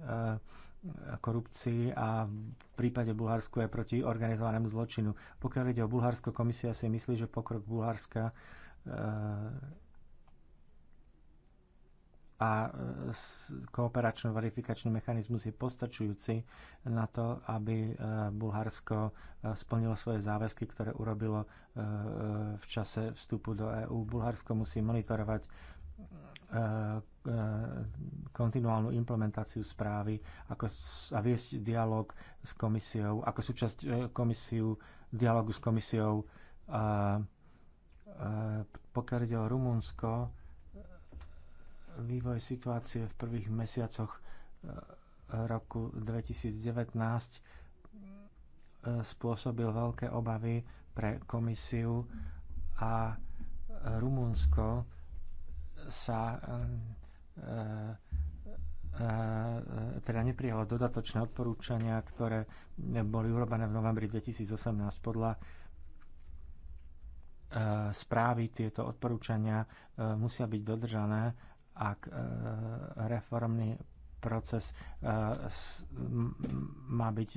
korupcii a v prípade Bulharsku aj proti organizovanému zločinu. Pokiaľ ide o Bulharsko, komisia si myslí, že pokrok Bulharska eh, a kooperačno verifikačný mechanizmus je postačujúci na to, aby eh, Bulharsko eh, splnilo svoje záväzky, ktoré urobilo v čase vstupu do EÚ. Bulharsko musí monitorovať Eh, kontinuálnu implementáciu správy ako, a viesť dialog s komisiou, ako súčasť eh, komisiu, dialogu s komisiou. A, a, eh, pokiaľ ide o Rumunsko, vývoj situácie v prvých mesiacoch roku 2019 spôsobil veľké obavy pre komisiu a Rumunsko sa eh, eh, eh, teda neprijalo dodatočné odporúčania, ktoré boli urobené v novembri 2018 podľa správy tieto odporúčania musia byť dodržané, ak reformný proces má, byť,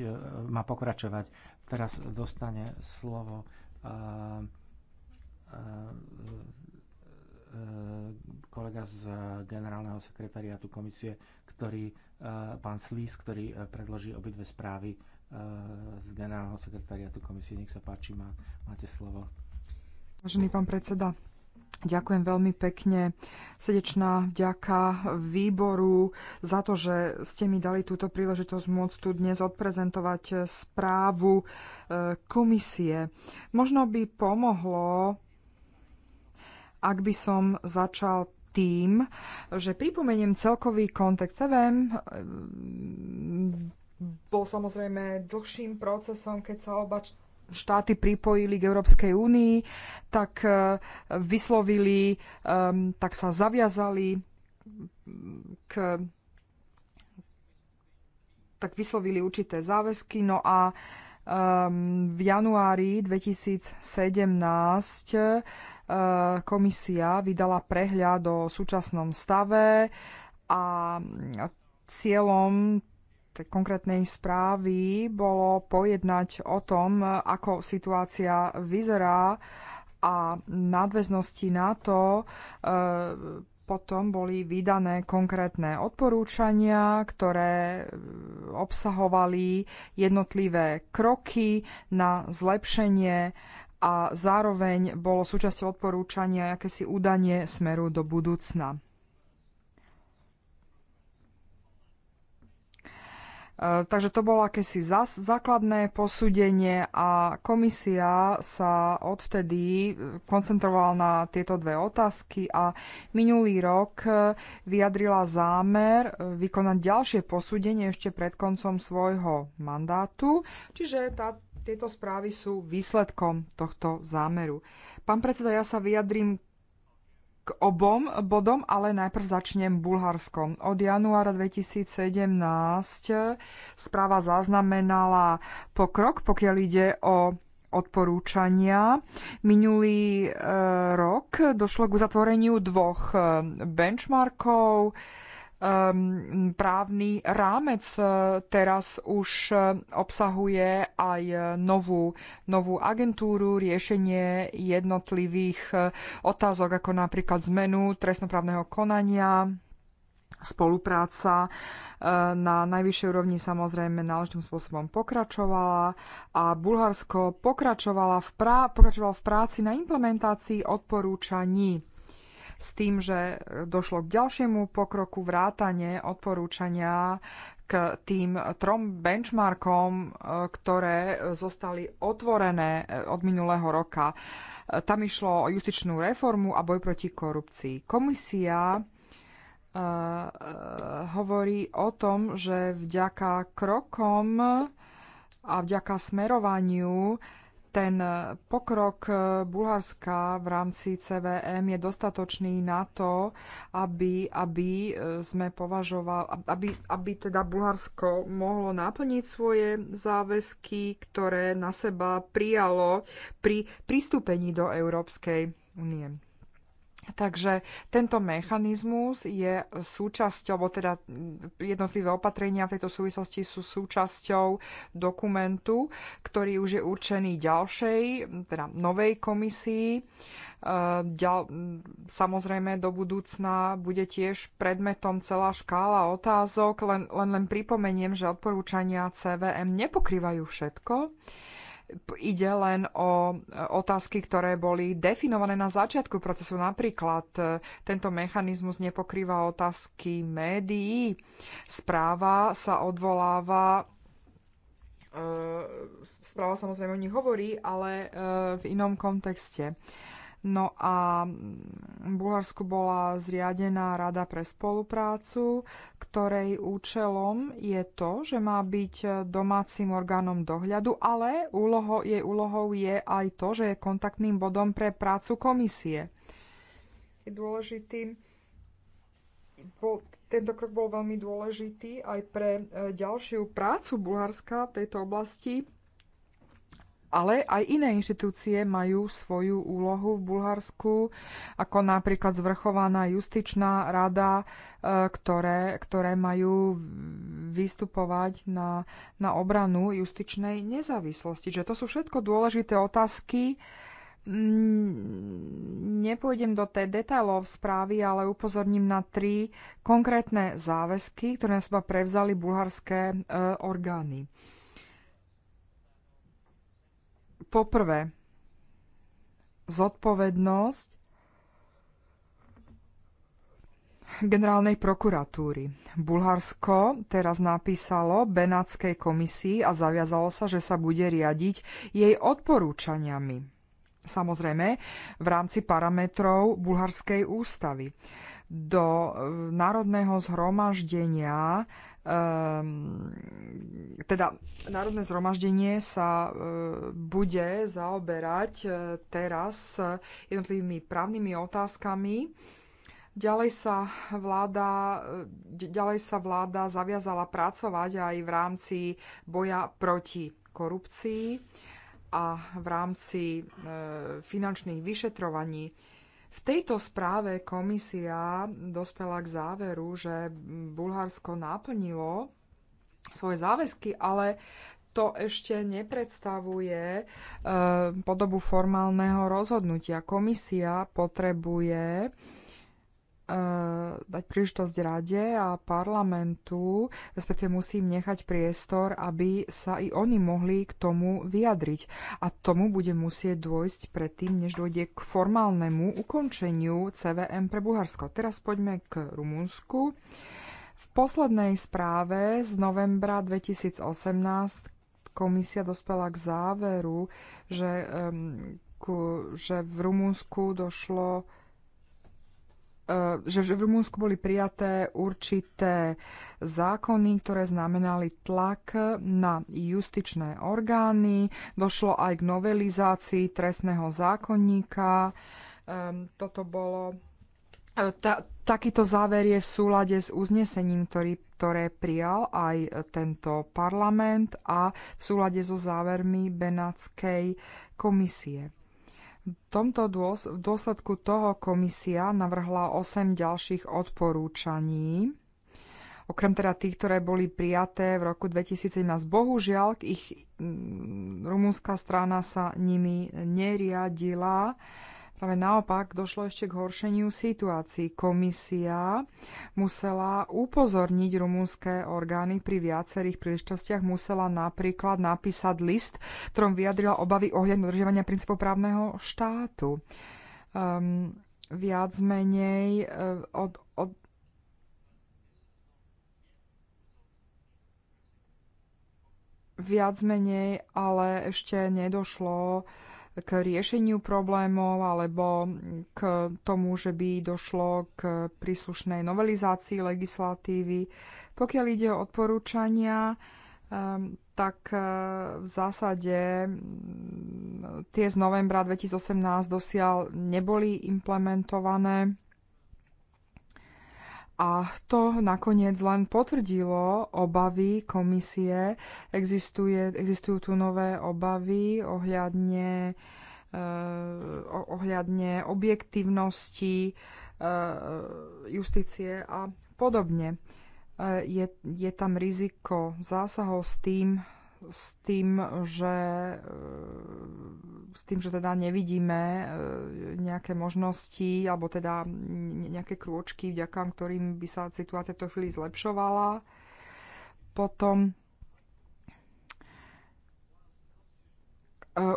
má pokračovať. Teraz dostane slovo E, kolega z generálneho sekretariátu komisie, ktorý, e, pán Slís, ktorý e, predloží obidve správy z generálneho sekretariátu komisie. Nech sa páči, má, máte slovo. Vážený pán predseda, Ďakujem veľmi pekne. Srdečná vďaka výboru za to, že ste mi dali túto príležitosť môcť tu dnes odprezentovať správu komisie. Možno by pomohlo ak by som začal tým, že pripomeniem celkový kontext CVM ehm, bol samozrejme dlhším procesom, keď sa oba štáty pripojili k Európskej únii, tak e, vyslovili, ehm, tak sa zaviazali k tak vyslovili určité záväzky. No a ehm, v januári 2017 E, komisia vydala prehľad o súčasnom stave a cieľom tej konkrétnej správy bolo pojednať o tom, ako situácia vyzerá a nadväznosti na to e, potom boli vydané konkrétne odporúčania, ktoré obsahovali jednotlivé kroky na zlepšenie a zároveň bolo súčasťou odporúčania akési údanie smeru do budúcna. E, takže to bolo akési základné posúdenie a komisia sa odtedy e, koncentrovala na tieto dve otázky a minulý rok e, vyjadrila zámer vykonať ďalšie posúdenie ešte pred koncom svojho mandátu. Čiže tá, tieto správy sú výsledkom tohto zámeru. Pán predseda, ja sa vyjadrím k obom bodom, ale najprv začnem Bulharskom. Od januára 2017 správa zaznamenala pokrok, pokiaľ ide o odporúčania. Minulý e, rok došlo k uzatvoreniu dvoch e, benchmarkov. E, um, právny rámec eh, teraz už eh, obsahuje aj eh, novú, novú agentúru, riešenie jednotlivých otázok, ako napríklad zmenu trestnoprávneho konania, spolupráca na najvyššej úrovni samozrejme náležitým spôsobom pokračovala a Bulharsko pokračovala v, prá- pokračovala v práci na implementácii odporúčaní s tým, že došlo k ďalšiemu pokroku vrátane odporúčania k tým trom benchmarkom, e, ktoré zostali otvorené e, od minulého roka. E, tam išlo o justičnú reformu a boj proti korupcii. Komisia hovorí o tom, že vďaka krokom a vďaka smerovaniu ten e, pokrok e, Bulharska v rámci CVM je dostatočný na to, aby, aby e, sme považovali, aby, aby teda Bulharsko mohlo naplniť svoje záväzky, ktoré na seba prijalo pri pristúpení do Európskej únie. Takže tento mechanizmus je súčasťou, alebo teda jednotlivé opatrenia v tejto súvislosti sú súčasťou dokumentu, ktorý už je určený ďalšej, teda novej komisii. E, ďal, samozrejme do budúcna bude tiež predmetom celá škála otázok, len, len, len pripomeniem, že odporúčania CVM nepokrývajú všetko ide len o e, otázky, ktoré boli definované na začiatku procesu. Napríklad e, tento mechanizmus nepokrýva otázky médií. Správa sa odvoláva e, správa samozrejme o nich hovorí, ale v inom kontexte. No a mm, v Bulharsku bola zriadená Rada pre spoluprácu, ktorej účelom je to, že má byť domácim orgánom dohľadu, ale úloho, jej úlohou je aj to, že je kontaktným bodom pre prácu komisie. Je dôležitý, bol, tento krok bol veľmi dôležitý aj pre e, ďalšiu prácu Bulharska v tejto oblasti ale aj iné inštitúcie majú svoju úlohu v Bulharsku, ako napríklad zvrchovaná justičná rada, e, ktoré, ktoré majú vystupovať na, na obranu justičnej nezávislosti. Čiže to sú všetko dôležité otázky. Mm, nepôjdem do tej detailov správy, ale upozorním na tri konkrétne záväzky, ktoré na seba prevzali bulharské e, orgány. Poprvé, zodpovednosť generálnej prokuratúry. Bulharsko teraz napísalo Benátskej komisii a zaviazalo sa, že sa bude riadiť jej odporúčaniami. Samozrejme, v rámci parametrov bulharskej ústavy. Do e, Národného zhromaždenia Ehm, teda Národné zhromaždenie sa e, bude zaoberať e, teraz e, jednotlivými právnymi otázkami. Ďalej sa, vláda, ďalej sa vláda zaviazala pracovať aj v rámci boja proti korupcii a v rámci finančných vyšetrovaní v tejto správe komisia dospela k záveru, že Bulharsko naplnilo svoje záväzky, ale to ešte nepredstavuje e, podobu formálneho rozhodnutia. Komisia potrebuje E, dať príležitosť rade a parlamentu, respektíve musím nechať priestor, aby sa i oni mohli k tomu vyjadriť. A tomu bude musieť dôjsť predtým, než dôjde k formálnemu ukončeniu CVM pre Bulharsko. Teraz poďme k Rumunsku. V poslednej správe z novembra 2018 komisia dospela k záveru, že, um, ku, že v Rumunsku došlo E, že v Rumúnsku boli prijaté určité zákony, ktoré znamenali tlak na justičné orgány. Došlo aj k novelizácii trestného zákonníka. Toto bolo... E, ta, takýto záver je v súlade s uznesením, ktorý, ktoré prijal aj tento parlament a v súlade so závermi Benátskej komisie tomto dôs- v dôsledku toho komisia navrhla 8 ďalších odporúčaní, okrem teda tých, ktoré boli prijaté v roku 2017. Bohužiaľ, ich rumúnska strana sa nimi neriadila. Práve naopak došlo ešte k horšeniu situácií. Komisia musela upozorniť rumúnske orgány pri viacerých príležitostiach. Musela napríklad napísať list, ktorom vyjadrila obavy ohľadom dodržiavania princípov právneho štátu. Um, viac menej e, od, od viac menej, ale ešte nedošlo k riešeniu problémov alebo k tomu, že by došlo k príslušnej novelizácii legislatívy. Pokiaľ ide o odporúčania, ehm, tak e, v zásade tie z novembra 2018 dosiaľ neboli implementované. A to nakoniec len potvrdilo obavy komisie. Existuje, existujú tu nové obavy ohľadne, eh, ohľadne objektívnosti eh, justície a podobne. Eh, je, je tam riziko zásahov s tým, s tým, že, e, s tým, že teda nevidíme e, nejaké možnosti alebo teda nejaké krôčky, vďaka ktorým by sa situácia v tej chvíli zlepšovala. Potom e,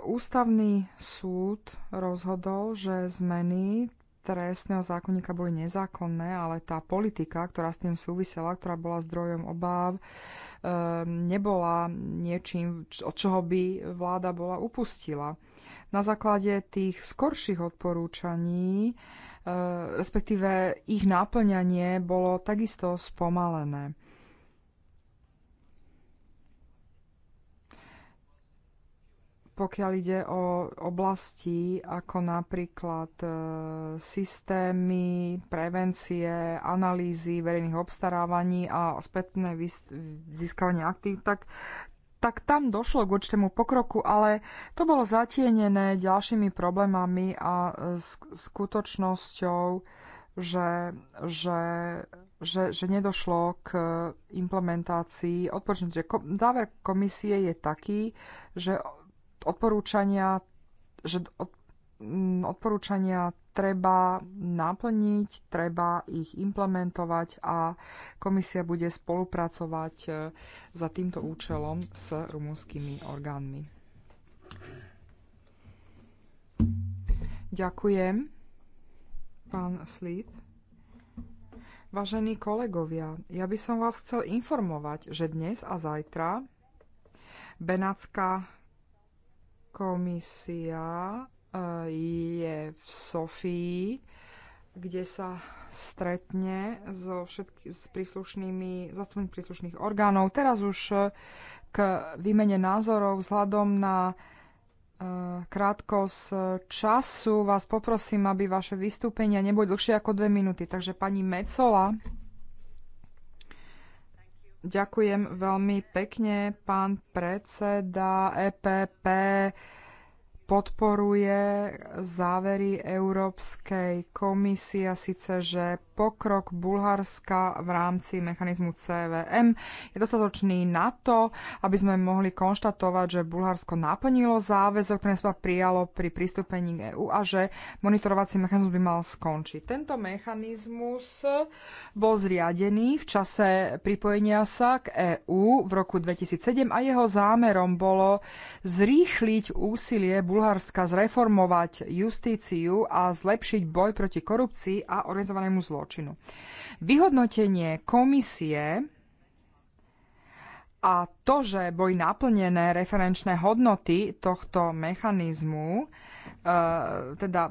Ústavný súd rozhodol, že zmeny trestného zákonníka boli nezákonné, ale tá politika, ktorá s tým súvisela, ktorá bola zdrojom obáv, Ehm, nebola niečím, od čoho by vláda bola upustila. Na základe tých skorších odporúčaní, ehm, respektíve ich náplňanie bolo takisto spomalené. pokiaľ ide o oblasti ako napríklad e, systémy, prevencie, analýzy verejných obstarávaní a spätné získavanie aktív, tak, tak tam došlo k určitému pokroku, ale to bolo zatienené ďalšími problémami a e, skutočnosťou, že, že, že, že nedošlo k implementácii odpočnutia. Záver komisie je taký, že odporúčania, že od, odporúčania treba naplniť, treba ich implementovať a komisia bude spolupracovať e, za týmto účelom s rumúnskymi orgánmi. Ďakujem, pán Slít. Vážení kolegovia, ja by som vás chcel informovať, že dnes a zajtra Benacká Komisia e, je v Sofii, kde sa stretne so všetky, s príslušnými, zastupmi príslušných orgánov. Teraz už e, k výmene názorov vzhľadom na e, krátkosť času vás poprosím, aby vaše vystúpenia neboli dlhšie ako dve minúty. Takže pani Mecola. Ďakujem veľmi pekne, pán predseda EPP podporuje závery Európskej komisie, síce, že pokrok Bulharska v rámci mechanizmu CVM je dostatočný na to, aby sme mohli konštatovať, že Bulharsko naplnilo záväzok, ktoré sa prijalo pri pristúpení k EÚ a že monitorovací mechanizmus by mal skončiť. Tento mechanizmus bol zriadený v čase pripojenia sa k EÚ v roku 2007 a jeho zámerom bolo zrýchliť úsilie Bulharska Bulharska zreformovať justíciu a zlepšiť boj proti korupcii a organizovanému zločinu. Vyhodnotenie komisie a to, že boli naplnené referenčné hodnoty tohto mechanizmu, e, teda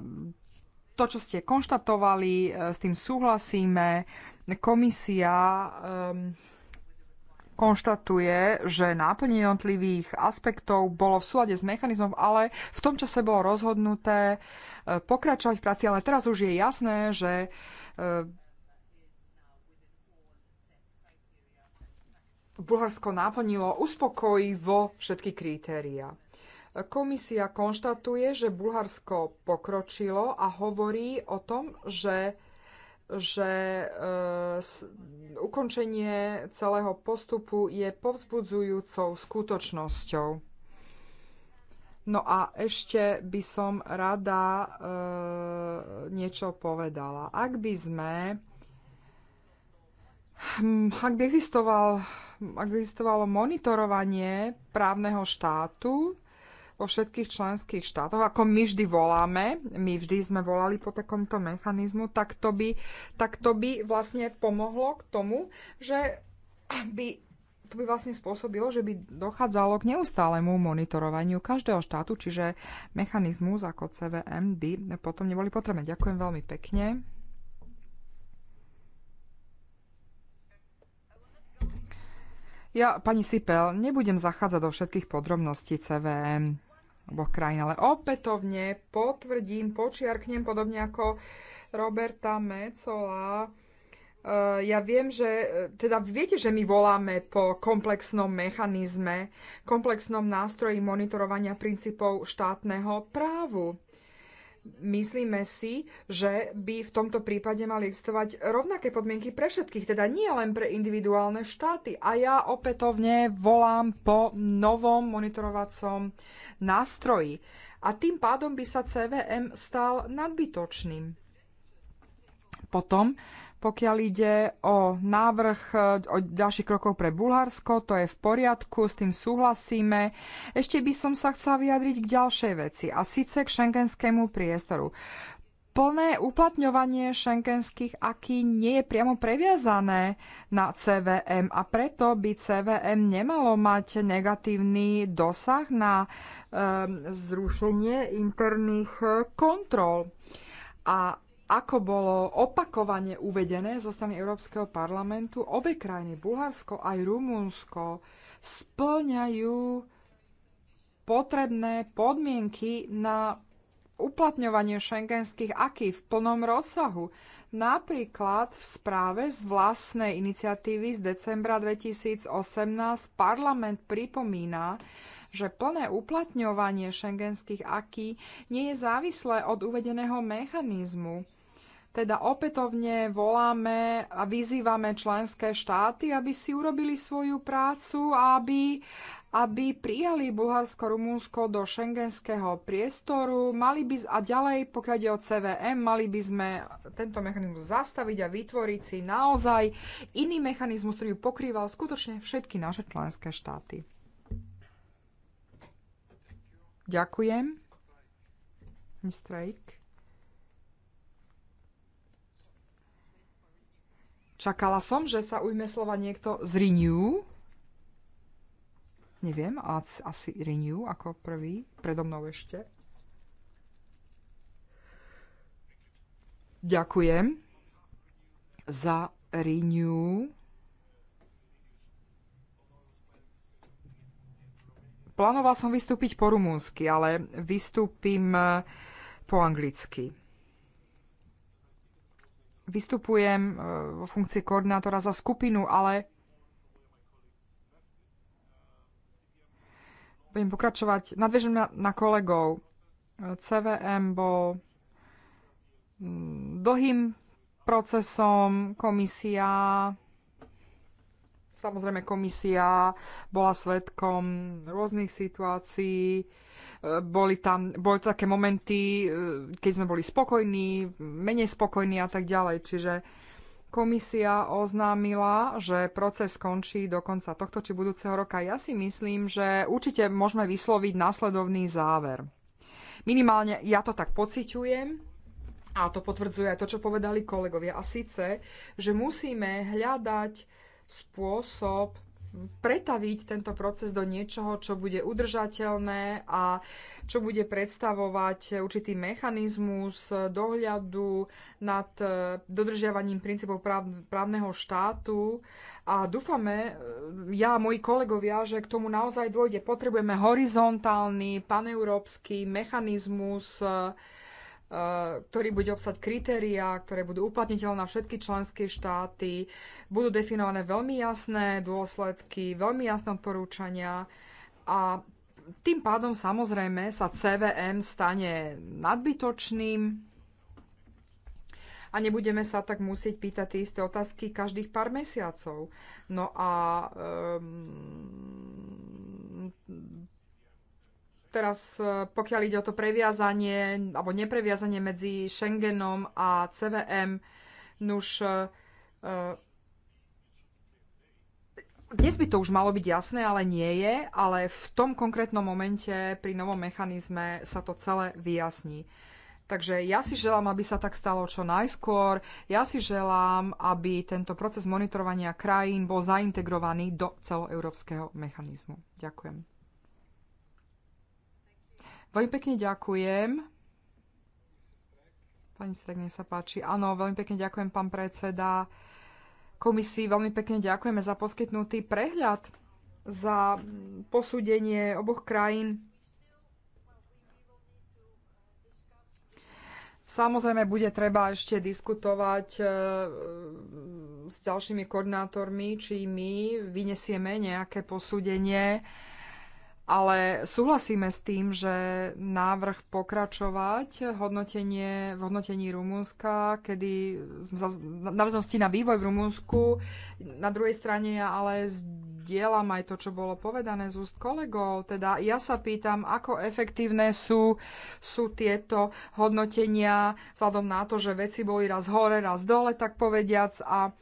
to, čo ste konštatovali, e, s tým súhlasíme. Komisia e, konštatuje, že náplň jednotlivých aspektov bolo v súlade s mechanizmom, ale v tom čase bolo rozhodnuté e, pokračovať v práci, ale teraz už je jasné, že e, Bulharsko naplnilo uspokojivo všetky kritéria. Komisia konštatuje, že Bulharsko pokročilo a hovorí o tom, že že e, ukončenie celého postupu je povzbudzujúcou skutočnosťou. No a ešte by som rada e, niečo povedala. Ak by sme hm, ak by, existoval, ak by existovalo monitorovanie právneho štátu, vo všetkých členských štátoch, ako my vždy voláme, my vždy sme volali po takomto mechanizmu, tak to by, tak to by vlastne pomohlo k tomu, že by to by vlastne spôsobilo, že by dochádzalo k neustálemu monitorovaniu každého štátu, čiže mechanizmus ako CVM by potom neboli potrebné. Ďakujem veľmi pekne. Ja, pani Sipel, nebudem zachádzať do všetkých podrobností CVM oboch krajín. Ale opätovne potvrdím, počiarknem, podobne ako Roberta Mecola, eh, ja viem, že eh, teda viete, že my voláme po komplexnom mechanizme, komplexnom nástroji monitorovania princípov štátneho právu myslíme si, že by v tomto prípade mali existovať rovnaké podmienky pre všetkých, teda nie len pre individuálne štáty. A ja opätovne volám po novom monitorovacom nástroji. A tým pádom by sa CVM stal nadbytočným. Potom pokiaľ ide o návrh e, o ďalších krokov pre Bulharsko, to je v poriadku, s tým súhlasíme. Ešte by som sa chcela vyjadriť k ďalšej veci, a síce k šengenskému priestoru. Plné uplatňovanie šengenských aký nie je priamo previazané na CVM a preto by CVM nemalo mať negatívny dosah na um, zrušenie interných e, kontrol. A ako bolo opakovane uvedené zo strany Európskeho parlamentu, obe krajiny, Bulharsko aj Rumunsko, splňajú potrebné podmienky na uplatňovanie šengenských aký v plnom rozsahu. Napríklad v správe z vlastnej iniciatívy z decembra 2018 parlament pripomína, že plné uplatňovanie šengenských aký nie je závislé od uvedeného mechanizmu teda opätovne voláme a vyzývame členské štáty, aby si urobili svoju prácu a aby, aby prijali Bulharsko-Rumunsko do šengenského priestoru. Mali by, a ďalej, pokiaľ ide o CVM, mali by sme tento mechanizmus zastaviť a vytvoriť si naozaj iný mechanizmus, ktorý by pokrýval skutočne všetky naše členské štáty. Ďakujem. Strike. Čakala som, že sa ujme slova niekto z Renew. Neviem, asi, asi Renew ako prvý, predo mnou ešte. Ďakujem za Renew. Plánoval som vystúpiť po rumúnsky, ale vystúpim eh, po anglicky vystupujem e, vo funkcii koordinátora za skupinu, ale budem pokračovať. Nadviežem na, na kolegov. CVM bol mm, dlhým procesom, komisia, samozrejme komisia bola svetkom rôznych situácií, boli tam, boli to také momenty, eh, keď sme boli spokojní, menej spokojní a tak ďalej. Čiže komisia oznámila, že proces skončí do konca tohto či budúceho roka. Ja si myslím, že určite môžeme vysloviť následovný záver. Minimálne ja to tak pociťujem a to potvrdzuje aj to, čo povedali kolegovia. A síce, že musíme hľadať spôsob pretaviť tento proces do niečoho, čo bude udržateľné a čo bude predstavovať určitý mechanizmus dohľadu nad eh, dodržiavaním princípov práv, právneho štátu. A dúfame, eh, ja a moji kolegovia, že k tomu naozaj dôjde. Potrebujeme horizontálny, paneurópsky mechanizmus, eh, ktorý bude obsať kritériá, ktoré budú uplatniteľné na všetky členské štáty, budú definované veľmi jasné dôsledky, veľmi jasné odporúčania a tým pádom samozrejme sa CVM stane nadbytočným a nebudeme sa tak musieť pýtať tie isté otázky každých pár mesiacov. No a um, teraz e, pokiaľ ide o to previazanie alebo nepreviazanie medzi Schengenom a CVM, nuž e, e, dnes by to už malo byť jasné, ale nie je, ale v tom konkrétnom momente pri novom mechanizme sa to celé vyjasní. Takže ja si želám, aby sa tak stalo čo najskôr. Ja si želám, aby tento proces monitorovania krajín bol zaintegrovaný do celoeurópskeho mechanizmu. Ďakujem. Veľmi pekne ďakujem. Pani Strek, nech sa páči. Áno, veľmi pekne ďakujem, pán predseda. Komisii veľmi pekne ďakujeme za poskytnutý prehľad, za posúdenie oboch krajín. Samozrejme, bude treba ešte diskutovať e, s ďalšími koordinátormi, či my vynesieme nejaké posúdenie ale súhlasíme s tým, že návrh pokračovať hodnotenie, v hodnotení Rumunska, kedy vznosti na vývoj v Rumunsku. Na druhej strane ja ale zdieľam aj to, čo bolo povedané z úst kolegov. Teda ja sa pýtam, ako efektívne sú, sú tieto hodnotenia vzhľadom na to, že veci boli raz hore, raz dole, tak povediac. A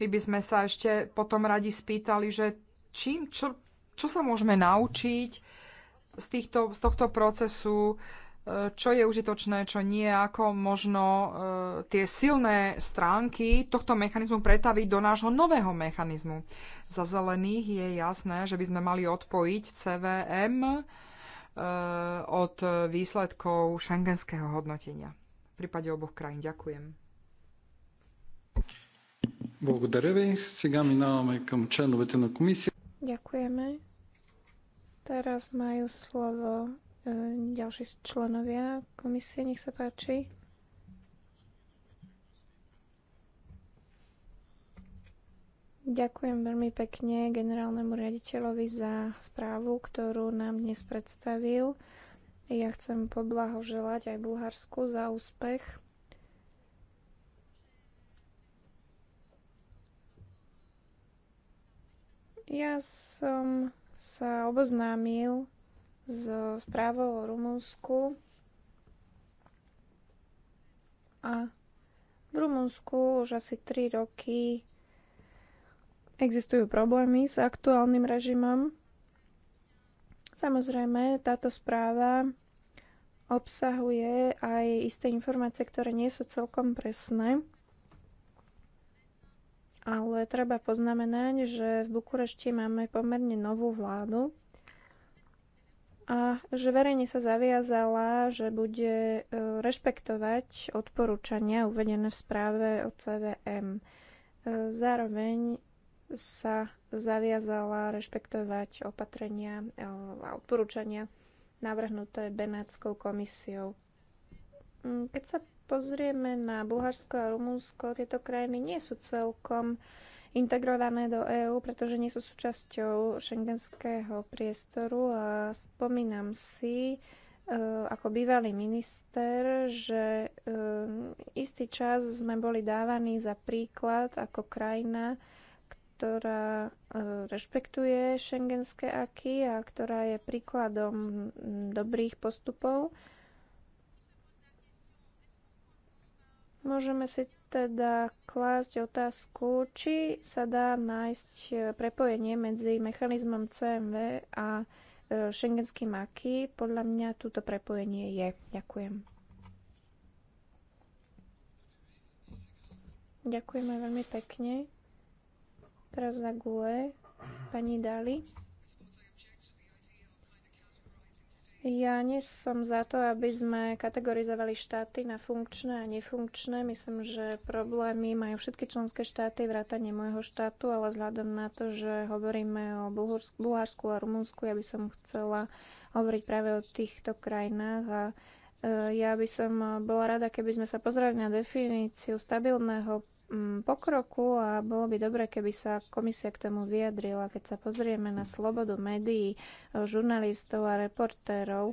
My by sme sa ešte potom radi spýtali, že čím, čo, čo sa môžeme naučiť z, týchto, z tohto procesu, e, čo je užitočné, čo nie, ako možno e, tie silné stránky tohto mechanizmu pretaviť do nášho nového mechanizmu. Za zelených je jasné, že by sme mali odpojiť CVM e, od výsledkov šengenského hodnotenia. V prípade oboch krajín ďakujem. Благодаря ви. Сега минаваме към членовете на комисия. Ďakujeme. Teraz majú slovo ďalší členovia komisie. Nech sa páči. Ďakujem veľmi pekne generálnemu riaditeľovi za správu, ktorú nám dnes predstavil. Ja chcem poblahoželať aj Bulharsku za úspech Ja som sa oboznámil s správou o Rumunsku a v Rumunsku už asi 3 roky existujú problémy s aktuálnym režimom. Samozrejme, táto správa obsahuje aj isté informácie, ktoré nie sú celkom presné ale treba poznamenať, že v Bukurešti máme pomerne novú vládu a že verejne sa zaviazala, že bude e, rešpektovať odporúčania uvedené v správe o CVM. E, zároveň sa zaviazala rešpektovať opatrenia e, a odporúčania navrhnuté Benátskou komisiou. Mm, keď sa pozrieme na Bulharsko a Rumunsko, tieto krajiny nie sú celkom integrované do EÚ, pretože nie sú súčasťou šengenského priestoru a spomínam si, e, ako bývalý minister, že e, istý čas sme boli dávaní za príklad ako krajina, ktorá e, rešpektuje šengenské aky a ktorá je príkladom dobrých postupov. Môžeme si teda klásť otázku, či sa dá nájsť e, prepojenie medzi mechanizmom CMV a e, šengenským aký. Podľa mňa túto prepojenie je. Ďakujem. Ďakujeme veľmi pekne. Teraz za GUE. Pani Dali. Ja nie som za to, aby sme kategorizovali štáty na funkčné a nefunkčné. Myslím, že problémy majú všetky členské štáty, vrátane môjho štátu, ale vzhľadom na to, že hovoríme o Bulharsku a Rumunsku, ja by som chcela hovoriť práve o týchto krajinách a Eh, ja by som eh, bola rada, keby sme sa pozreli na definíciu stabilného mm, pokroku a bolo by dobre, keby sa komisia k tomu vyjadrila. Keď sa pozrieme na slobodu médií, eh, žurnalistov a reportérov,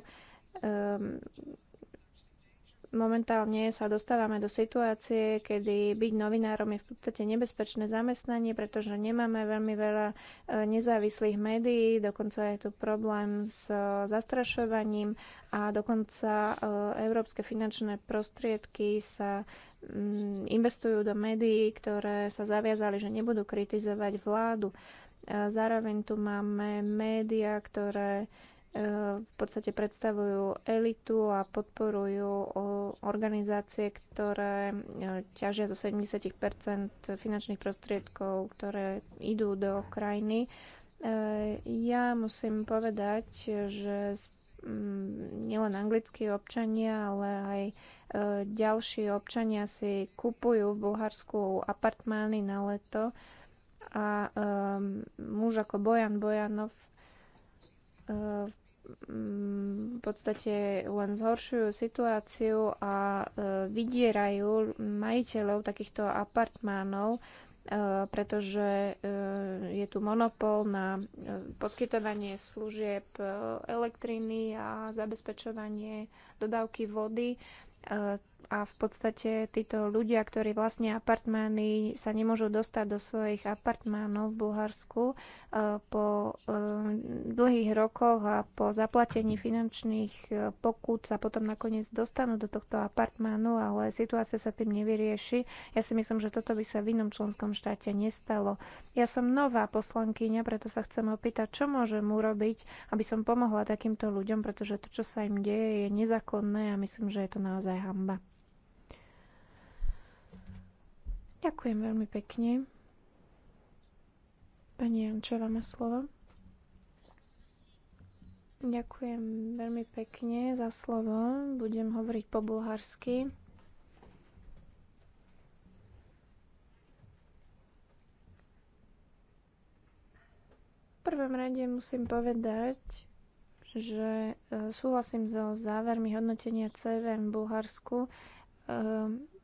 Momentálne sa dostávame do situácie, kedy byť novinárom je v podstate nebezpečné zamestnanie, pretože nemáme veľmi veľa e, nezávislých médií, dokonca je tu problém s e, zastrašovaním a dokonca e, európske finančné prostriedky sa mm, investujú do médií, ktoré sa zaviazali, že nebudú kritizovať vládu. Zároveň tu máme médiá, ktoré E, v podstate predstavujú elitu a podporujú organizácie, ktoré e, ťažia zo 70 finančných prostriedkov, ktoré idú do krajiny. E, ja musím povedať, že mm, nielen anglickí občania, ale aj ďalší občania si kupujú v Bulharsku apartmány na leto a muž ako Bojan Bojanov v v podstate len zhoršujú situáciu a e, vydierajú majiteľov takýchto apartmánov, e, pretože e, je tu monopol na poskytovanie služieb elektriny a zabezpečovanie dodávky vody a v podstate títo ľudia, ktorí vlastne apartmány, sa nemôžu dostať do svojich apartmánov v Bulharsku e, po e, dlhých rokoch a po zaplatení finančných e, pokút sa potom nakoniec dostanú do tohto apartmánu, ale situácia sa tým nevyrieši. Ja si myslím, že toto by sa v inom členskom štáte nestalo. Ja som nová poslankyňa, preto sa chcem opýtať, čo môžem urobiť, aby som pomohla takýmto ľuďom, pretože to, čo sa im deje, je nezákonné a myslím, že je to naozaj hamba. Ďakujem veľmi pekne. Pani Jančová má slovo. Ďakujem veľmi pekne za slovo. Budem hovoriť po bulharsky. V prvom rade musím povedať, že e, súhlasím so závermi hodnotenia CVM v Bulharsku. E,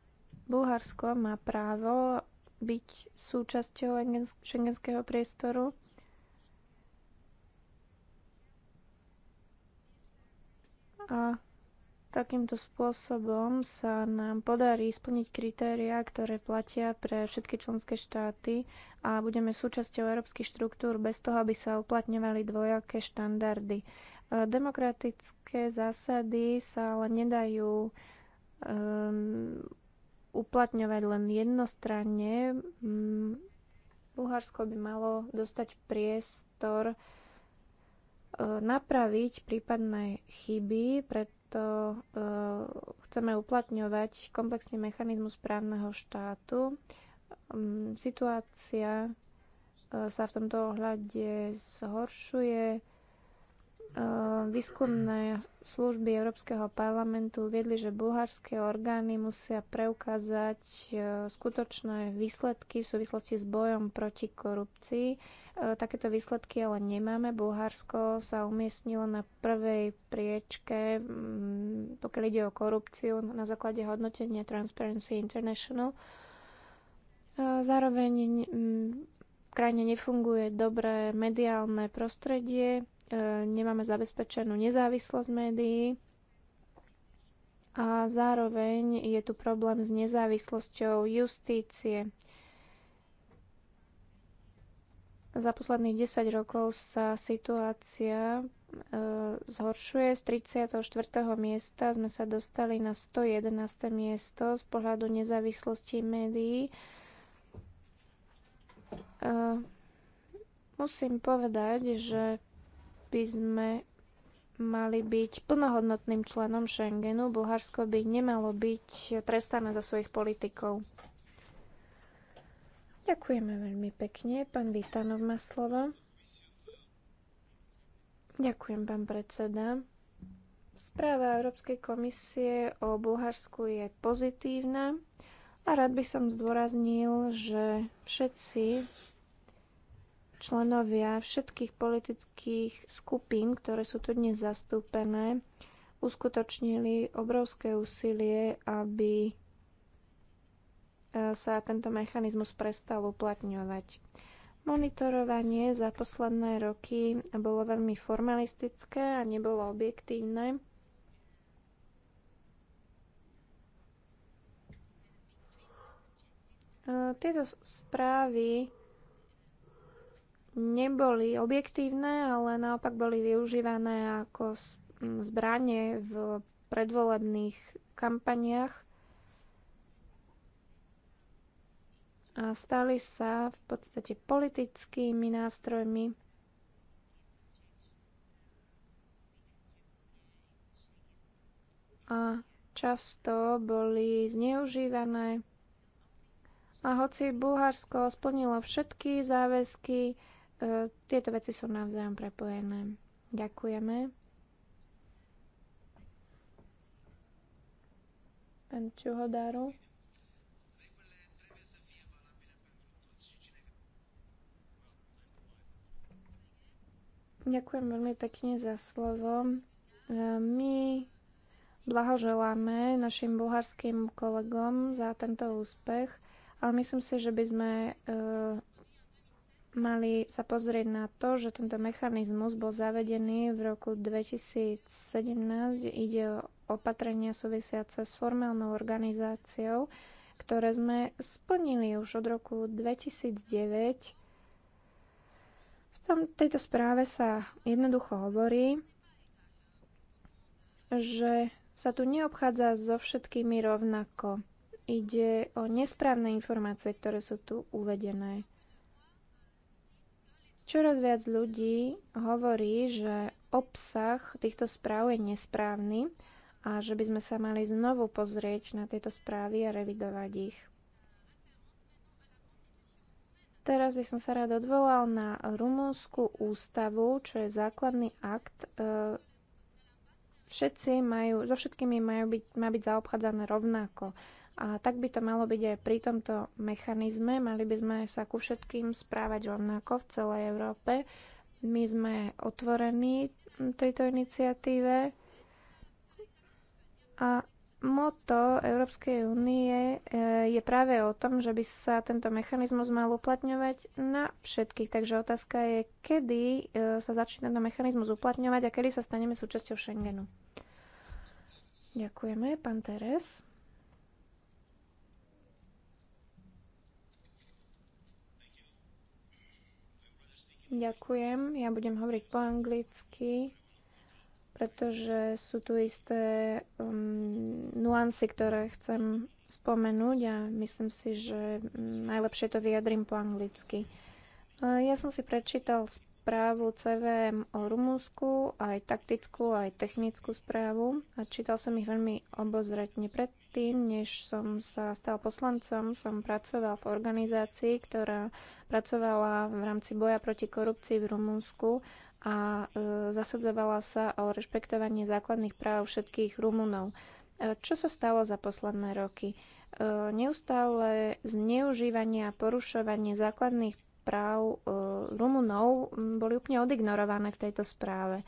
Bulharsko má právo byť súčasťou šengenského priestoru. A takýmto spôsobom sa nám podarí splniť kritériá, ktoré platia pre všetky členské štáty a budeme súčasťou európskych štruktúr bez toho, aby sa uplatňovali dvojaké štandardy. E, demokratické zásady sa ale nedajú um, uplatňovať len jednostranne. Mm, Bulharsko by malo dostať priestor e, napraviť prípadné chyby, preto e, chceme uplatňovať komplexný mechanizmus právneho štátu. Mm, situácia e, sa v tomto ohľade zhoršuje Ehm, výskumné služby Európskeho parlamentu viedli, že bulharské orgány musia preukázať e, skutočné výsledky v súvislosti s bojom proti korupcii. E, takéto výsledky ale nemáme. Bulharsko sa umiestnilo na prvej priečke, mm, pokiaľ ide o korupciu, na základe hodnotenia Transparency International. E, zároveň v krajine nefunguje dobré mediálne prostredie, nemáme zabezpečenú nezávislosť médií a zároveň je tu problém s nezávislosťou justície. Za posledných 10 rokov sa situácia e, zhoršuje. Z 34. miesta sme sa dostali na 111. miesto z pohľadu nezávislosti médií. E, musím povedať, že by sme mali byť plnohodnotným členom Schengenu, Bulharsko by nemalo byť trestané za svojich politikov. Ďakujeme veľmi pekne. Pán má slovo. Ďakujem, pán predseda. Správa Európskej komisie o Bulharsku je pozitívna a rád by som zdôraznil, že všetci členovia všetkých politických skupín, ktoré sú tu dnes zastúpené, uskutočnili obrovské úsilie, aby e, sa tento mechanizmus prestal uplatňovať. Monitorovanie za posledné roky bolo veľmi formalistické a nebolo objektívne. E, tieto správy neboli objektívne, ale naopak boli využívané ako zbranie v predvolebných kampaniach a stali sa v podstate politickými nástrojmi. A často boli zneužívané. A hoci Bulharsko splnilo všetky záväzky, E, tieto veci sú navzájom prepojené. Ďakujeme. Pán Čuhodáru. Ďakujem veľmi pekne za slovo. E, my blahoželáme našim bulharským kolegom za tento úspech, ale myslím si, že by sme e, mali sa pozrieť na to, že tento mechanizmus bol zavedený v roku 2017. Ide o opatrenia súvisiace s formálnou organizáciou, ktoré sme splnili už od roku 2009. V tom, tejto správe sa jednoducho hovorí, že sa tu neobchádza so všetkými rovnako. Ide o nesprávne informácie, ktoré sú tu uvedené. Čoraz viac ľudí hovorí, že obsah týchto správ je nesprávny a že by sme sa mali znovu pozrieť na tieto správy a revidovať ich. Teraz by som sa rád odvolal na rumúnsku ústavu, čo je základný akt. E, všetci majú, so všetkými majú byť, má byť zaobchádzané rovnako. A tak by to malo byť aj pri tomto mechanizme. Mali by sme sa ku všetkým správať rovnako v celej Európe. My sme otvorení tejto iniciatíve a moto Európskej únie e, je práve o tom, že by sa tento mechanizmus mal uplatňovať na všetkých. Takže otázka je, kedy e, sa začne tento mechanizmus uplatňovať a kedy sa staneme súčasťou Schengenu. Ďakujeme, pán Teres. Ďakujem. Ja budem hovoriť po anglicky, pretože sú tu isté um, nuancy, ktoré chcem spomenúť a myslím si, že najlepšie to vyjadrím po anglicky. No, ja som si prečítal správu CVM o Rumúnsku, aj taktickú, aj technickú správu a čítal som ich veľmi obozretne. Predtým, než som sa stal poslancom, som pracoval v organizácii, ktorá pracovala v rámci boja proti korupcii v Rumúnsku a e, zasadzovala sa o rešpektovanie základných práv všetkých Rumunov. E, čo sa stalo za posledné roky? E, neustále zneužívanie a porušovanie základných práv e, Rumunov boli úplne odignorované v tejto správe. E,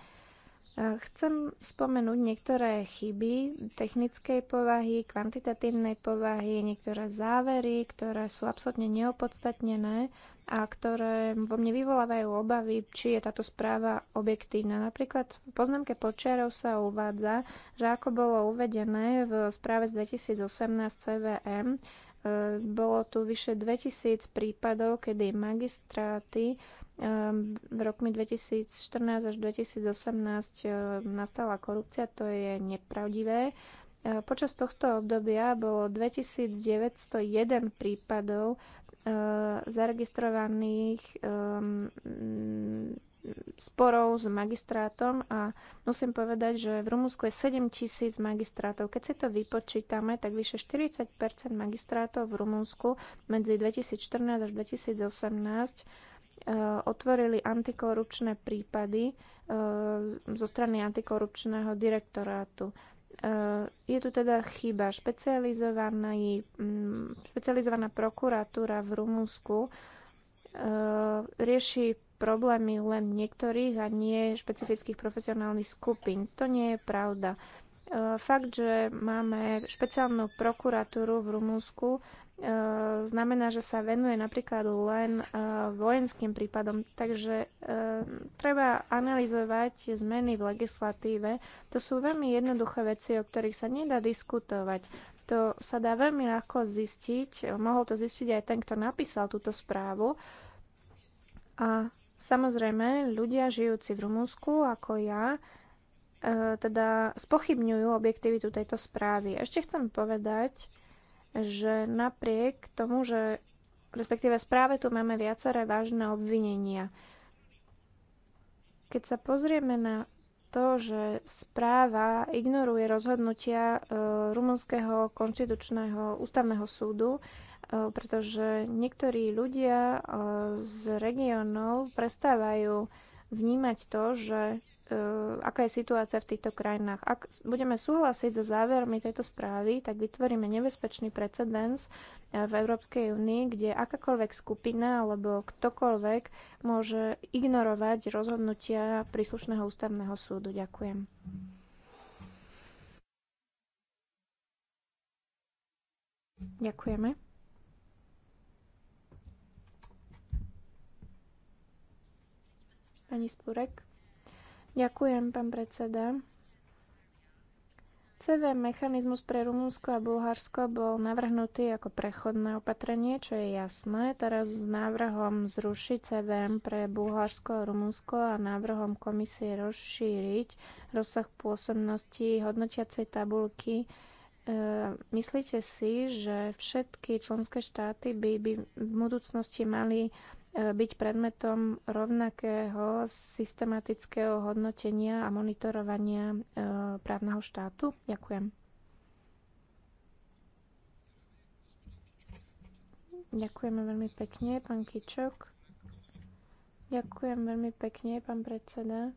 chcem spomenúť niektoré chyby technickej povahy, kvantitatívnej povahy, niektoré závery, ktoré sú absolútne neopodstatnené a ktoré vo mne vyvolávajú obavy, či je táto správa objektívna. Napríklad v poznámke počiarov sa uvádza, že ako bolo uvedené v správe z 2018 CVM, E, bolo tu vyše 2000 prípadov, kedy magistráty e, v rokmi 2014 až 2018 e, nastala korupcia, to je nepravdivé. Počas tohto obdobia bolo 2901 prípadov zaregistrovaných sporov s magistrátom a musím povedať, že v Rumúnsku je 7 tisíc magistrátov. Keď si to vypočítame, tak vyše 40 magistrátov v Rumúnsku medzi 2014 až 2018 e, otvorili antikorupčné prípady e, zo strany antikorupčného direktorátu. E, je tu teda chyba. Mm, špecializovaná prokuratúra v Rumúnsku rieši problémy len niektorých a nie špecifických profesionálnych skupín. To nie je pravda. E, fakt, že máme špeciálnu prokuratúru v Rumunsku, e, znamená, že sa venuje napríklad len e, vojenským prípadom. Takže treba analyzovať zmeny v legislatíve. To sú veľmi jednoduché veci, o ktorých sa nedá diskutovať. To sa dá veľmi ľahko zistiť. Mohol to zistiť aj ten, kto napísal túto správu. A Samozrejme, ľudia žijúci v Rumunsku, ako ja, e, teda spochybňujú objektivitu tejto správy. Ešte chcem povedať, že napriek tomu, že respektíve správe tu máme viaceré vážne obvinenia. Keď sa pozrieme na to, že správa ignoruje rozhodnutia e, Rumunského konštitučného ústavného súdu, E, pretože niektorí ľudia e, z regiónov prestávajú vnímať to, že e, aká je situácia v týchto krajinách. Ak budeme súhlasiť so závermi tejto správy, tak vytvoríme nebezpečný precedens v Európskej únii, kde akákoľvek skupina alebo ktokoľvek môže ignorovať rozhodnutia príslušného ústavného súdu. Ďakujem. Ďakujeme. Pani Spurek. Ďakujem, pán predseda. CV mechanizmus pre Rumunsko a Bulharsko bol navrhnutý ako prechodné opatrenie, čo je jasné. Teraz s návrhom zrušiť CVM pre Bulharsko a Rumunsko a návrhom komisie rozšíriť rozsah pôsobnosti hodnotiacej tabulky. E, myslíte si, že všetky členské štáty by, by v budúcnosti mali E, byť predmetom rovnakého systematického hodnotenia a monitorovania e, právneho štátu? Ďakujem. Ďakujeme veľmi pekne, pán Kičok. Ďakujem veľmi pekne, pán predseda.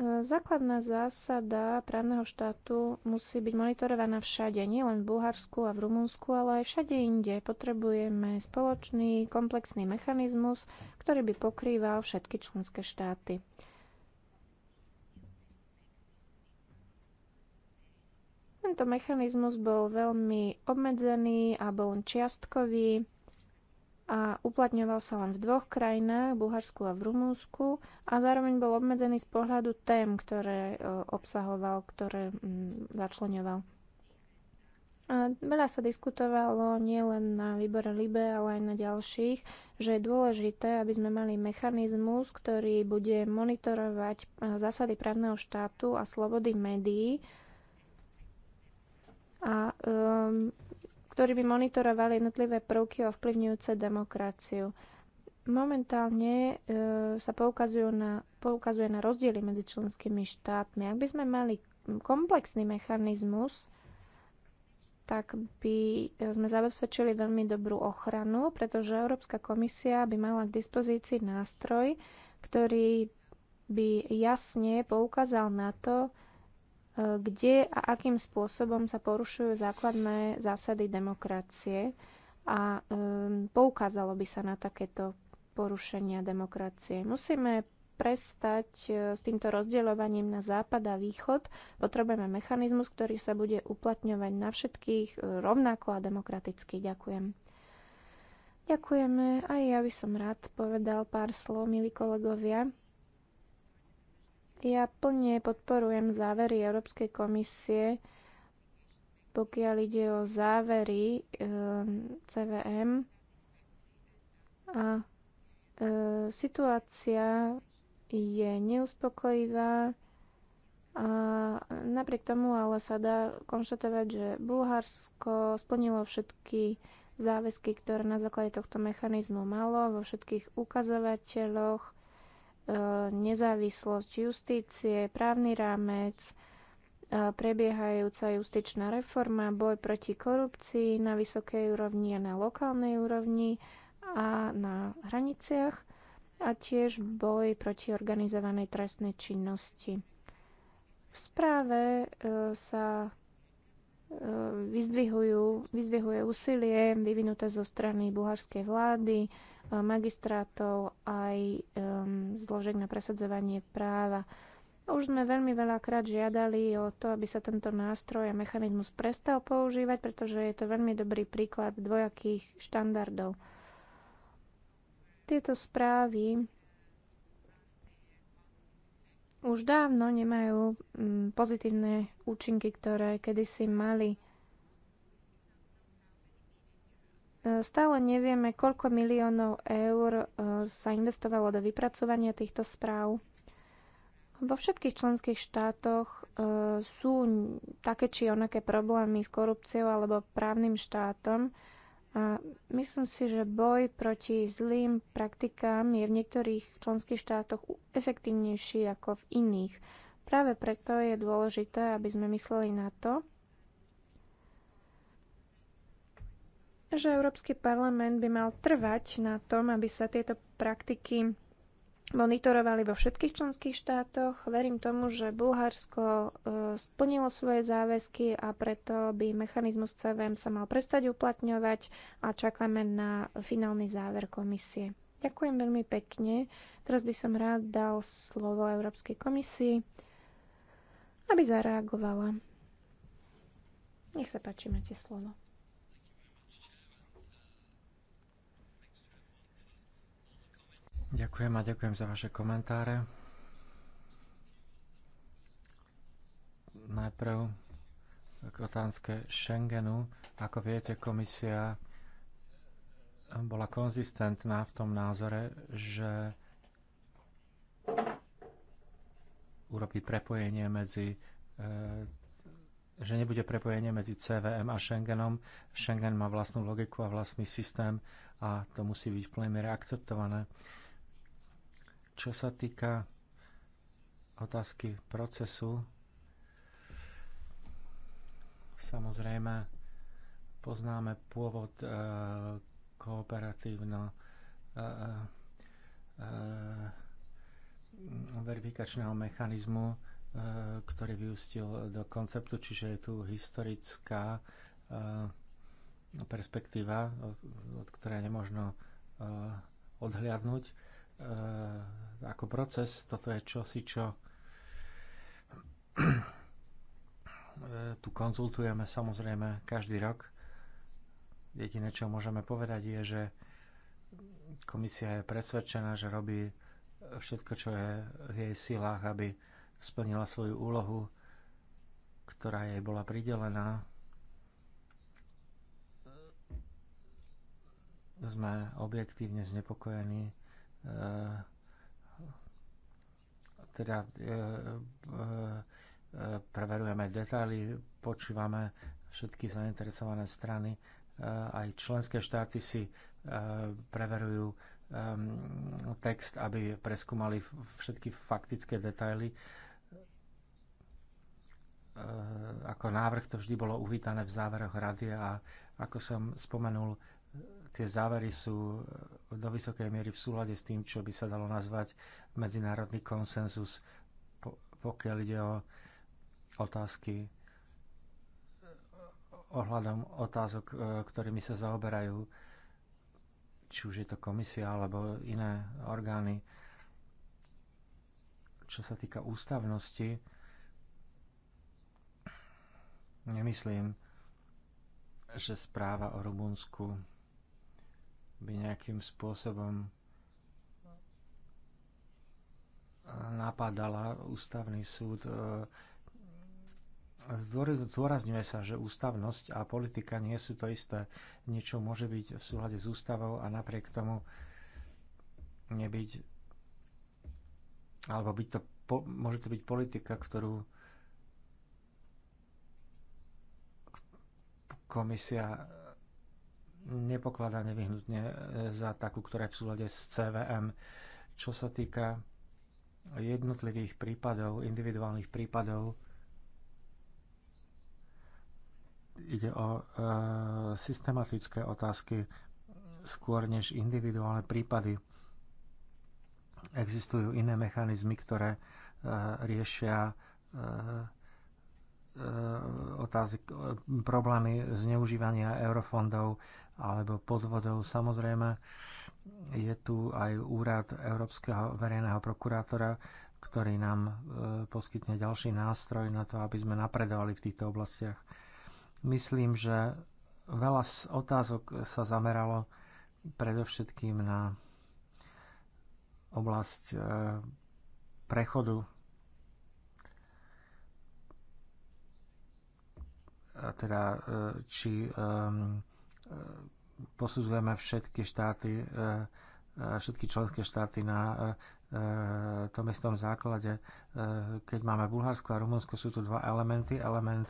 Základná zásada právneho štátu musí byť monitorovaná všade, nielen v Bulharsku a v Rumunsku, ale aj všade inde. Potrebujeme spoločný, komplexný mechanizmus, ktorý by pokrýval všetky členské štáty. Tento mechanizmus bol veľmi obmedzený a bol len čiastkový a uplatňoval sa len v dvoch krajinách, Bulharsku a v Rumúnsku a zároveň bol obmedzený z pohľadu tém, ktoré e, obsahoval, ktoré mm, začlenoval. A veľa sa diskutovalo nielen na výbore LIBE, ale aj na ďalších, že je dôležité, aby sme mali mechanizmus, ktorý bude monitorovať e, zásady právneho štátu a slobody médií. A um, ktorí by monitorovali jednotlivé prvky ovplyvňujúce demokraciu. Momentálne e, sa poukazujú na, poukazuje na rozdiely medzi členskými štátmi. Ak by sme mali komplexný mechanizmus, tak by e, sme zabezpečili veľmi dobrú ochranu, pretože Európska komisia by mala k dispozícii nástroj, ktorý by jasne poukázal na to, kde a akým spôsobom sa porušujú základné zásady demokracie a poukázalo by sa na takéto porušenia demokracie. Musíme prestať e, s týmto rozdeľovaním na západ a východ. Potrebujeme mechanizmus, ktorý sa bude uplatňovať na všetkých e, rovnako a demokraticky. Ďakujem. Ďakujeme. Aj ja by som rád povedal pár slov, milí kolegovia. Ja plne podporujem závery Európskej komisie, pokiaľ ide o závery CVM ehm, a ehm, situácia je neuspokojivá. A napriek tomu ale sa dá konštatovať, že Bulharsko splnilo všetky záväzky, ktoré na základe tohto mechanizmu malo vo všetkých ukazovateľoch E, nezávislosť justície, právny rámec, e, prebiehajúca justičná reforma, boj proti korupcii na vysokej úrovni a na lokálnej úrovni a na hraniciach a tiež boj proti organizovanej trestnej činnosti. V správe e, sa vyzdvihuje úsilie vyvinuté zo strany bulharskej vlády, magistrátov aj zložiek na presadzovanie práva. Už sme veľmi veľakrát žiadali o to, aby sa tento nástroj a mechanizmus prestal používať, pretože je to veľmi dobrý príklad dvojakých štandardov. Tieto správy už dávno nemajú pozitívne účinky, ktoré kedysi mali. Stále nevieme, koľko miliónov eur e, sa investovalo do vypracovania týchto správ. Vo všetkých členských štátoch e, sú také či onaké problémy s korupciou alebo právnym štátom. A myslím si, že boj proti zlým praktikám je v niektorých členských štátoch efektívnejší ako v iných. Práve preto je dôležité, aby sme mysleli na to, že Európsky parlament by mal trvať na tom, aby sa tieto praktiky monitorovali vo všetkých členských štátoch. Verím tomu, že Bulharsko e, splnilo svoje záväzky a preto by mechanizmus CVM sa mal prestať uplatňovať a čakáme na finálny záver komisie. Ďakujem veľmi pekne. Teraz by som rád dal slovo Európskej komisii, aby zareagovala. Nech sa páči, máte slovo. Ďakujem a ďakujem za vaše komentáre. Najprv k otázke Schengenu. Ako viete, komisia bola konzistentná v tom názore, že urobí prepojenie medzi e, že nebude prepojenie medzi CVM a Schengenom. Schengen má vlastnú logiku a vlastný systém a to musí byť v plnej miere akceptované. Čo sa týka otázky procesu, samozrejme poznáme pôvod e, kooperatívno e, e, verifikačného mechanizmu, e, ktorý vyústil do konceptu, čiže je tu historická e, perspektíva, od, od ktorej nemožno e, odhliadnúť Eh, ako proces. Toto je čosi, čo eh, tu konzultujeme samozrejme každý rok. Jediné, čo môžeme povedať, je, že komisia je presvedčená, že robí všetko, čo je v jej silách, aby splnila svoju úlohu, ktorá jej bola pridelená. Sme objektívne znepokojení E, teda e, e, preverujeme detaily, počívame všetky zainteresované strany, aj členské štáty si preverujú text, aby preskúmali všetky faktické detaily. Ako návrh to vždy bolo uvítané v záveroch rady a ako som spomenul, tie závery sú e, do vysokej miery v súlade s tým, čo by sa dalo nazvať medzinárodný konsenzus, pokiaľ ide o otázky e, ohľadom otázok, e, ktorými sa zaoberajú, či už je to komisia alebo iné orgány. Čo sa týka ústavnosti, nemyslím, že správa o Rumunsku by nejakým spôsobom eh, napadala ústavný súd. Eh, zdôrazňuje sa, že ústavnosť a politika nie sú to isté. Niečo môže byť v súhľade s ústavou a napriek tomu nebyť alebo byť to, môže to byť politika, ktorú komisia nepokladá nevyhnutne e, za takú, ktorá je v súlade s CVM. Čo sa týka jednotlivých prípadov, individuálnych prípadov, ide o e, systematické otázky skôr než individuálne prípady. Existujú iné mechanizmy, ktoré e, riešia e, Eh, otázky, eh, problémy zneužívania eurofondov alebo podvodov. Samozrejme, je tu aj úrad Európskeho verejného prokurátora, ktorý nám eh, poskytne ďalší nástroj na to, aby sme napredovali v týchto oblastiach. Myslím, že veľa otázok sa zameralo predovšetkým na oblasť prechodu teda e, či e, posudzujeme všetky štáty, e, všetky členské štáty na tom istom základe. Keď máme Bulharsko a Rumunsko, sú tu dva elementy. Element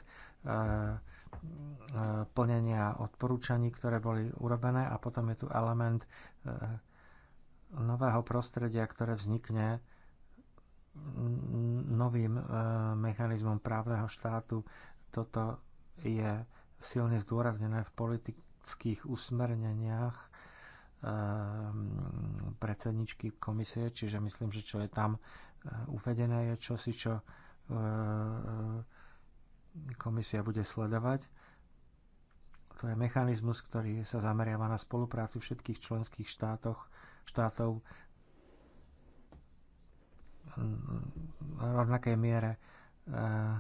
plnenia odporúčaní, ktoré boli urobené a potom je tu element nového prostredia, ktoré vznikne novým mechanizmom právneho štátu. Toto je silne zdôraznené v politických usmerneniach ehm, predsedničky komisie, čiže myslím, že čo je tam eh, uvedené, je čosi, čo eh, komisia bude sledovať. To je mechanizmus, ktorý sa zameriava na spoluprácu všetkých členských štátoch, štátov v mm, mm, rovnakej miere eh,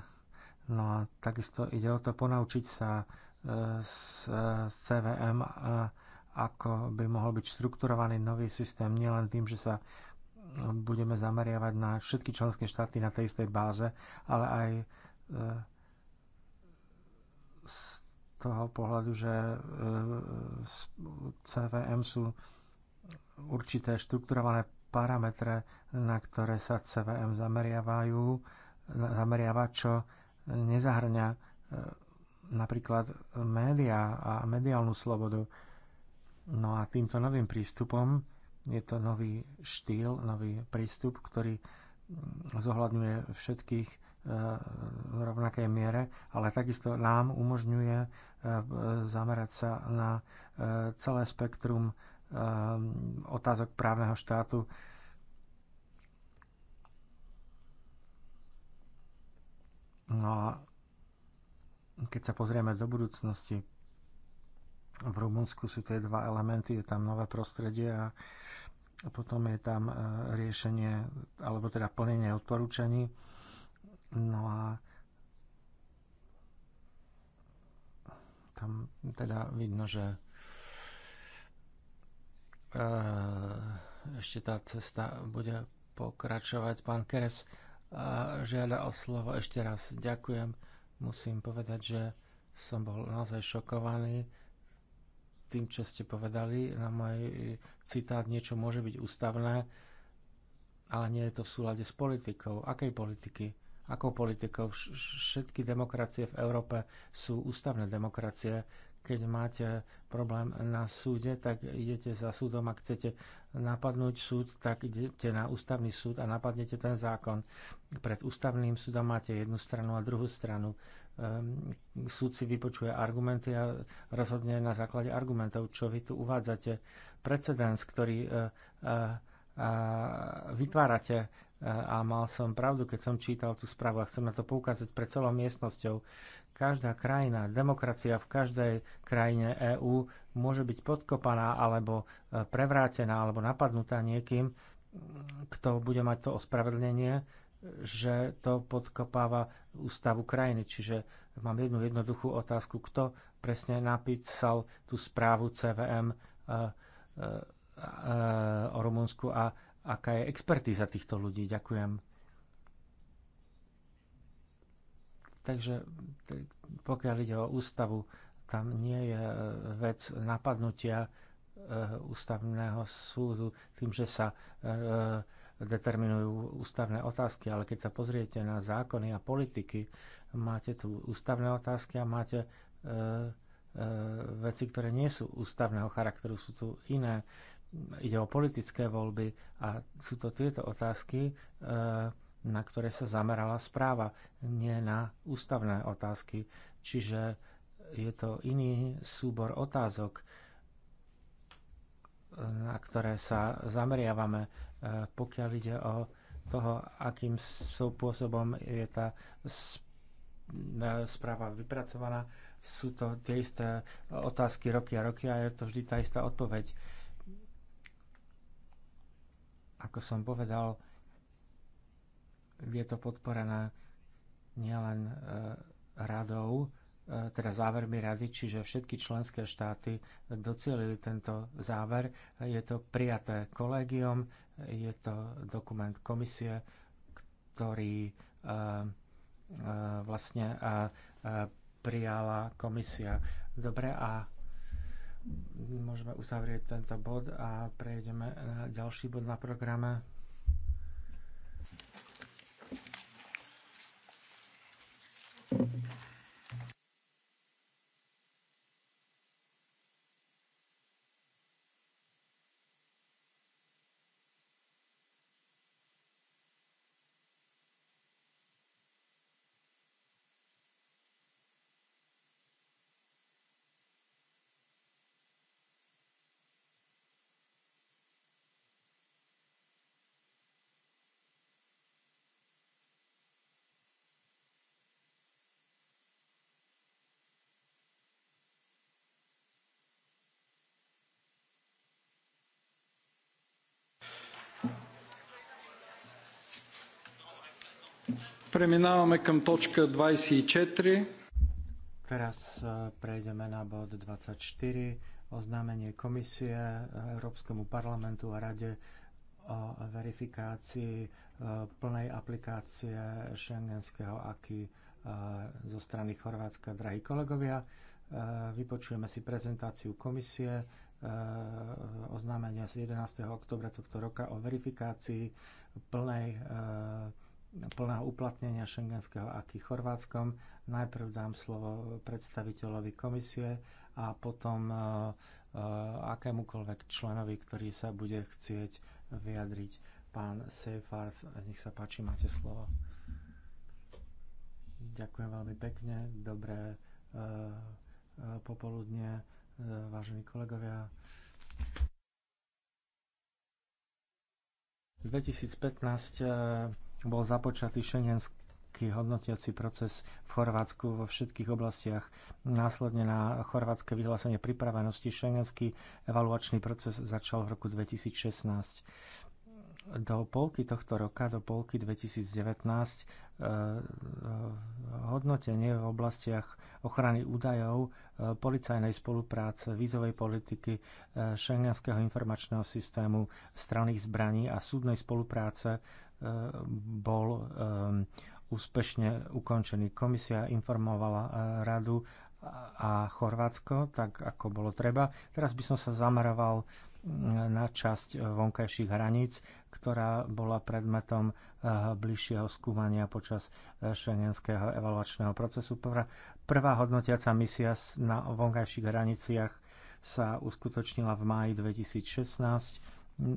No a takisto ide o to ponaučiť sa s e, e, CVM, e, ako by mohol byť štrukturovaný nový systém, nielen tým, že sa budeme zameriavať na všetky členské štáty na tej istej báze, ale aj z toho pohľadu, že CVM sú určité štrukturované parametre, na ktoré sa CVM zameriavajú, zameriava, čo nezahrňa e, napríklad médiá a mediálnu slobodu. No a týmto novým prístupom je to nový štýl, nový prístup, ktorý mm, zohľadňuje všetkých e, v rovnakej miere, ale takisto nám umožňuje e, zamerať sa na celé spektrum otázok právneho štátu, No a keď sa pozrieme do budúcnosti, v Rumunsku sú tie dva elementy, je tam nové prostredie a potom je tam e, riešenie, alebo teda plnenie odporúčaní. No a tam teda vidno, že e, ešte tá cesta bude pokračovať. Pán Keres žiada o slovo. Ešte raz ďakujem. Musím povedať, že som bol naozaj šokovaný tým, čo ste povedali. Na môj citát niečo môže byť ústavné, ale nie je to v súlade s politikou. Akej politiky? Akou politikou? Všetky demokracie v Európe sú ústavné demokracie, keď máte problém na súde, tak idete za súdom a chcete napadnúť súd, tak idete na ústavný súd a napadnete ten zákon. Pred ústavným súdom máte jednu stranu a druhú stranu. Ehm, súd si vypočuje argumenty a rozhodne na základe argumentov, čo vy tu uvádzate. Precedens, ktorý eh, eh, vytvárate, a mal som pravdu, keď som čítal tú správu a chcem na to poukázať pre celou miestnosťou. Každá krajina, demokracia v každej krajine EÚ môže byť podkopaná alebo e, prevrátená alebo napadnutá niekým, kto bude mať to ospravedlnenie, že to podkopáva ústavu krajiny. Čiže mám jednu jednoduchú otázku, kto presne napísal tú správu CVM e, e, e, o Rumunsku a aká je expertíza týchto ľudí. Ďakujem. Takže pokiaľ ide o ústavu, tam nie je e, vec napadnutia e, ústavného súdu tým, že sa e, determinujú ústavné otázky, ale keď sa pozriete na zákony a politiky, máte tu ústavné otázky a máte veci, ktoré nie sú ústavného charakteru, sú tu iné ide o politické voľby a sú to tieto otázky, e, na ktoré sa zamerala správa, nie na ústavné otázky. Čiže je to iný súbor otázok, e, na ktoré sa zameriavame, e, pokiaľ ide o toho, akým spôsobom je tá správa vypracovaná. Sú to tie isté otázky roky a roky a je to vždy tá istá odpoveď ako som povedal, je to podporené nielen e, radou, e, teda závermi rady, čiže všetky členské štáty docielili tento záver. Je to prijaté kolegium, je to dokument komisie, ktorý e, e, vlastne e, e, prijala komisia. Dobre, a môžeme uzavrieť tento bod a prejdeme na ďalší bod na programe. Преминаваме към точка 24. Teraz prejdeme na bod 24, oznámenie komisie Európskemu parlamentu a Rade o verifikácii plnej aplikácie šengenského aky zo strany Chorvátska. Drahí kolegovia, vypočujeme si prezentáciu komisie e, oznámenia z 11. oktobra tohto roka o verifikácii plnej e, plného uplatnenia šengenského aký Chorvátskom. Najprv dám slovo predstaviteľovi komisie a potom e, e, akémukoľvek členovi, ktorý sa bude chcieť vyjadriť. Pán Seyfarth, nech sa páči, máte slovo. Ďakujem veľmi pekne, dobré e, popoludne, vážení kolegovia. 2015 bol započatý šengenský hodnotiaci proces v Chorvátsku vo všetkých oblastiach. Následne na chorvátske vyhlásenie pripravenosti šengenský evaluačný proces začal v roku 2016. Do polky tohto roka, do polky 2019, e, hodnotenie v oblastiach ochrany údajov, e, policajnej spolupráce, vízovej politiky, e, šengenského informačného systému, stranných zbraní a súdnej spolupráce Eh, bol eh, úspešne ukončený. Komisia informovala eh, radu a Chorvátsko, tak ako bolo treba. Teraz by som sa zameroval na časť vonkajších hraníc, ktorá bola predmetom bližšieho skúmania počas šengenského evaluačného procesu. Prvá hodnotiaca misia na vonkajších hraniciach sa uskutočnila v máji 2016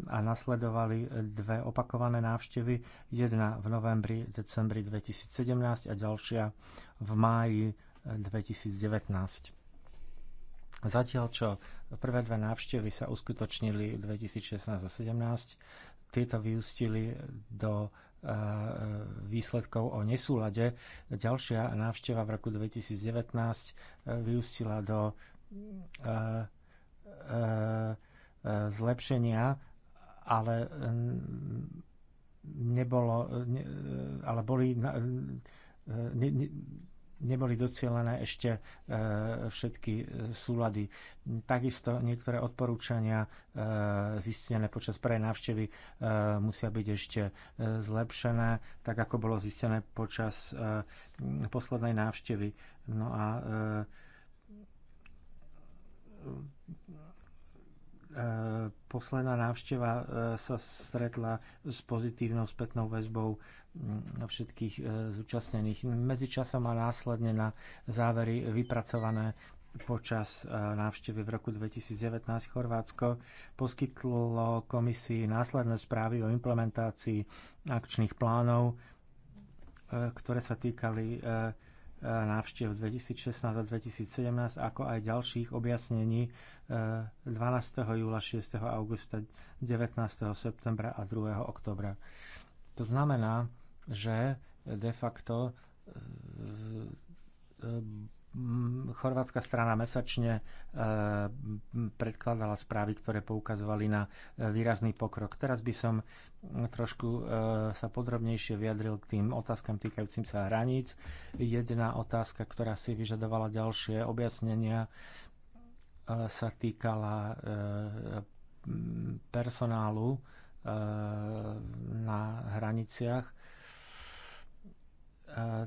a nasledovali dve opakované návštevy, jedna v novembri, decembri 2017 a ďalšia v máji 2019. Zatiaľ čo prvé dve návštevy sa uskutočnili 2016 a 2017, tieto vyústili do e, e, výsledkov o nesúlade. Ďalšia návšteva v roku 2019 e, vyústila do zlepšenia ale nebolo, ne, eh, ale boli, eh, ne, ne, neboli docielené ešte eh, všetky súlady. Takisto niektoré odporúčania zistené počas prvej návštevy musia byť ešte zlepšené, tak ako bolo zistené počas poslednej návštevy. No a E, posledná návšteva e, sa stretla s pozitívnou spätnou väzbou všetkých e, zúčastnených. Medzičasom a následne na závery vypracované počas návštevy v roku 2019 Chorvátsko poskytlo komisii následné správy o implementácii akčných plánov, ktoré sa týkali E, návštev 2016 a 2017, ako aj ďalších objasnení 12. E, júla, 6. augusta, 19. septembra a 2. oktobra. To znamená, že de facto e, Mm, chorvátska strana mesačne e, predkladala správy, ktoré poukazovali na e, výrazný pokrok. Teraz by som mm, trošku e, sa podrobnejšie vyjadril k tým otázkam týkajúcim sa hraníc. Jedna otázka, ktorá si vyžadovala ďalšie objasnenia, sa týkala personálu na hraniciach.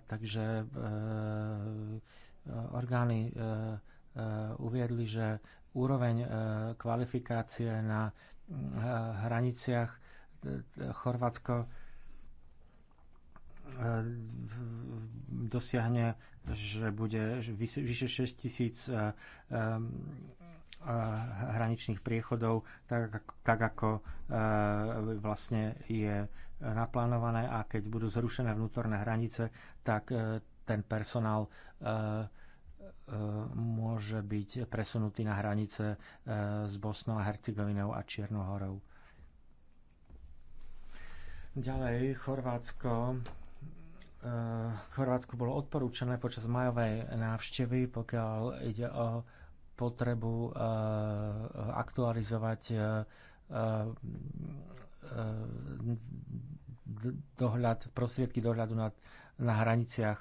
Takže Eh, orgány eh, eh, uviedli, že úroveň kvalifikácie na hm, hraniciach Chorvátsko dosiahne, že bude vyše 6 tisíc hraničných priechodov, tak, tak ako vlastne je naplánované a keď budú zrušené vnútorné hranice, tak ten personál e, e, môže byť presunutý na hranice e, s Bosnou a Hercegovinou a Čiernohorou. Ďalej, Chorvátsko. Chorvátsku bolo odporúčané počas majovej návštevy, pokiaľ ide o potrebu aktualizovať dohľad, prostriedky dohľadu na, na hraniciach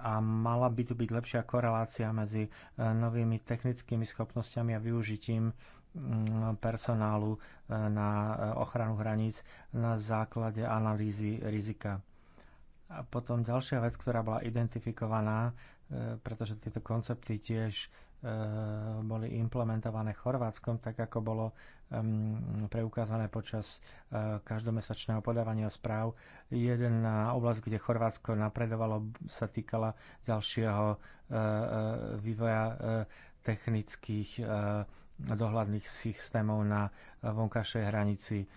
a mala by tu byť lepšia korelácia medzi e, novými technickými schopnosťami a využitím mm, personálu e, na e, ochranu hraníc na základe analýzy rizika. A potom ďalšia vec, ktorá bola identifikovaná, pretože tieto koncepty tiež boli implementované Chorvátskom, tak ako bolo preukázané počas e, každomesačného podávania správ. Jeden na oblasť, kde Chorvátsko napredovalo, sa týkala ďalšieho e, e, vývoja technických dohľadných systémov na vonkajšej hranici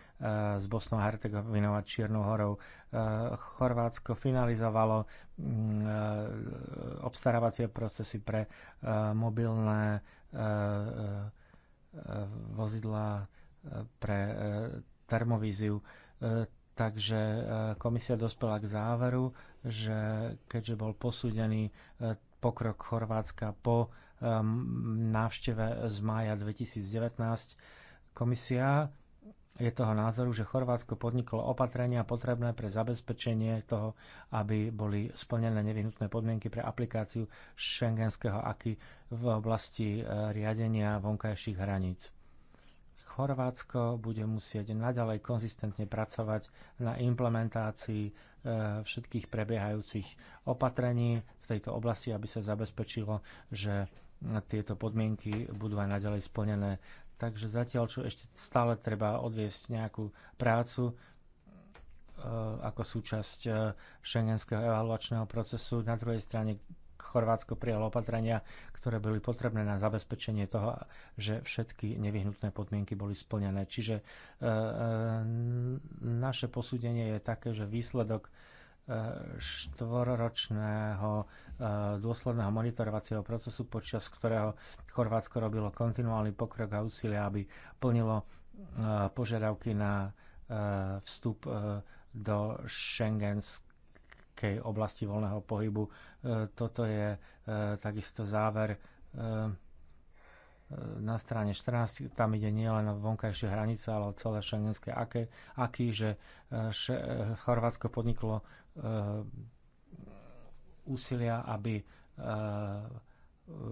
s Bosnou a Hertegovinou a Čiernou horou. Chorvátsko finalizovalo obstarávacie procesy pre mobilné vozidla e, pre e, termovíziu. E, takže komisia dospela k záveru, že keďže bol posúdený pokrok Chorvátska po návšteve z mája 2019, komisia je toho názoru, že Chorvátsko podniklo opatrenia potrebné pre zabezpečenie toho, aby boli splnené nevyhnutné podmienky pre aplikáciu šengenského aky v oblasti e, riadenia vonkajších hraníc. Chorvátsko bude musieť naďalej konzistentne pracovať na implementácii e, všetkých prebiehajúcich opatrení v tejto oblasti, aby sa zabezpečilo, že tieto podmienky budú aj naďalej splnené. Takže zatiaľ, čo ešte stále treba odviesť nejakú prácu e, ako súčasť e, šengenského evaluačného procesu. Na druhej strane Chorvátsko prijalo opatrenia, ktoré boli potrebné na zabezpečenie toho, že všetky nevyhnutné podmienky boli splnené. Čiže e, naše posúdenie je také, že výsledok štvororočného e, dôsledného monitorovacieho procesu, počas ktorého Chorvátsko robilo kontinuálny pokrok a úsilie, aby plnilo e, požiadavky na e, vstup do šengenskej oblasti voľného pohybu. Toto je takisto záver na strane 14 tam ide nielen o vonkajšie hranice, ale o celé šengenské aké, aký, že eh, eh, Chorvátsko podniklo eh, úsilia, aby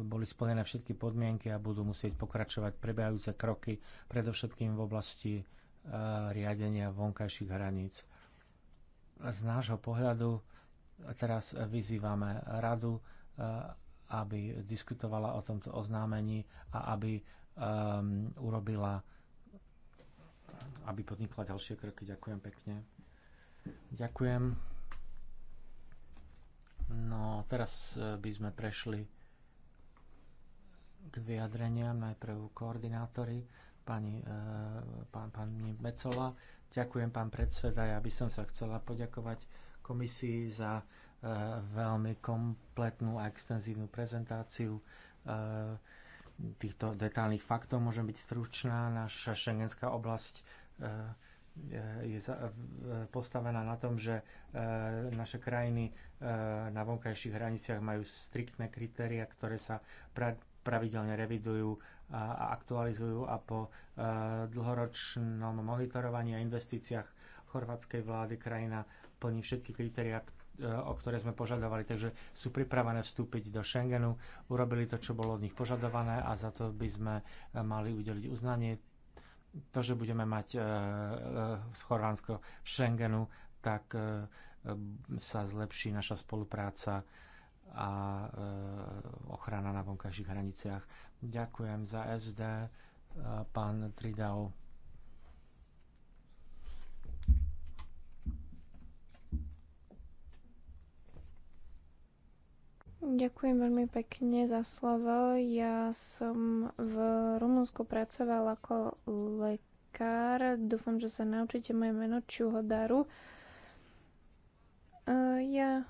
boli splnené všetky podmienky a budú musieť pokračovať prebiehajúce kroky, predovšetkým v oblasti riadenia vonkajších hraníc. Z nášho pohľadu teraz vyzývame radu, aby diskutovala o tomto oznámení a aby um, urobila, aby podnikla ďalšie kroky. Ďakujem pekne. Ďakujem. No, teraz e, by sme prešli k vyjadreniam najprv koordinátori, pani, e, pán, pani Mecola. Ďakujem, pán predseda, ja by som sa chcela poďakovať komisii za Eh, veľmi kompletnú a extenzívnu prezentáciu eh, týchto detálnych faktov. Môže byť stručná. Naša šengenská oblasť eh, je postavená na tom, že naše krajiny na vonkajších hraniciach majú striktné kritéria, ktoré sa pravidelne revidujú a aktualizujú a po dlhoročnom monitorovaní a investíciách chorvátskej vlády krajina plní všetky kritéria o ktoré sme požadovali, takže sú pripravené vstúpiť do Schengenu, urobili to, čo bolo od nich požadované a za to by sme e, mali udeliť uznanie. To, že budeme mať z e, e, Chorvánsko v Schengenu, tak sa zlepší naša spolupráca a ochrana na vonkajších hraniciach. Ďakujem za SD, pán Tridau. Ďakujem veľmi pekne za slovo. Ja som v Rumunsku pracovala ako lekár. Dúfam, že sa naučíte moje meno Čuhodaru. Ja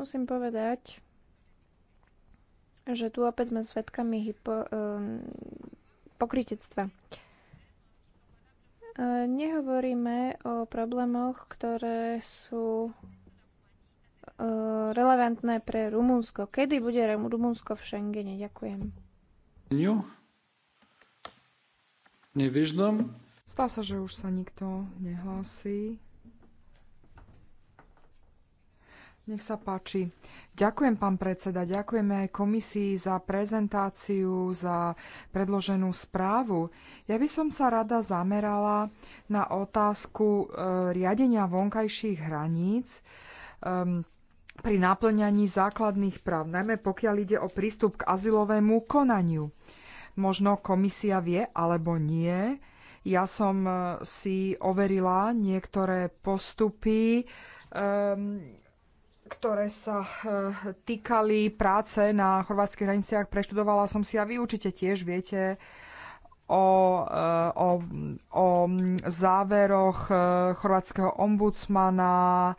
musím povedať, že tu opäť sme svetkami hypo, e, pokrytectva. E, nehovoríme o problémoch, ktoré sú Eh, relevantné pre Rumunsko. Kedy bude Rumunsko v Schengene? Ďakujem. Nevyždom. Zdá sa, že už sa nikto nehlási. Nech sa páči. Ďakujem, pán predseda. Ďakujeme aj komisii za prezentáciu, za predloženú správu. Ja by som sa rada zamerala na otázku e, riadenia vonkajších hraníc. E, pri naplňaní základných práv, najmä pokiaľ ide o prístup k azylovému konaniu. Možno komisia vie alebo nie. Ja som e, si overila niektoré postupy, um, ktoré sa e, týkali práce na chorvátskych hraniciach. Preštudovala som si a vy určite tiež viete o, e, o, o záveroch chorvátskeho ombudsmana,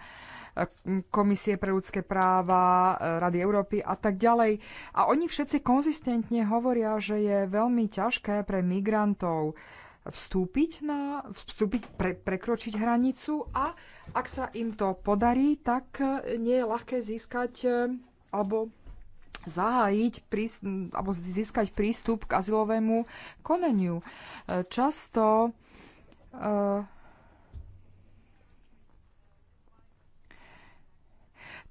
Komisie pre ľudské práva, eh, Rady Európy a tak ďalej. A oni všetci konzistentne hovoria, že je veľmi ťažké pre migrantov vstúpiť, na, vstúpiť pre, prekročiť hranicu a ak sa im to podarí, tak eh, nie je ľahké získať eh, alebo zahájiť alebo získať prístup k azylovému koneniu. Často uh,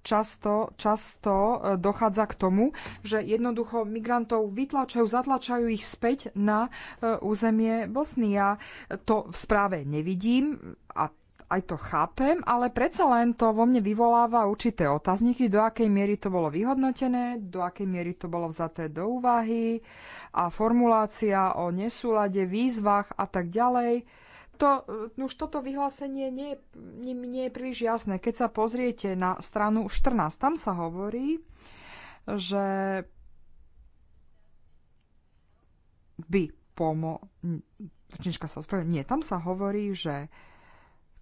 často, často e, dochádza k tomu, že jednoducho migrantov vytlačajú, zatlačajú ich späť na e, územie Bosny. Ja to v správe nevidím a aj to chápem, ale predsa len to vo mne vyvoláva určité otázniky, do akej miery to bolo vyhodnotené, do akej miery to bolo vzaté do úvahy a formulácia o nesúlade, výzvach a tak ďalej to, no už toto vyhlásenie nie, nie, nie je príliš jasné. Keď sa pozriete na stranu 14, tam sa hovorí, že by pomo... sa ospravedlňuje. Nie, tam sa hovorí, že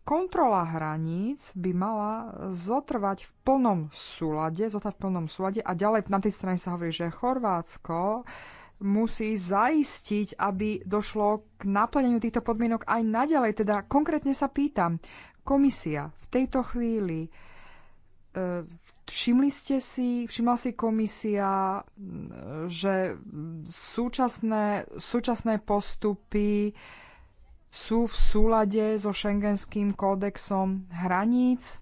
kontrola hraníc by mala zotrvať v plnom súlade, zotrvať v plnom súlade a ďalej na tej strane sa hovorí, že Chorvátsko uh, musí zaistiť, aby došlo k naplneniu týchto podmienok aj naďalej. Teda konkrétne sa pýtam, komisia v tejto chvíli, e, všimli ste si, všimla si komisia, že súčasné, súčasné postupy sú v súlade so šengenským kódexom hraníc?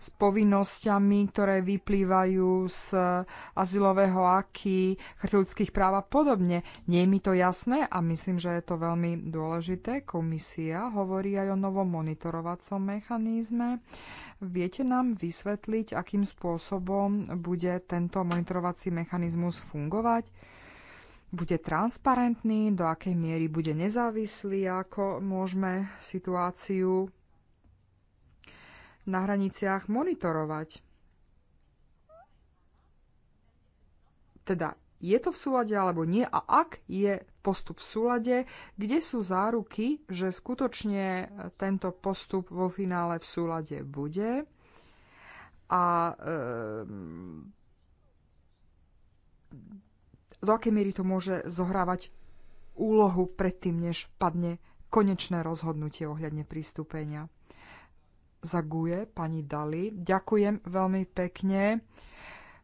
s povinnosťami, ktoré vyplývajú z azylového aký, ľudských práv a podobne. Nie je mi to jasné a myslím, že je to veľmi dôležité. Komisia hovorí aj o novom monitorovacom mechanizme. Viete nám vysvetliť, akým spôsobom bude tento monitorovací mechanizmus fungovať? Bude transparentný, do akej miery bude nezávislý, ako môžeme situáciu na hraniciach monitorovať. Teda, je to v súlade alebo nie a ak je postup v súlade, kde sú záruky, že skutočne tento postup vo finále v súlade bude. A e, do akej miery to môže zohrávať úlohu predtým, než padne konečné rozhodnutie ohľadne pristúpenia. Zaguje, pani Dali. Ďakujem veľmi pekne.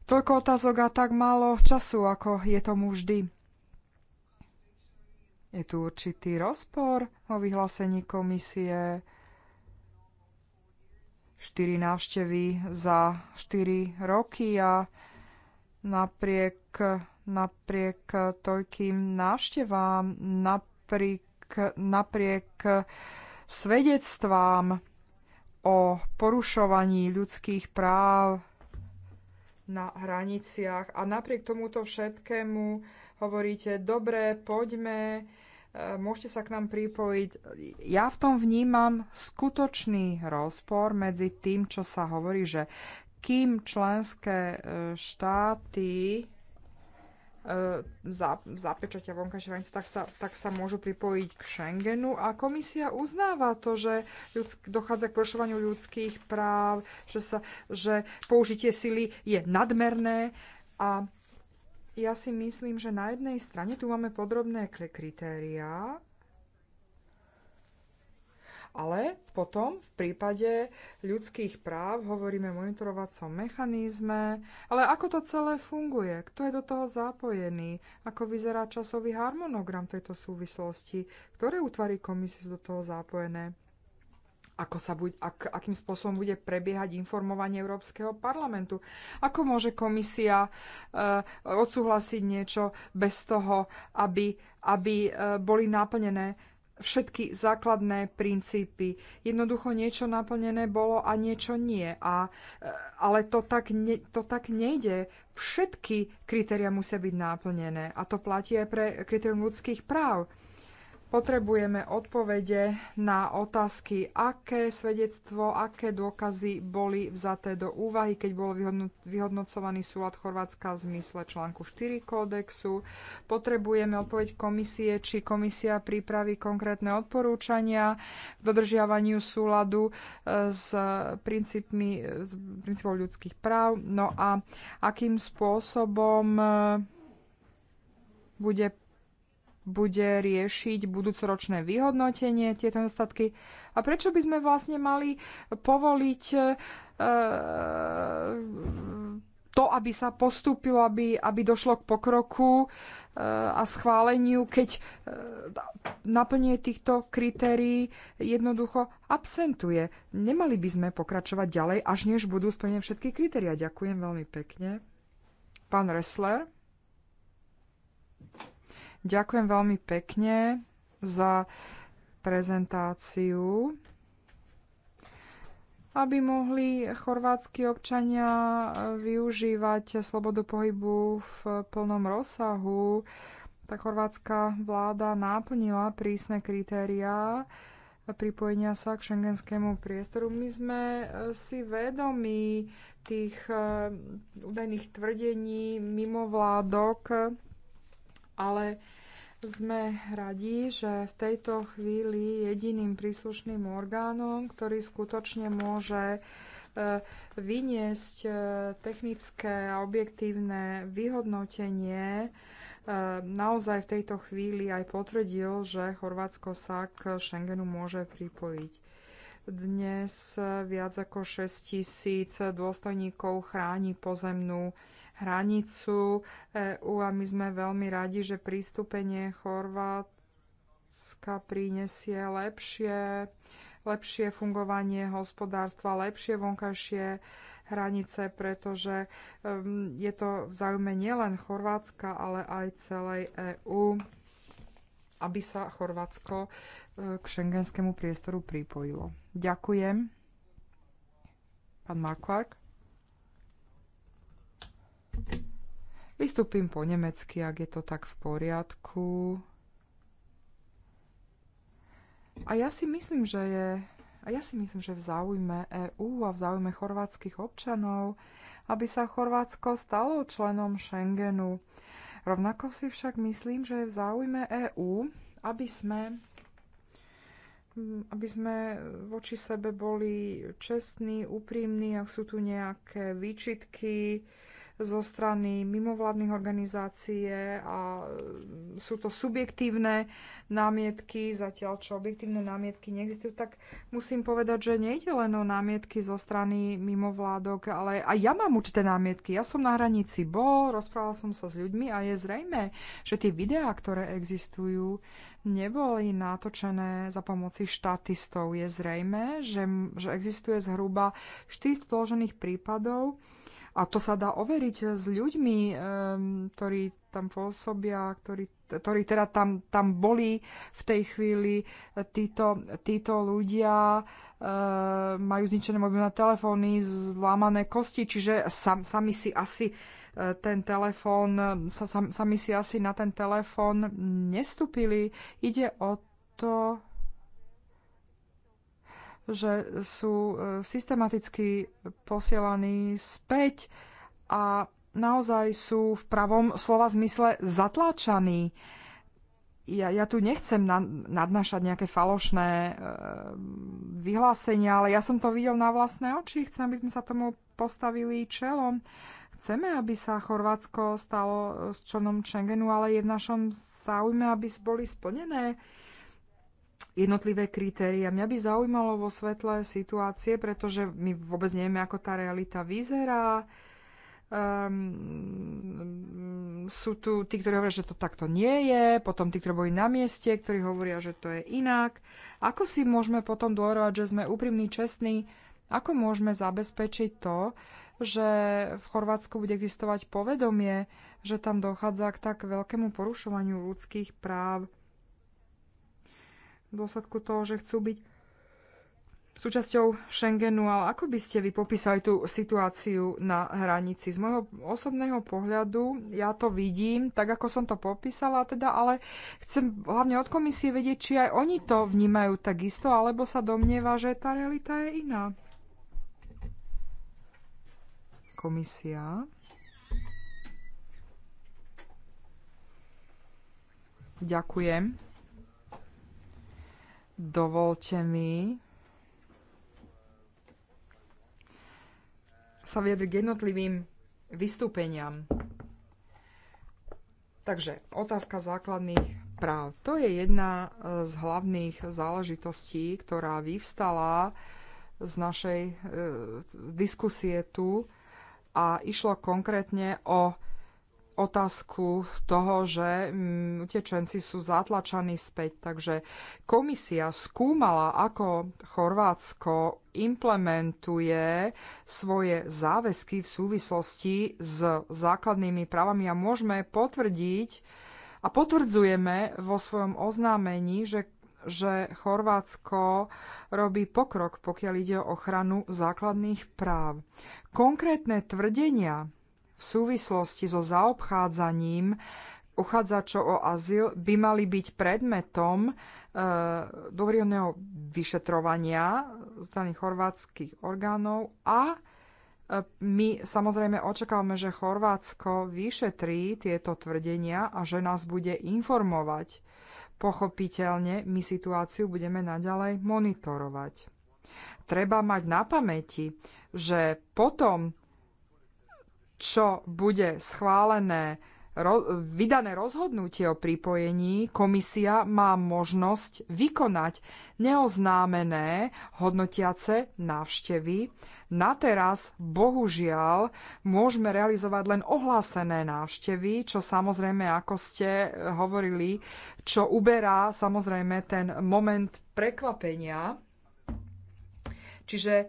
Toľko otázok a tak málo času, ako je tomu vždy. Je tu určitý rozpor o vyhlásení komisie. 4 návštevy za 4 roky a napriek, napriek toľkým návštevám, napriek, napriek svedectvám, o porušovaní ľudských práv na hraniciach a napriek tomuto všetkému hovoríte, dobre, poďme, e, môžete sa k nám pripojiť. Ja v tom vnímam skutočný rozpor medzi tým, čo sa hovorí, že kým členské e, štáty E, zapečatia vonkajšie hranice, tak sa, tak sa môžu pripojiť k Schengenu. A komisia uznáva to, že ľudsk- dochádza k porušovaniu ľudských práv, že, sa, že použitie sily je nadmerné. A ja si myslím, že na jednej strane tu máme podrobné kritériá, ale potom v prípade ľudských práv hovoríme o monitorovacom mechanizme, ale ako to celé funguje, kto je do toho zapojený, ako vyzerá časový harmonogram tejto súvislosti, ktoré útvary komisie sú do toho zapojené, ako sa buď, ak, akým spôsobom bude prebiehať informovanie Európskeho parlamentu. Ako môže komisia e, odsúhlasiť niečo bez toho, aby, aby e, boli naplnené všetky základné princípy. Jednoducho niečo naplnené bolo a niečo nie. A, e, ale to tak, ne, to tak nejde. Všetky kritéria musia byť naplnené. A to platí aj pre kritérium ľudských práv. Potrebujeme odpovede na otázky, aké svedectvo, aké dôkazy boli vzaté do úvahy, keď bol vyhodnocovaný súlad Chorvátska v zmysle článku 4 kódexu. Potrebujeme odpoveď komisie, či komisia pripraví konkrétne odporúčania k dodržiavaniu súladu e, s princípmi s princípom ľudských práv. No a akým spôsobom e, bude bude riešiť budúcoročné vyhodnotenie tieto nedostatky a prečo by sme vlastne mali povoliť e, to, aby sa postúpilo, aby, aby došlo k pokroku e, a schváleniu, keď e, naplnenie týchto kritérií jednoducho absentuje. Nemali by sme pokračovať ďalej, až než budú splnené všetky kritéria. Ďakujem veľmi pekne. Pán Ressler. Ďakujem veľmi pekne za prezentáciu. Aby mohli chorvátsky občania eh, využívať slobodu pohybu v plnom rozsahu, tá chorvátska vláda náplnila prísne kritériá pripojenia sa k šengenskému priestoru. My sme eh, si vedomi tých eh, údajných tvrdení mimo vládok, ale sme radi, že v tejto chvíli jediným príslušným orgánom, ktorý skutočne môže e, vyniesť e, technické a objektívne vyhodnotenie, e, naozaj v tejto chvíli aj potvrdil, že Chorvátsko sa k Schengenu môže pripojiť. Dnes viac ako 6 tisíc dôstojníkov chráni pozemnú hranicu EU a my sme veľmi radi, že prístupenie Chorvátska prinesie lepšie, lepšie fungovanie hospodárstva, lepšie vonkajšie hranice, pretože ehm, je to v záujme nielen Chorvátska, ale aj celej EÚ, aby sa Chorvátsko e, k šengenskému priestoru pripojilo. Ďakujem. Pán Markvark. Vystúpim po nemecky, ak je to tak v poriadku. A ja si myslím, že je a ja si myslím, že v záujme EÚ a v záujme chorvátskych občanov, aby sa Chorvátsko stalo členom Schengenu. Rovnako si však myslím, že je v záujme EÚ, aby sme mm, aby sme voči sebe boli čestní, úprimní, ak sú tu nejaké výčitky, zo strany mimovládnych organizácií a e, sú to subjektívne námietky, zatiaľ čo objektívne námietky neexistujú, tak musím povedať, že nejde len o námietky zo strany mimovládok, ale aj ja mám určité námietky. Ja som na hranici bol, rozprával som sa s ľuďmi a je zrejme, že tie videá, ktoré existujú, neboli natočené za pomoci štatistov. Je zrejme, že, že existuje zhruba 400 položených prípadov, a to sa dá overiť eh, s ľuďmi, ehm, ktorí tam pôsobia, ktorí, ktorí teda tam, tam boli v tej chvíli. Eh, títo, títo ľudia eh, majú zničené mobilné telefóny, zlámané kosti, čiže sam, sami si asi ten telefón, sa, sami si asi na ten telefón nestúpili. Ide o to, že sú e, systematicky posielaní späť a naozaj sú v pravom slova zmysle zatláčaní. Ja, ja tu nechcem na, nadnášať nejaké falošné e, vyhlásenia, ale ja som to videl na vlastné oči. Chcem, aby sme sa tomu postavili čelom. Chceme, aby sa Chorvátsko stalo s členom Schengenu, ale je v našom záujme, aby boli splnené jednotlivé kritéria. Mňa by zaujímalo vo svetle situácie, pretože my vôbec nevieme, ako tá realita vyzerá. Um, sú tu tí, ktorí hovoria, že to takto nie je, potom tí, ktorí boli na mieste, ktorí hovoria, že to je inak. Ako si môžeme potom dôverovať, že sme úprimní, čestní? Ako môžeme zabezpečiť to, že v Chorvátsku bude existovať povedomie, že tam dochádza k tak veľkému porušovaniu ľudských práv? v dôsledku toho, že chcú byť súčasťou Schengenu, ale ako by ste vy popísali tú situáciu na hranici? Z môjho osobného pohľadu ja to vidím, tak ako som to popísala, teda, ale chcem hlavne od komisie vedieť, či aj oni to vnímajú takisto, alebo sa domnieva, že tá realita je iná. Komisia. Ďakujem. Dovolte mi sa vyjadriť k jednotlivým vystúpeniam. Takže otázka základných práv. To je jedna eh, z hlavných záležitostí, ktorá vyvstala z našej e, diskusie tu a išlo konkrétne o otázku toho, že mm, utečenci sú zatlačaní späť. Takže komisia skúmala, ako Chorvátsko implementuje svoje záväzky v súvislosti s základnými právami a môžeme potvrdiť a potvrdzujeme vo svojom oznámení, že že Chorvátsko robí pokrok, pokiaľ ide o ochranu základných práv. Konkrétne tvrdenia v súvislosti so zaobchádzaním uchádzačov o azyl by mali byť predmetom e, vyšetrovania strany chorvátskych orgánov a e, my samozrejme očakávame, že Chorvátsko vyšetrí tieto tvrdenia a že nás bude informovať. Pochopiteľne my situáciu budeme naďalej monitorovať. Treba mať na pamäti, že potom, čo bude schválené, ro, vydané rozhodnutie o pripojení, komisia má možnosť vykonať neoznámené hodnotiace návštevy. Na teraz, bohužiaľ, môžeme realizovať len ohlásené návštevy, čo samozrejme, ako ste hovorili, čo uberá samozrejme ten moment prekvapenia. Čiže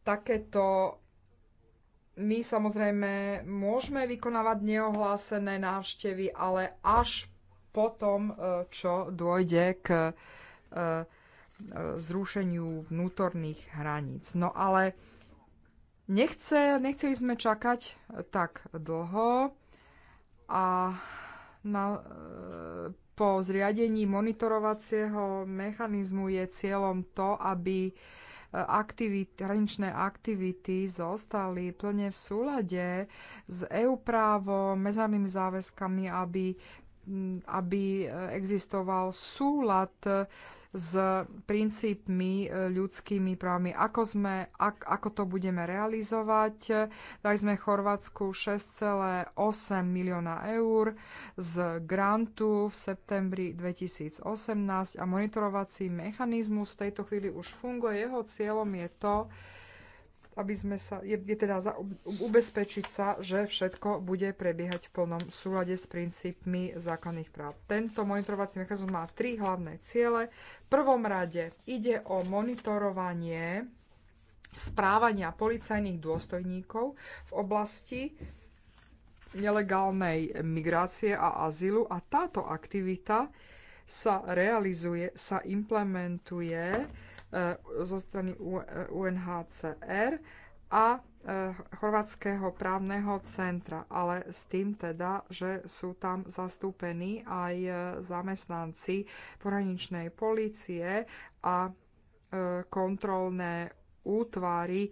takéto my samozrejme môžeme vykonávať neohlásené návštevy, ale až po tom, e, čo dôjde k e, e, zrušeniu vnútorných hraníc. No ale nechce, nechceli sme čakať tak dlho a na, po zriadení monitorovacieho mechanizmu je cieľom to, aby aktivity, hraničné aktivity zostali plne v súlade s EU právom, medzinárodnými záväzkami, aby aby e, existoval súlad s princípmi e, ľudskými právmi, ako, sme, ak, ako to budeme realizovať. Dali sme Chorvátsku 6,8 milióna eur z grantu v septembri 2018 a monitorovací mechanizmus v tejto chvíli už funguje. Jeho cieľom je to, aby sme sa, je, je teda za, ubezpečiť sa, že všetko bude prebiehať v plnom súlade s princípmi základných práv. Tento monitorovací mechanizmus má tri hlavné ciele. V prvom rade ide o monitorovanie správania policajných dôstojníkov v oblasti nelegálnej migrácie a azylu a táto aktivita sa realizuje, sa implementuje E, zo strany e, UNHCR a e, Chorvátskeho právneho centra, ale s tým teda, že sú tam zastúpení aj zamestnanci pohraničnej policie a kontrolné útvary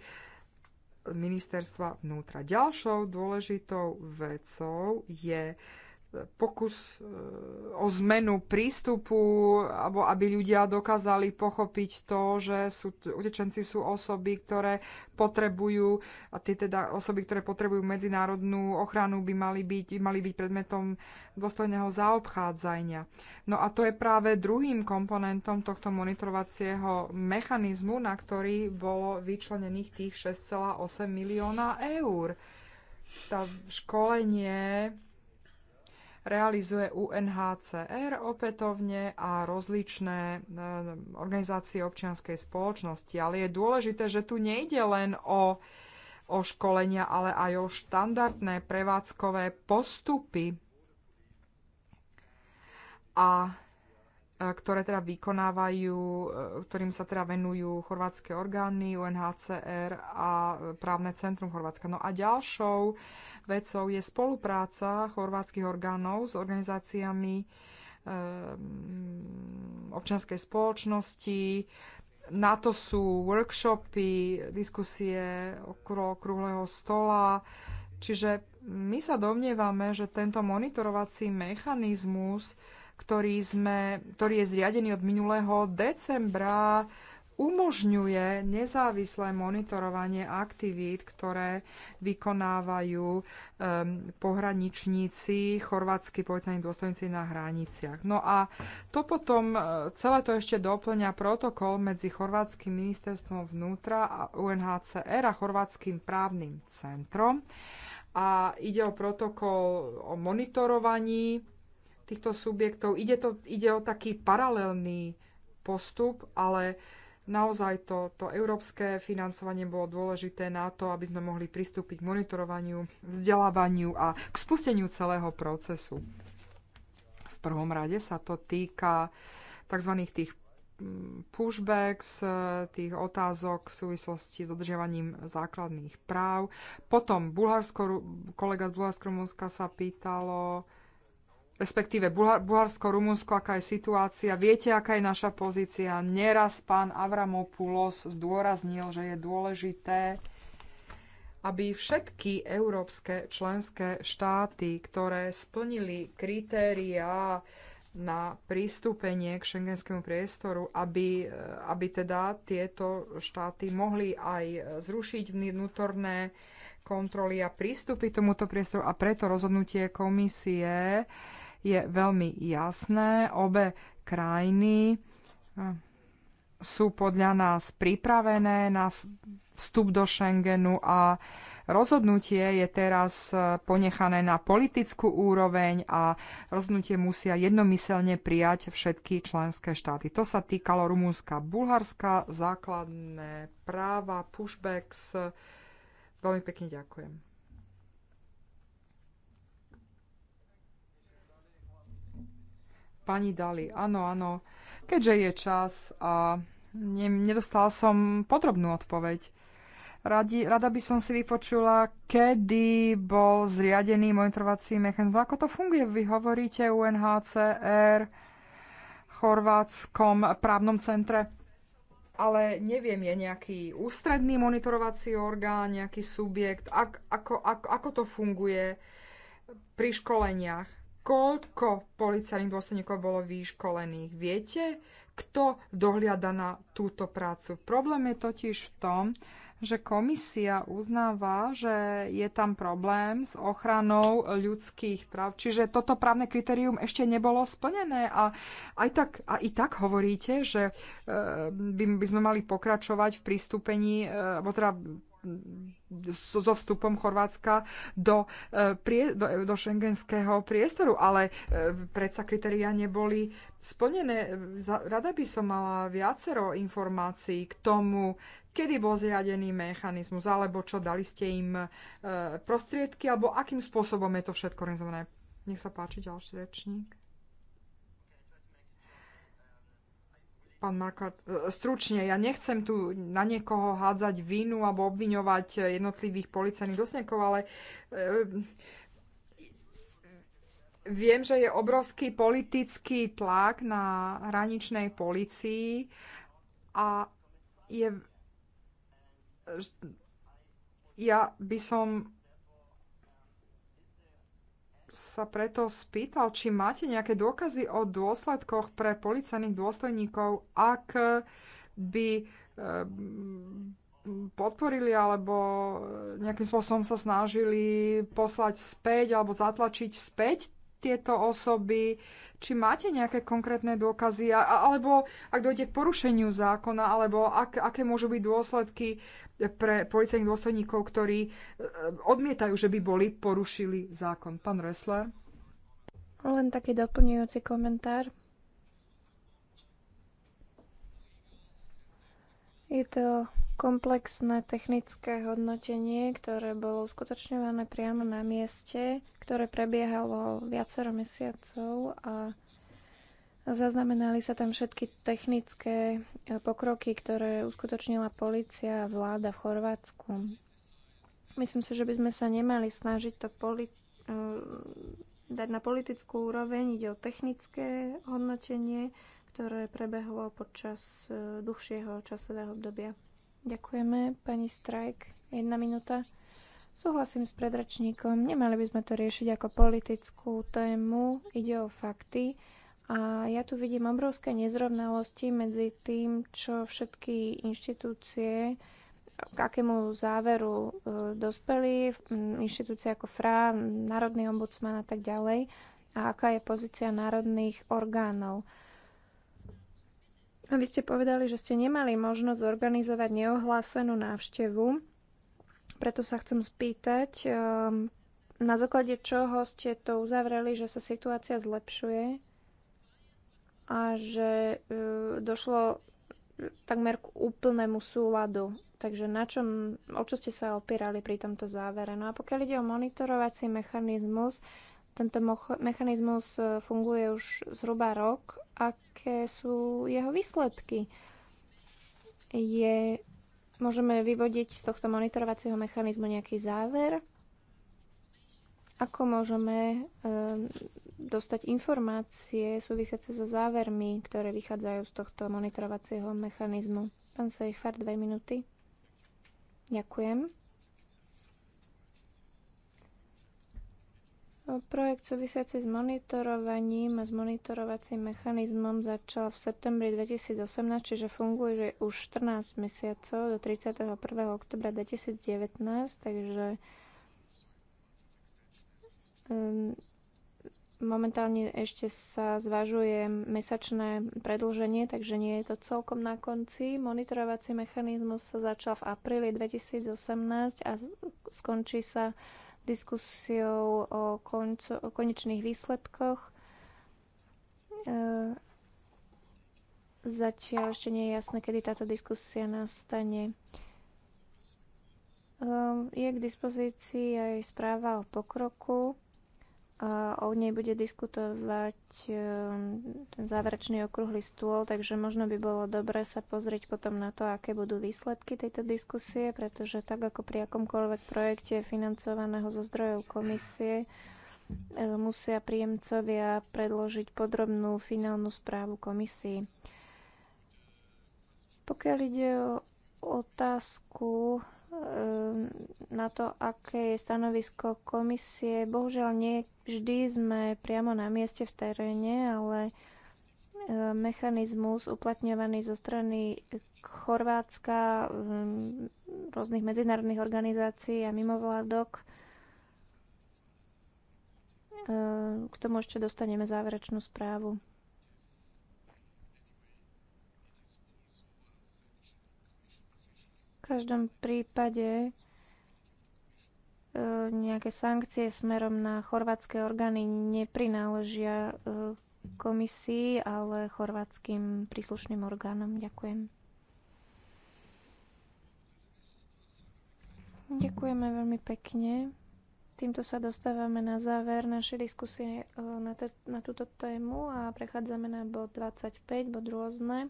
ministerstva vnútra. Ďalšou dôležitou vecou je pokus e, o zmenu prístupu, alebo aby ľudia dokázali pochopiť to, že sú, utečenci sú osoby, ktoré potrebujú, a tie teda osoby, ktoré potrebujú medzinárodnú ochranu, by mali byť, by mali byť predmetom dôstojného zaobchádzania. No a to je práve druhým komponentom tohto monitorovacieho mechanizmu, na ktorý bolo vyčlenených tých 6,8 milióna eur. Tá školenie realizuje UNHCR opätovne a rozličné e, organizácie občianskej spoločnosti. Ale je dôležité, že tu nejde len o, o školenia, ale aj o štandardné prevádzkové postupy. A E, ktoré teda vykonávajú, e, ktorým sa teda venujú chorvátske orgány, UNHCR a e, právne centrum Chorvátska. No a ďalšou vecou je spolupráca chorvátskych orgánov s organizáciami občianskej spoločnosti. Na to sú workshopy, diskusie okolo krúhleho stola. Čiže my sa domnievame, že tento monitorovací mechanizmus ktorý, sme, ktorý je zriadený od minulého decembra, umožňuje nezávislé monitorovanie aktivít, ktoré vykonávajú um, pohraničníci, chorvátsky policajní dôstojníci na hraniciach. No a to potom, e, celé to ešte doplňa protokol medzi chorvátskym ministerstvom vnútra a UNHCR a Chorvátským právnym centrom. A ide o protokol o monitorovaní týchto subjektov. Ide, to, ide o taký paralelný postup, ale naozaj to, to európske financovanie bolo dôležité na to, aby sme mohli pristúpiť k monitorovaniu, vzdelávaniu a k spusteniu celého procesu. V prvom rade sa to týka tzv. tých mm, pushbacks, e, tých otázok v súvislosti s dodržiavaním základných práv. Potom Bulharsko, kolega z Bulharsko-Rumunska sa pýtalo, respektíve Bulharsko, Rumunsko, aká je situácia. Viete, aká je naša pozícia. Neraz pán Avramopoulos zdôraznil, že je dôležité, aby všetky európske členské štáty, ktoré splnili kritériá na pristúpenie k šengenskému priestoru, aby, aby teda tieto štáty mohli aj zrušiť vnútorné kontroly a prístupy k tomuto priestoru a preto rozhodnutie komisie uh, je veľmi jasné. Obe krajiny eh, sú podľa nás pripravené na vstup do Schengenu a rozhodnutie je teraz eh, ponechané na politickú úroveň a rozhodnutie musia jednomyselne prijať všetky členské štáty. To sa týkalo Rumúnska, Bulharska, základné práva, pushbacks. Veľmi pekne ďakujem. pani Dali. Áno, áno. Keďže je čas a ne, nedostala som podrobnú odpoveď. Radi, rada by som si vypočula, kedy bol zriadený monitorovací mechanizmus. Ako to funguje? Vy hovoríte UNHCR, Chorvátskom právnom centre, ale neviem, je nejaký ústredný monitorovací orgán, nejaký subjekt, ak, ako, ako, ako to funguje pri školeniach koľko policajných dôstojníkov bolo vyškolených. Viete, kto dohliada na túto prácu? Problém je totiž v tom, že komisia uznáva, že je tam problém s ochranou ľudských práv. Čiže toto právne kritérium ešte nebolo splnené a, aj tak, a i tak hovoríte, že eh, by, by sme mali pokračovať v pristúpení, eh, teda so vstupom Chorvátska do, e, prie, do, e, do šengenského priestoru, ale e, predsa kritériá neboli splnené. Rada by som mala viacero informácií k tomu, kedy bol zriadený mechanizmus, alebo čo dali ste im prostriedky, alebo akým spôsobom je to všetko organizované. Nech sa páči ďalší rečník. Pán Makar, e, stručne, ja nechcem tu na niekoho hádzať vinu alebo obviňovať jednotlivých policajných dosnekov, ale e, viem, že je obrovský politický tlak na hraničnej policii a je... E, ja by som sa preto spýtal, či máte nejaké dôkazy o dôsledkoch pre policajných dôstojníkov, ak by eh, podporili alebo nejakým spôsobom sa snažili poslať späť alebo zatlačiť späť tieto osoby, či máte nejaké konkrétne dôkazy, alebo ak dojde k porušeniu zákona, alebo ak, aké môžu byť dôsledky pre policajných dôstojníkov, ktorí e, odmietajú, že by boli porušili zákon. Pán Ressler? Len taký doplňujúci komentár. Je to Komplexné technické hodnotenie, ktoré bolo uskutočňované priamo na mieste, ktoré prebiehalo viacero mesiacov a zaznamenali sa tam všetky technické e, pokroky, ktoré uskutočnila policia a vláda v Chorvátsku. Myslím si, že by sme sa nemali snažiť to poli- e, dať na politickú úroveň. Ide o technické hodnotenie, ktoré prebehlo počas e, dlhšieho časového obdobia. Ďakujeme, pani Strajk. Jedna minúta. Súhlasím s predračníkom, nemali by sme to riešiť ako politickú tému, ide o fakty. A ja tu vidím obrovské nezrovnalosti medzi tým, čo všetky inštitúcie, k akému záveru e, dospeli, inštitúcie ako FRA, Národný ombudsman a tak ďalej, a aká je pozícia národných orgánov. A vy ste povedali, že ste nemali možnosť zorganizovať neohlásenú návštevu. Preto sa chcem spýtať, ehm, na základe čoho ste to uzavreli, že sa situácia zlepšuje a že e, došlo e, takmer k úplnému súladu Takže na čom, o čo ste sa opierali pri tomto závere? No a pokiaľ ide o monitorovací mechanizmus, tento mechanizmus e, funguje už zhruba rok. Aké sú jeho výsledky? Je, môžeme vyvodiť z tohto monitorovacieho mechanizmu nejaký záver? Ako môžeme e, dostať informácie súvisiace so závermi, ktoré vychádzajú z tohto monitorovacieho mechanizmu? Pán Sejfar, dve minúty. Ďakujem. Projekt súvisiaci s monitorovaním a s monitorovacím mechanizmom začal v septembri 2018, čiže funguje že už 14 mesiacov do 31. oktobra 2019, takže momentálne ešte sa zvažuje mesačné predlženie, takže nie je to celkom na konci. Monitorovací mechanizmus sa začal v apríli 2018 a skončí sa diskusiou o, konco, o konečných výsledkoch. E, zatiaľ ešte nie je jasné, kedy táto diskusia nastane. E, je k dispozícii aj správa o pokroku o nej bude diskutovať ehm, ten záverečný okrúhly stôl, takže možno by bolo dobre sa pozrieť potom na to, aké budú výsledky tejto diskusie, pretože tak ako pri akomkoľvek projekte financovaného zo zdrojov komisie, ehm, musia príjemcovia predložiť podrobnú finálnu správu komisii. Pokiaľ ide o otázku ehm, na to, aké je stanovisko komisie. Bohužiaľ nie je Vždy sme priamo na mieste v teréne, ale e, mechanizmus uplatňovaný zo strany Chorvátska, rôznych medzinárodných organizácií a mimovládok. E, k tomu ešte dostaneme záverečnú správu. V každom prípade E, nejaké sankcie smerom na chorvátske orgány neprináležia e, komisii, ale chorvátským príslušným orgánom. Ďakujem. Ďakujeme veľmi pekne. Týmto sa dostávame na záver našej diskusie e, na, na túto tému a prechádzame na bod 25, bod rôzne.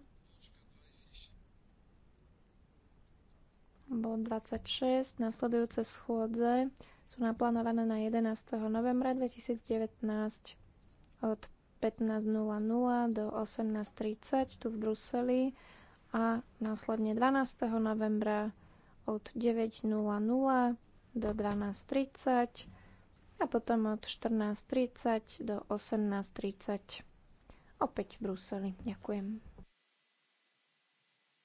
bod 26. Nasledujúce schôdze sú naplánované na 11. novembra 2019 od 15.00 do 18.30 tu v Bruseli a následne 12. novembra od 9.00 do 12.30 a potom od 14.30 do 18.30 opäť v Bruseli. Ďakujem.